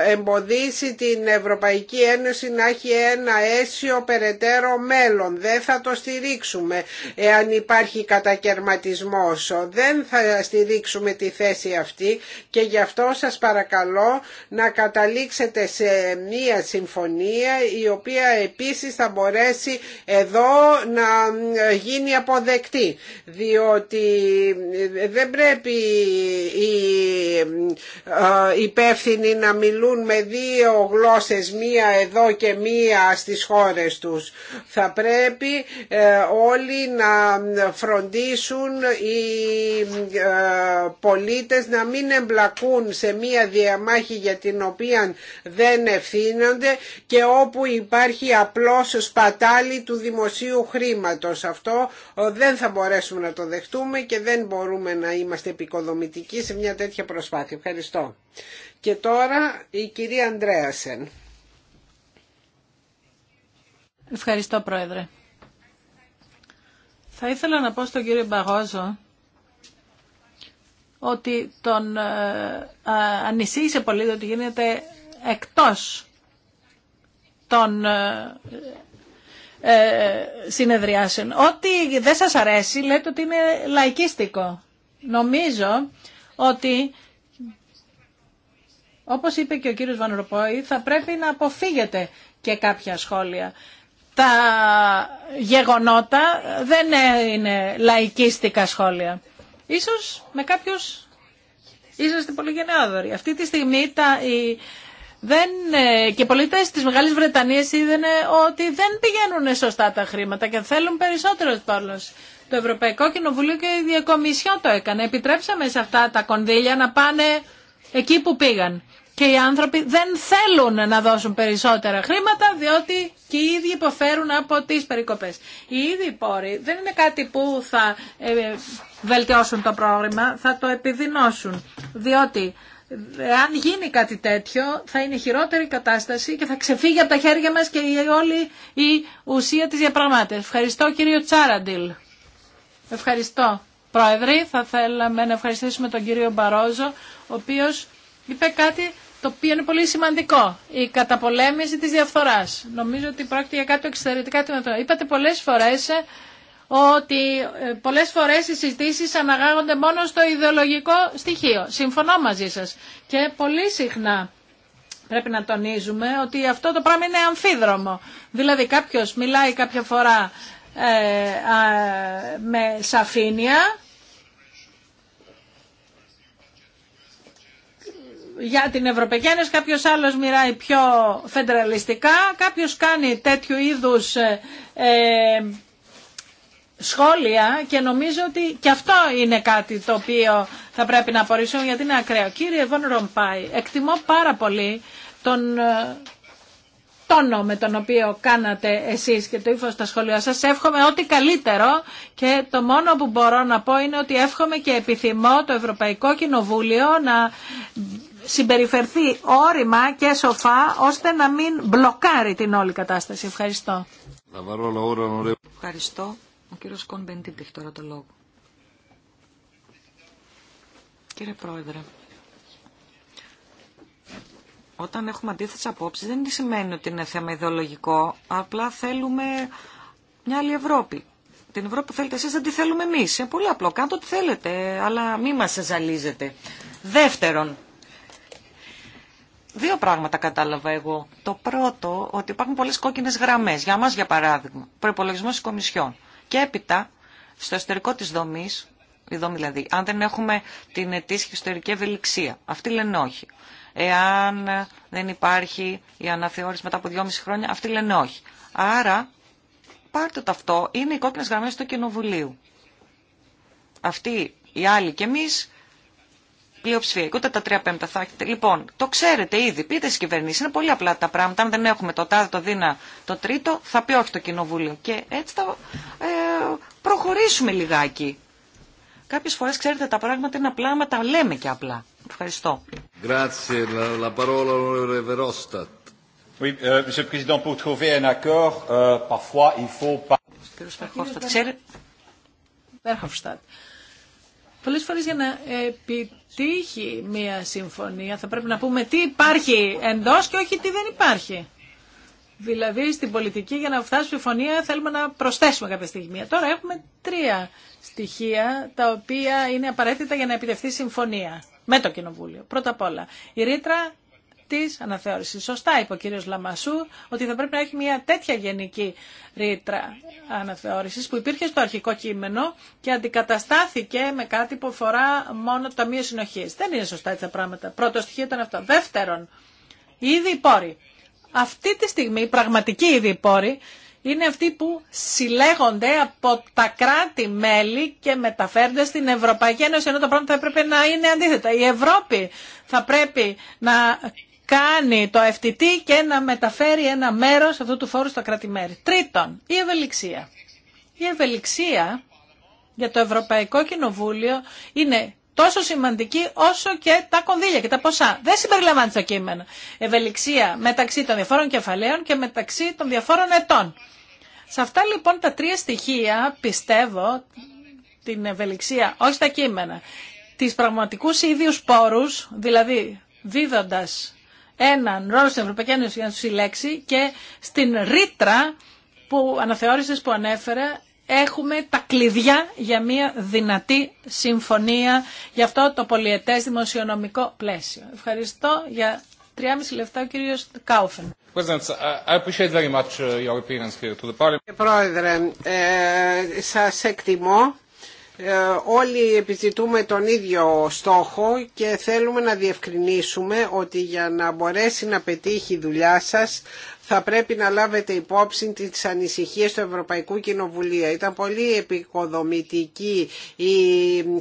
εμποδίσει την Ευρωπαϊκή Ένωση να έχει ένα αίσιο περαιτέρω μέλλον. Δεν θα το στηρίξουμε εάν υπάρχει κατακαιρματισμός. Δεν θα στηρίξουμε τη θέση αυτή και γι' αυτό σας παρακαλώ να καταλήξετε σε μία συμφωνία η οποία επίσης θα μπορέσει εδώ να γίνει αποδεκτή διότι δεν πρέπει η ε, υπεύθυνοι να μιλούν με δύο γλώσσες, μία εδώ και μία στις χώρες τους. Θα πρέπει ε, όλοι να φροντίσουν οι ε, πολίτες να μην εμπλακούν σε μία διαμάχη για την οποία δεν ευθύνονται και όπου υπάρχει απλώς σπατάλη του δημοσίου χρήματος. Αυτό ε, δεν θα μπορέσουμε να το δεχτούμε και δεν μπορούμε να είμαστε επικοδομητικοί σε μια τέτοια προσπάθεια. Ευχαριστώ. Και τώρα η κυρία Ανδρέασεν. Ευχαριστώ Πρόεδρε. Θα ήθελα να πω στον κύριο Μπαγόζο ότι τον ε, ανησύησε πολύ ότι γίνεται εκτός των ε, ε, συνεδριάσεων. Ό,τι δεν σας αρέσει λέτε ότι είναι λαϊκίστικο. Νομίζω ότι όπως είπε και ο κύριος Βανροπόη, θα πρέπει να αποφύγετε και κάποια σχόλια. Τα γεγονότα δεν είναι λαϊκίστικα σχόλια. Ίσως με κάποιους είσαστε πολύ γενναιόδοροι. Αυτή τη στιγμή δεν, ε, και οι πολίτες της Μεγάλης Βρετανίας είδαν ότι δεν πηγαίνουν σωστά τα χρήματα και θέλουν περισσότερο πόλο. Το Ευρωπαϊκό Κοινοβουλίο και η Διακομισιό το έκανε. Επιτρέψαμε σε αυτά τα κονδύλια να πάνε εκεί που πήγαν και οι άνθρωποι δεν θέλουν να δώσουν περισσότερα χρήματα διότι και οι ίδιοι υποφέρουν από τις περικοπές. Οι ίδιοι πόροι δεν είναι κάτι που θα ε, βελτιώσουν το πρόγραμμα, θα το επιδεινώσουν διότι ε, αν γίνει κάτι τέτοιο θα είναι χειρότερη κατάσταση και θα ξεφύγει από τα χέρια μας και όλη η ουσία της διαπραγμάτευσης. Ευχαριστώ κύριο Τσάραντιλ. Ευχαριστώ. Πρόεδρε, θα θέλαμε να ευχαριστήσουμε τον κύριο Μπαρόζο, ο οποίος είπε κάτι το οποίο είναι πολύ σημαντικό, η καταπολέμηση της διαφθοράς. Νομίζω ότι πρόκειται για κάτι εξαιρετικά Είπατε πολλές φορές ε, ότι ε, πολλές φορές οι συζητήσεις αναγάγονται μόνο στο ιδεολογικό στοιχείο. Συμφωνώ μαζί σας. Και πολύ συχνά πρέπει να τονίζουμε ότι αυτό το πράγμα είναι αμφίδρομο. Δηλαδή κάποιος μιλάει κάποια φορά ε, με σαφήνεια για την Ευρωπαϊκή Ένωση, κάποιος άλλος μοιράει πιο φεντραλιστικά, Κάποιο κάνει τέτοιου είδους ε, ε, σχόλια και νομίζω ότι και αυτό είναι κάτι το οποίο θα πρέπει να απορρίψουμε γιατί είναι ακραίο. Κύριε Βον Ρομπάι, εκτιμώ πάρα πολύ τον ε, τόνο με τον οποίο κάνατε εσείς και το ύφος στα σχόλια σας. Εύχομαι ό,τι καλύτερο και το μόνο που μπορώ να πω είναι ότι εύχομαι και επιθυμώ το Ευρωπαϊκό Κοινοβούλιο να συμπεριφερθεί όρημα και σοφά ώστε να μην μπλοκάρει την όλη κατάσταση. Ευχαριστώ. Ευχαριστώ. Ο κύριος Κονμπεντίτ έχει τώρα το λόγο. Κύριε Πρόεδρε, όταν έχουμε αντίθετες απόψεις δεν σημαίνει ότι είναι θέμα ιδεολογικό, απλά θέλουμε μια άλλη Ευρώπη. Την Ευρώπη που θέλετε εσείς δεν τη θέλουμε εμείς. Είναι πολύ απλό. Κάντε ό,τι θέλετε, αλλά μη μας ζαλίζετε. Δεύτερον, Δύο πράγματα κατάλαβα εγώ. Το πρώτο, ότι υπάρχουν πολλές κόκκινες γραμμές. Για μας, για παράδειγμα, προπολογισμό της Κομισιόν. Και έπειτα, στο εσωτερικό της δομής, η δομή δηλαδή, αν δεν έχουμε την ετήσια ιστορική ευελιξία. Αυτοί λένε όχι. Εάν δεν υπάρχει η αναθεώρηση μετά από δυόμιση χρόνια, αυτοί λένε όχι. Άρα, πάρτε το αυτό, είναι οι κόκκινες γραμμές του Κοινοβουλίου. Αυτοί οι άλλοι και εμείς πλειοψηφία. Ούτε τα τρία πέμπτα θα έχετε. Λοιπόν, το ξέρετε ήδη. Πείτε στι κυβερνήσει. Είναι πολύ απλά τα πράγματα. Αν δεν έχουμε το τάδε, το δίνα, το τρίτο, θα πει όχι το κοινοβούλιο. Και έτσι θα ε, προχωρήσουμε λιγάκι. Κάποιε φορέ, ξέρετε, τα πράγματα είναι απλά, με τα λέμε και απλά. Ευχαριστώ. Πολλέ φορέ για να επιτύχει μία συμφωνία θα πρέπει να πούμε τι υπάρχει εντός και όχι τι δεν υπάρχει. Δηλαδή στην πολιτική για να η συμφωνία θέλουμε να προσθέσουμε κάποια στιγμή. Τώρα έχουμε τρία στοιχεία τα οποία είναι απαραίτητα για να επιτευχθεί συμφωνία με το Κοινοβούλιο. Πρώτα απ' όλα η ρήτρα της αναθεώρησης. Σωστά είπε ο κύριος Λαμασού ότι θα πρέπει να έχει μια τέτοια γενική ρήτρα αναθεώρησης που υπήρχε στο αρχικό κείμενο και αντικαταστάθηκε με κάτι που αφορά μόνο το Ταμείο συνοχή. Δεν είναι σωστά έτσι τα πράγματα. Πρώτο στοιχείο ήταν αυτό. Δεύτερον, οι ίδιοι πόροι. Αυτή τη στιγμή οι πραγματικοί ίδιοι πόροι είναι αυτοί που συλλέγονται από τα κράτη-μέλη και μεταφέρονται στην Ευρωπαϊκή Ένωση, ενώ το πράγμα θα έπρεπε να είναι αντίθετα. Η Ευρώπη θα πρέπει να κάνει το FTT και να μεταφέρει ένα μέρος αυτού του φόρου στα κράτη-μέρη. Τρίτον, η ευελιξία. Η ευελιξία για το Ευρωπαϊκό Κοινοβούλιο είναι τόσο σημαντική όσο και τα κονδύλια και τα ποσά. Δεν συμπεριλαμβάνει το κείμενο. Ευελιξία μεταξύ των διαφόρων κεφαλαίων και μεταξύ των διαφόρων ετών. Σε αυτά λοιπόν τα τρία στοιχεία πιστεύω την ευελιξία, όχι τα κείμενα, τις πραγματικούς ίδιους πόρους, δηλαδή δίδοντας έναν ρόλο στην Ευρωπαϊκή Ένωση για να του συλλέξει και στην ρήτρα που αναθεώρησες που ανέφερα έχουμε τα κλειδιά για μια δυνατή συμφωνία για αυτό το πολιετές δημοσιονομικό πλαίσιο. Ευχαριστώ για μιση λεπτά ο κύριος Κάουφεν. Κύριε Πρόεδρε, ε, σας εκτιμώ ε, όλοι επιζητούμε τον ίδιο στόχο και θέλουμε να διευκρινίσουμε ότι για να μπορέσει να πετύχει η δουλειά σας θα πρέπει να λάβετε υπόψη τις ανησυχίες του Ευρωπαϊκού Κοινοβουλίου. Ήταν πολύ επικοδομητική η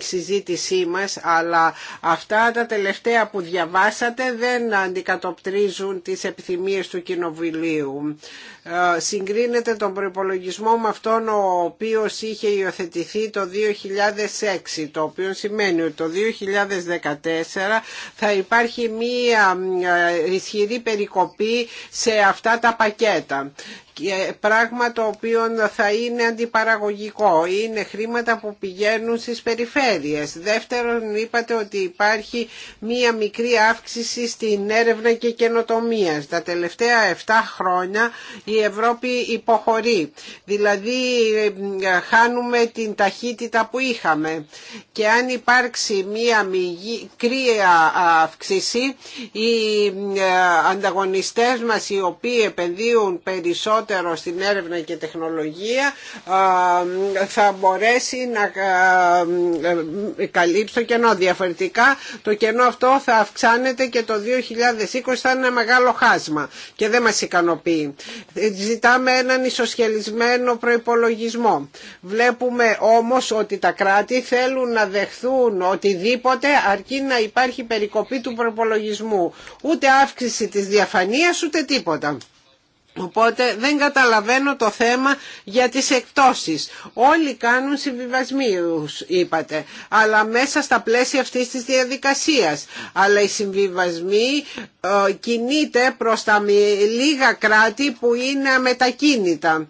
συζήτησή μας, αλλά αυτά τα τελευταία που διαβάσατε δεν αντικατοπτρίζουν τις επιθυμίες του Κοινοβουλίου. Ε, συγκρίνεται τον προϋπολογισμό με αυτόν ο οποίος είχε υιοθετηθεί το 2006 το οποίο σημαίνει ότι το 2014 θα υπάρχει μία ε, ισχυρή περικοπή σε αυτά τα πακέτα πράγμα το οποίο θα είναι αντιπαραγωγικό. Είναι χρήματα που πηγαίνουν στις περιφέρειες. Δεύτερον, είπατε ότι υπάρχει μία μικρή αύξηση στην έρευνα και καινοτομία. Τα τελευταία 7 χρόνια η Ευρώπη υποχωρεί. Δηλαδή χάνουμε την ταχύτητα που είχαμε. Και αν υπάρξει μία μικρή αύξηση, οι ε, ανταγωνιστές μας οι οποίοι επενδύουν περισσότερο περισσότερο στην έρευνα και τεχνολογία θα μπορέσει να καλύψει το κενό. Διαφορετικά το κενό αυτό θα αυξάνεται και το 2020 θα είναι ένα μεγάλο χάσμα και δεν μας ικανοποιεί. Ζητάμε έναν ισοσχελισμένο προϋπολογισμό. Βλέπουμε όμως ότι τα κράτη θέλουν να δεχθούν οτιδήποτε αρκεί να υπάρχει περικοπή του προϋπολογισμού. Ούτε αύξηση της διαφανείας ούτε τίποτα. Οπότε δεν καταλαβαίνω το θέμα για τις εκτόσεις. Όλοι κάνουν συμβιβασμίους είπατε, αλλά μέσα στα πλαίσια αυτής της διαδικασίας. Αλλά οι συμβιβασμοί ε, κινείται προς τα λίγα κράτη που είναι αμετακίνητα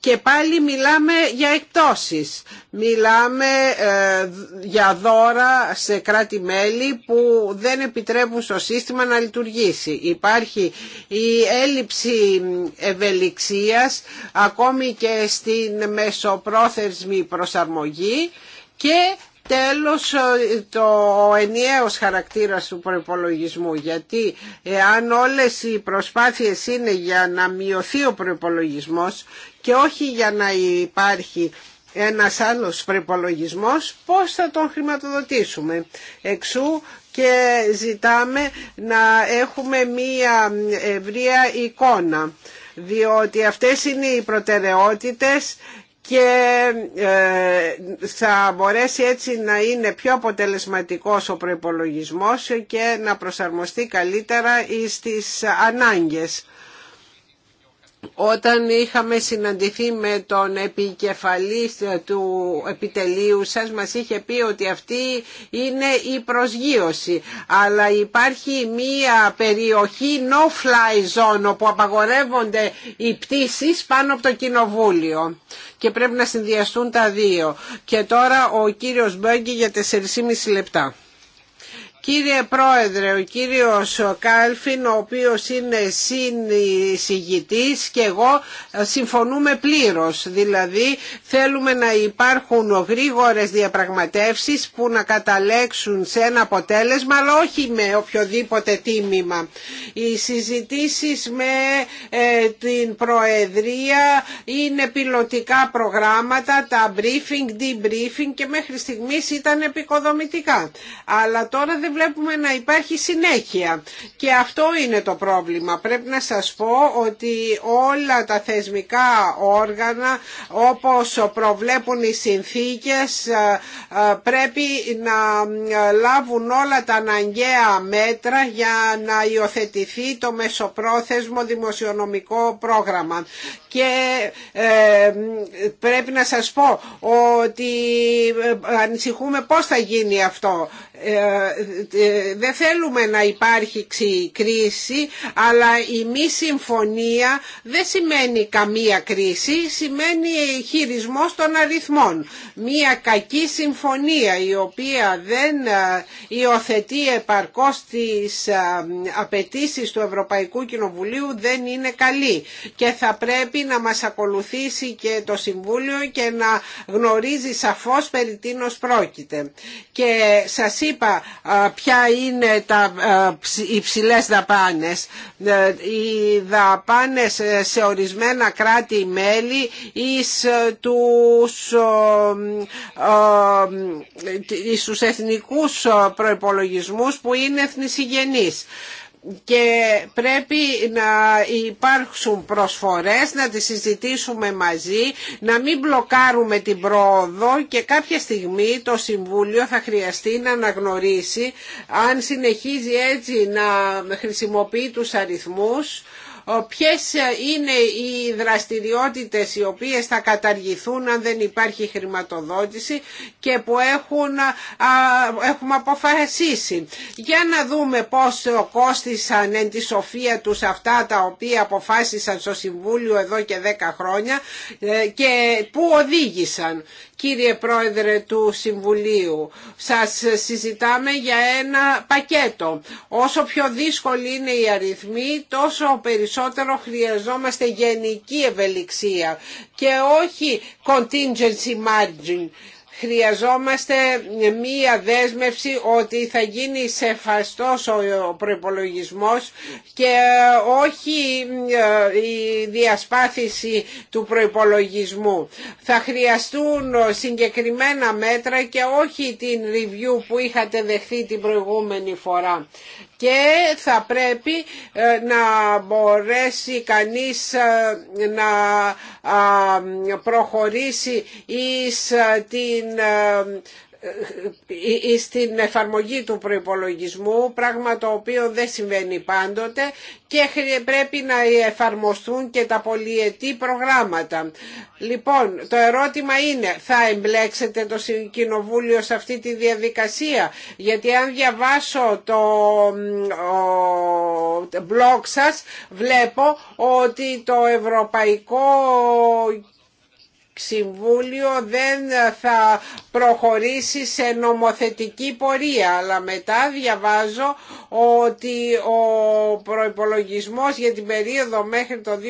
και πάλι μιλάμε για εκτόσεις. Μιλάμε ε, για δώρα σε κράτη-μέλη που δεν επιτρέπουν στο σύστημα να λειτουργήσει. Υπάρχει η έλλειψη ευελιξίας ακόμη και στην μεσοπρόθεσμη προσαρμογή και τέλος ε, το ενιαίος χαρακτήρας του προπολογισμού γιατί εάν όλες οι προσπάθειες είναι για να μειωθεί ο προϋπολογισμός και όχι για να υπάρχει ένας άλλος προπολογισμό, πώς θα τον χρηματοδοτήσουμε. Εξού και ζητάμε να έχουμε μία ευρεία εικόνα διότι αυτές είναι οι προτεραιότητες και ε, θα μπορέσει έτσι να είναι πιο αποτελεσματικός ο προϋπολογισμός και να προσαρμοστεί καλύτερα στις ανάγκες. Όταν είχαμε συναντηθεί με τον επικεφαλή του επιτελείου σας μας είχε πει ότι αυτή είναι η προσγείωση αλλά υπάρχει μία περιοχή no-fly zone όπου απαγορεύονται οι πτήσεις πάνω από το κοινοβούλιο και πρέπει να συνδυαστούν τα δύο. Και τώρα ο κύριος Μπέγκη για 4,5 λεπτά. Κύριε Πρόεδρε, ο κύριος Κάλφιν, ο οποίος είναι συνεισηγητής και εγώ ε, συμφωνούμε πλήρως. Δηλαδή θέλουμε να υπάρχουν γρήγορες διαπραγματεύσεις που να καταλέξουν σε ένα αποτέλεσμα, αλλά όχι με οποιοδήποτε τίμημα. Οι συζητήσεις με ε, την Προεδρία είναι πιλωτικά προγράμματα, τα briefing, debriefing και μέχρι στιγμής ήταν επικοδομητικά. Αλλά τώρα δεν βλέπουμε να υπάρχει συνέχεια. Και αυτό είναι το πρόβλημα. Πρέπει να σας πω ότι όλα τα θεσμικά όργανα όπως προβλέπουν οι συνθήκες ε, ε, πρέπει να ε, λάβουν όλα τα αναγκαία μέτρα για να υιοθετηθεί το μεσοπρόθεσμο δημοσιονομικό πρόγραμμα. Και πρέπει να σας πω ότι ανησυχούμε πώς θα γίνει αυτό. Ε, ε, δεν θέλουμε να υπάρχει κρίση αλλά η μη συμφωνία δεν σημαίνει καμία κρίση σημαίνει χειρισμός των αριθμών μια κακή συμφωνία η οποία δεν ε, υιοθετεί επαρκώς τις απαιτήσεις του Ευρωπαϊκού Κοινοβουλίου δεν είναι καλή και θα πρέπει να μας ακολουθήσει και το Συμβούλιο και να γνωρίζει σαφώς περί τίνος πρόκειται και σας είπα ποια είναι τα ψηλές δαπάνες. Ε, οι δαπάνες ε, σε ορισμένα κράτη-μέλη εις ε, τους, εις τους εθνικούς προϋπολογισμούς που είναι εθνισυγενείς και πρέπει να υπάρξουν προσφορές, να τις συζητήσουμε μαζί, να μην μπλοκάρουμε την πρόοδο και κάποια στιγμή το Συμβούλιο θα χρειαστεί να αναγνωρίσει αν συνεχίζει έτσι να χρησιμοποιεί τους αριθμούς ποιες ε, είναι οι δραστηριότητες οι οποίες θα καταργηθούν αν δεν υπάρχει χρηματοδότηση και που έχουν, έχουμε αποφασίσει. Για να δούμε πώς κόστησαν εν τη σοφία τους αυτά τα οποία αποφάσισαν στο Συμβούλιο εδώ και 10 χρόνια ε, και πού οδήγησαν κύριε Πρόεδρε του Συμβουλίου. Σας συζητάμε για ένα πακέτο. Όσο πιο δύσκολοι είναι οι αριθμοί, τόσο περισσότερο χρειαζόμαστε γενική ευελιξία και όχι contingency margin χρειαζόμαστε μία δέσμευση ότι θα γίνει σεφαστός ο προϋπολογισμός και όχι ε, η διασπάθηση του προϋπολογισμού. Θα χρειαστούν συγκεκριμένα μέτρα και όχι την review που είχατε δεχθεί την προηγούμενη φορά και θα πρέπει ε, να μπορέσει κανείς ε, να προχωρήσει εις ε, την στην εφαρμογή του προϋπολογισμού, πράγμα το οποίο δεν συμβαίνει πάντοτε και πρέπει να εφαρμοστούν και τα πολυετή προγράμματα. Λοιπόν, το ερώτημα είναι, θα εμπλέξετε το Κοινοβούλιο σε αυτή τη διαδικασία, γιατί αν διαβάσω το blog σας, βλέπω ότι το Ευρωπαϊκό Συμβούλιο δεν θα προχωρήσει σε νομοθετική πορεία αλλά μετά διαβάζω ότι ο προϋπολογισμός για την περίοδο μέχρι το 2020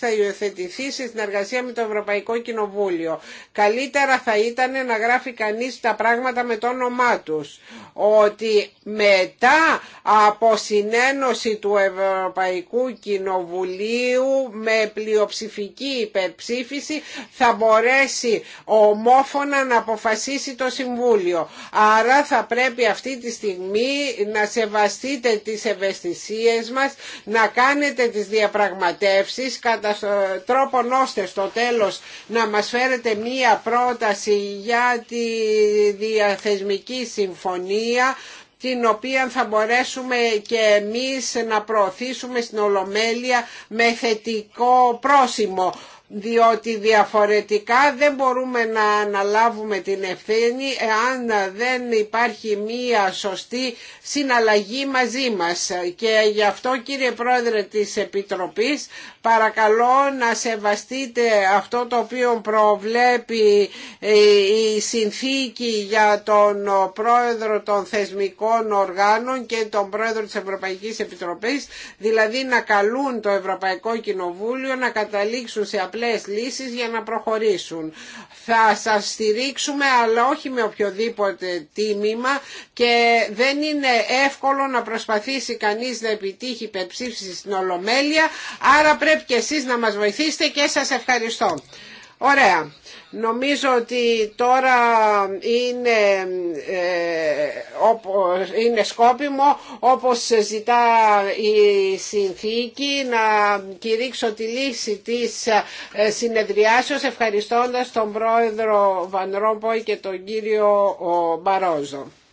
θα υιοθετηθεί σε συνεργασία με το Ευρωπαϊκό Κοινοβούλιο. Καλύτερα θα ήταν να γράφει κανείς τα πράγματα με το όνομά τους. Ότι μετά από συνένωση του Ευρωπαϊκού Κοινοβουλίου με πλειοψηφική υπερψήφιση θα μπορέσει ομόφωνα να αποφασίσει το Συμβούλιο. Άρα θα πρέπει αυτή τη στιγμή να σεβαστείτε τις ευαισθησίες μας, να κάνετε τις διαπραγματεύσεις κατά τρόπον ώστε στο τέλος να μας φέρετε μία πρόταση για τη διαθεσμική συμφωνία την οποία θα μπορέσουμε και εμείς να προωθήσουμε στην Ολομέλεια με θετικό πρόσημο διότι διαφορετικά δεν μπορούμε να αναλάβουμε την ευθύνη εάν δεν υπάρχει μία σωστή συναλλαγή μαζί μας. Και γι' αυτό κύριε Πρόεδρε της Επιτροπής Παρακαλώ να σεβαστείτε αυτό το οποίο προβλέπει η συνθήκη για τον πρόεδρο των θεσμικών οργάνων και τον πρόεδρο της Ευρωπαϊκής Επιτροπής, δηλαδή να καλούν το Ευρωπαϊκό Κοινοβούλιο να καταλήξουν σε απλές λύσεις για να προχωρήσουν. Θα σας στηρίξουμε αλλά όχι με οποιοδήποτε τίμημα και δεν είναι εύκολο να προσπαθήσει κανείς να επιτύχει υπερψήφιση στην Ολομέλεια, άρα πρέπει πρέπει και εσείς να μας βοηθήσετε και σας ευχαριστώ. Ωραία. Νομίζω ότι τώρα είναι, ε, είναι σκόπιμο όπως ζητά η συνθήκη να κηρύξω τη λύση της ε, συνεδριάσεως ευχαριστώντας τον πρόεδρο Βαν και τον κύριο Μπαρόζο.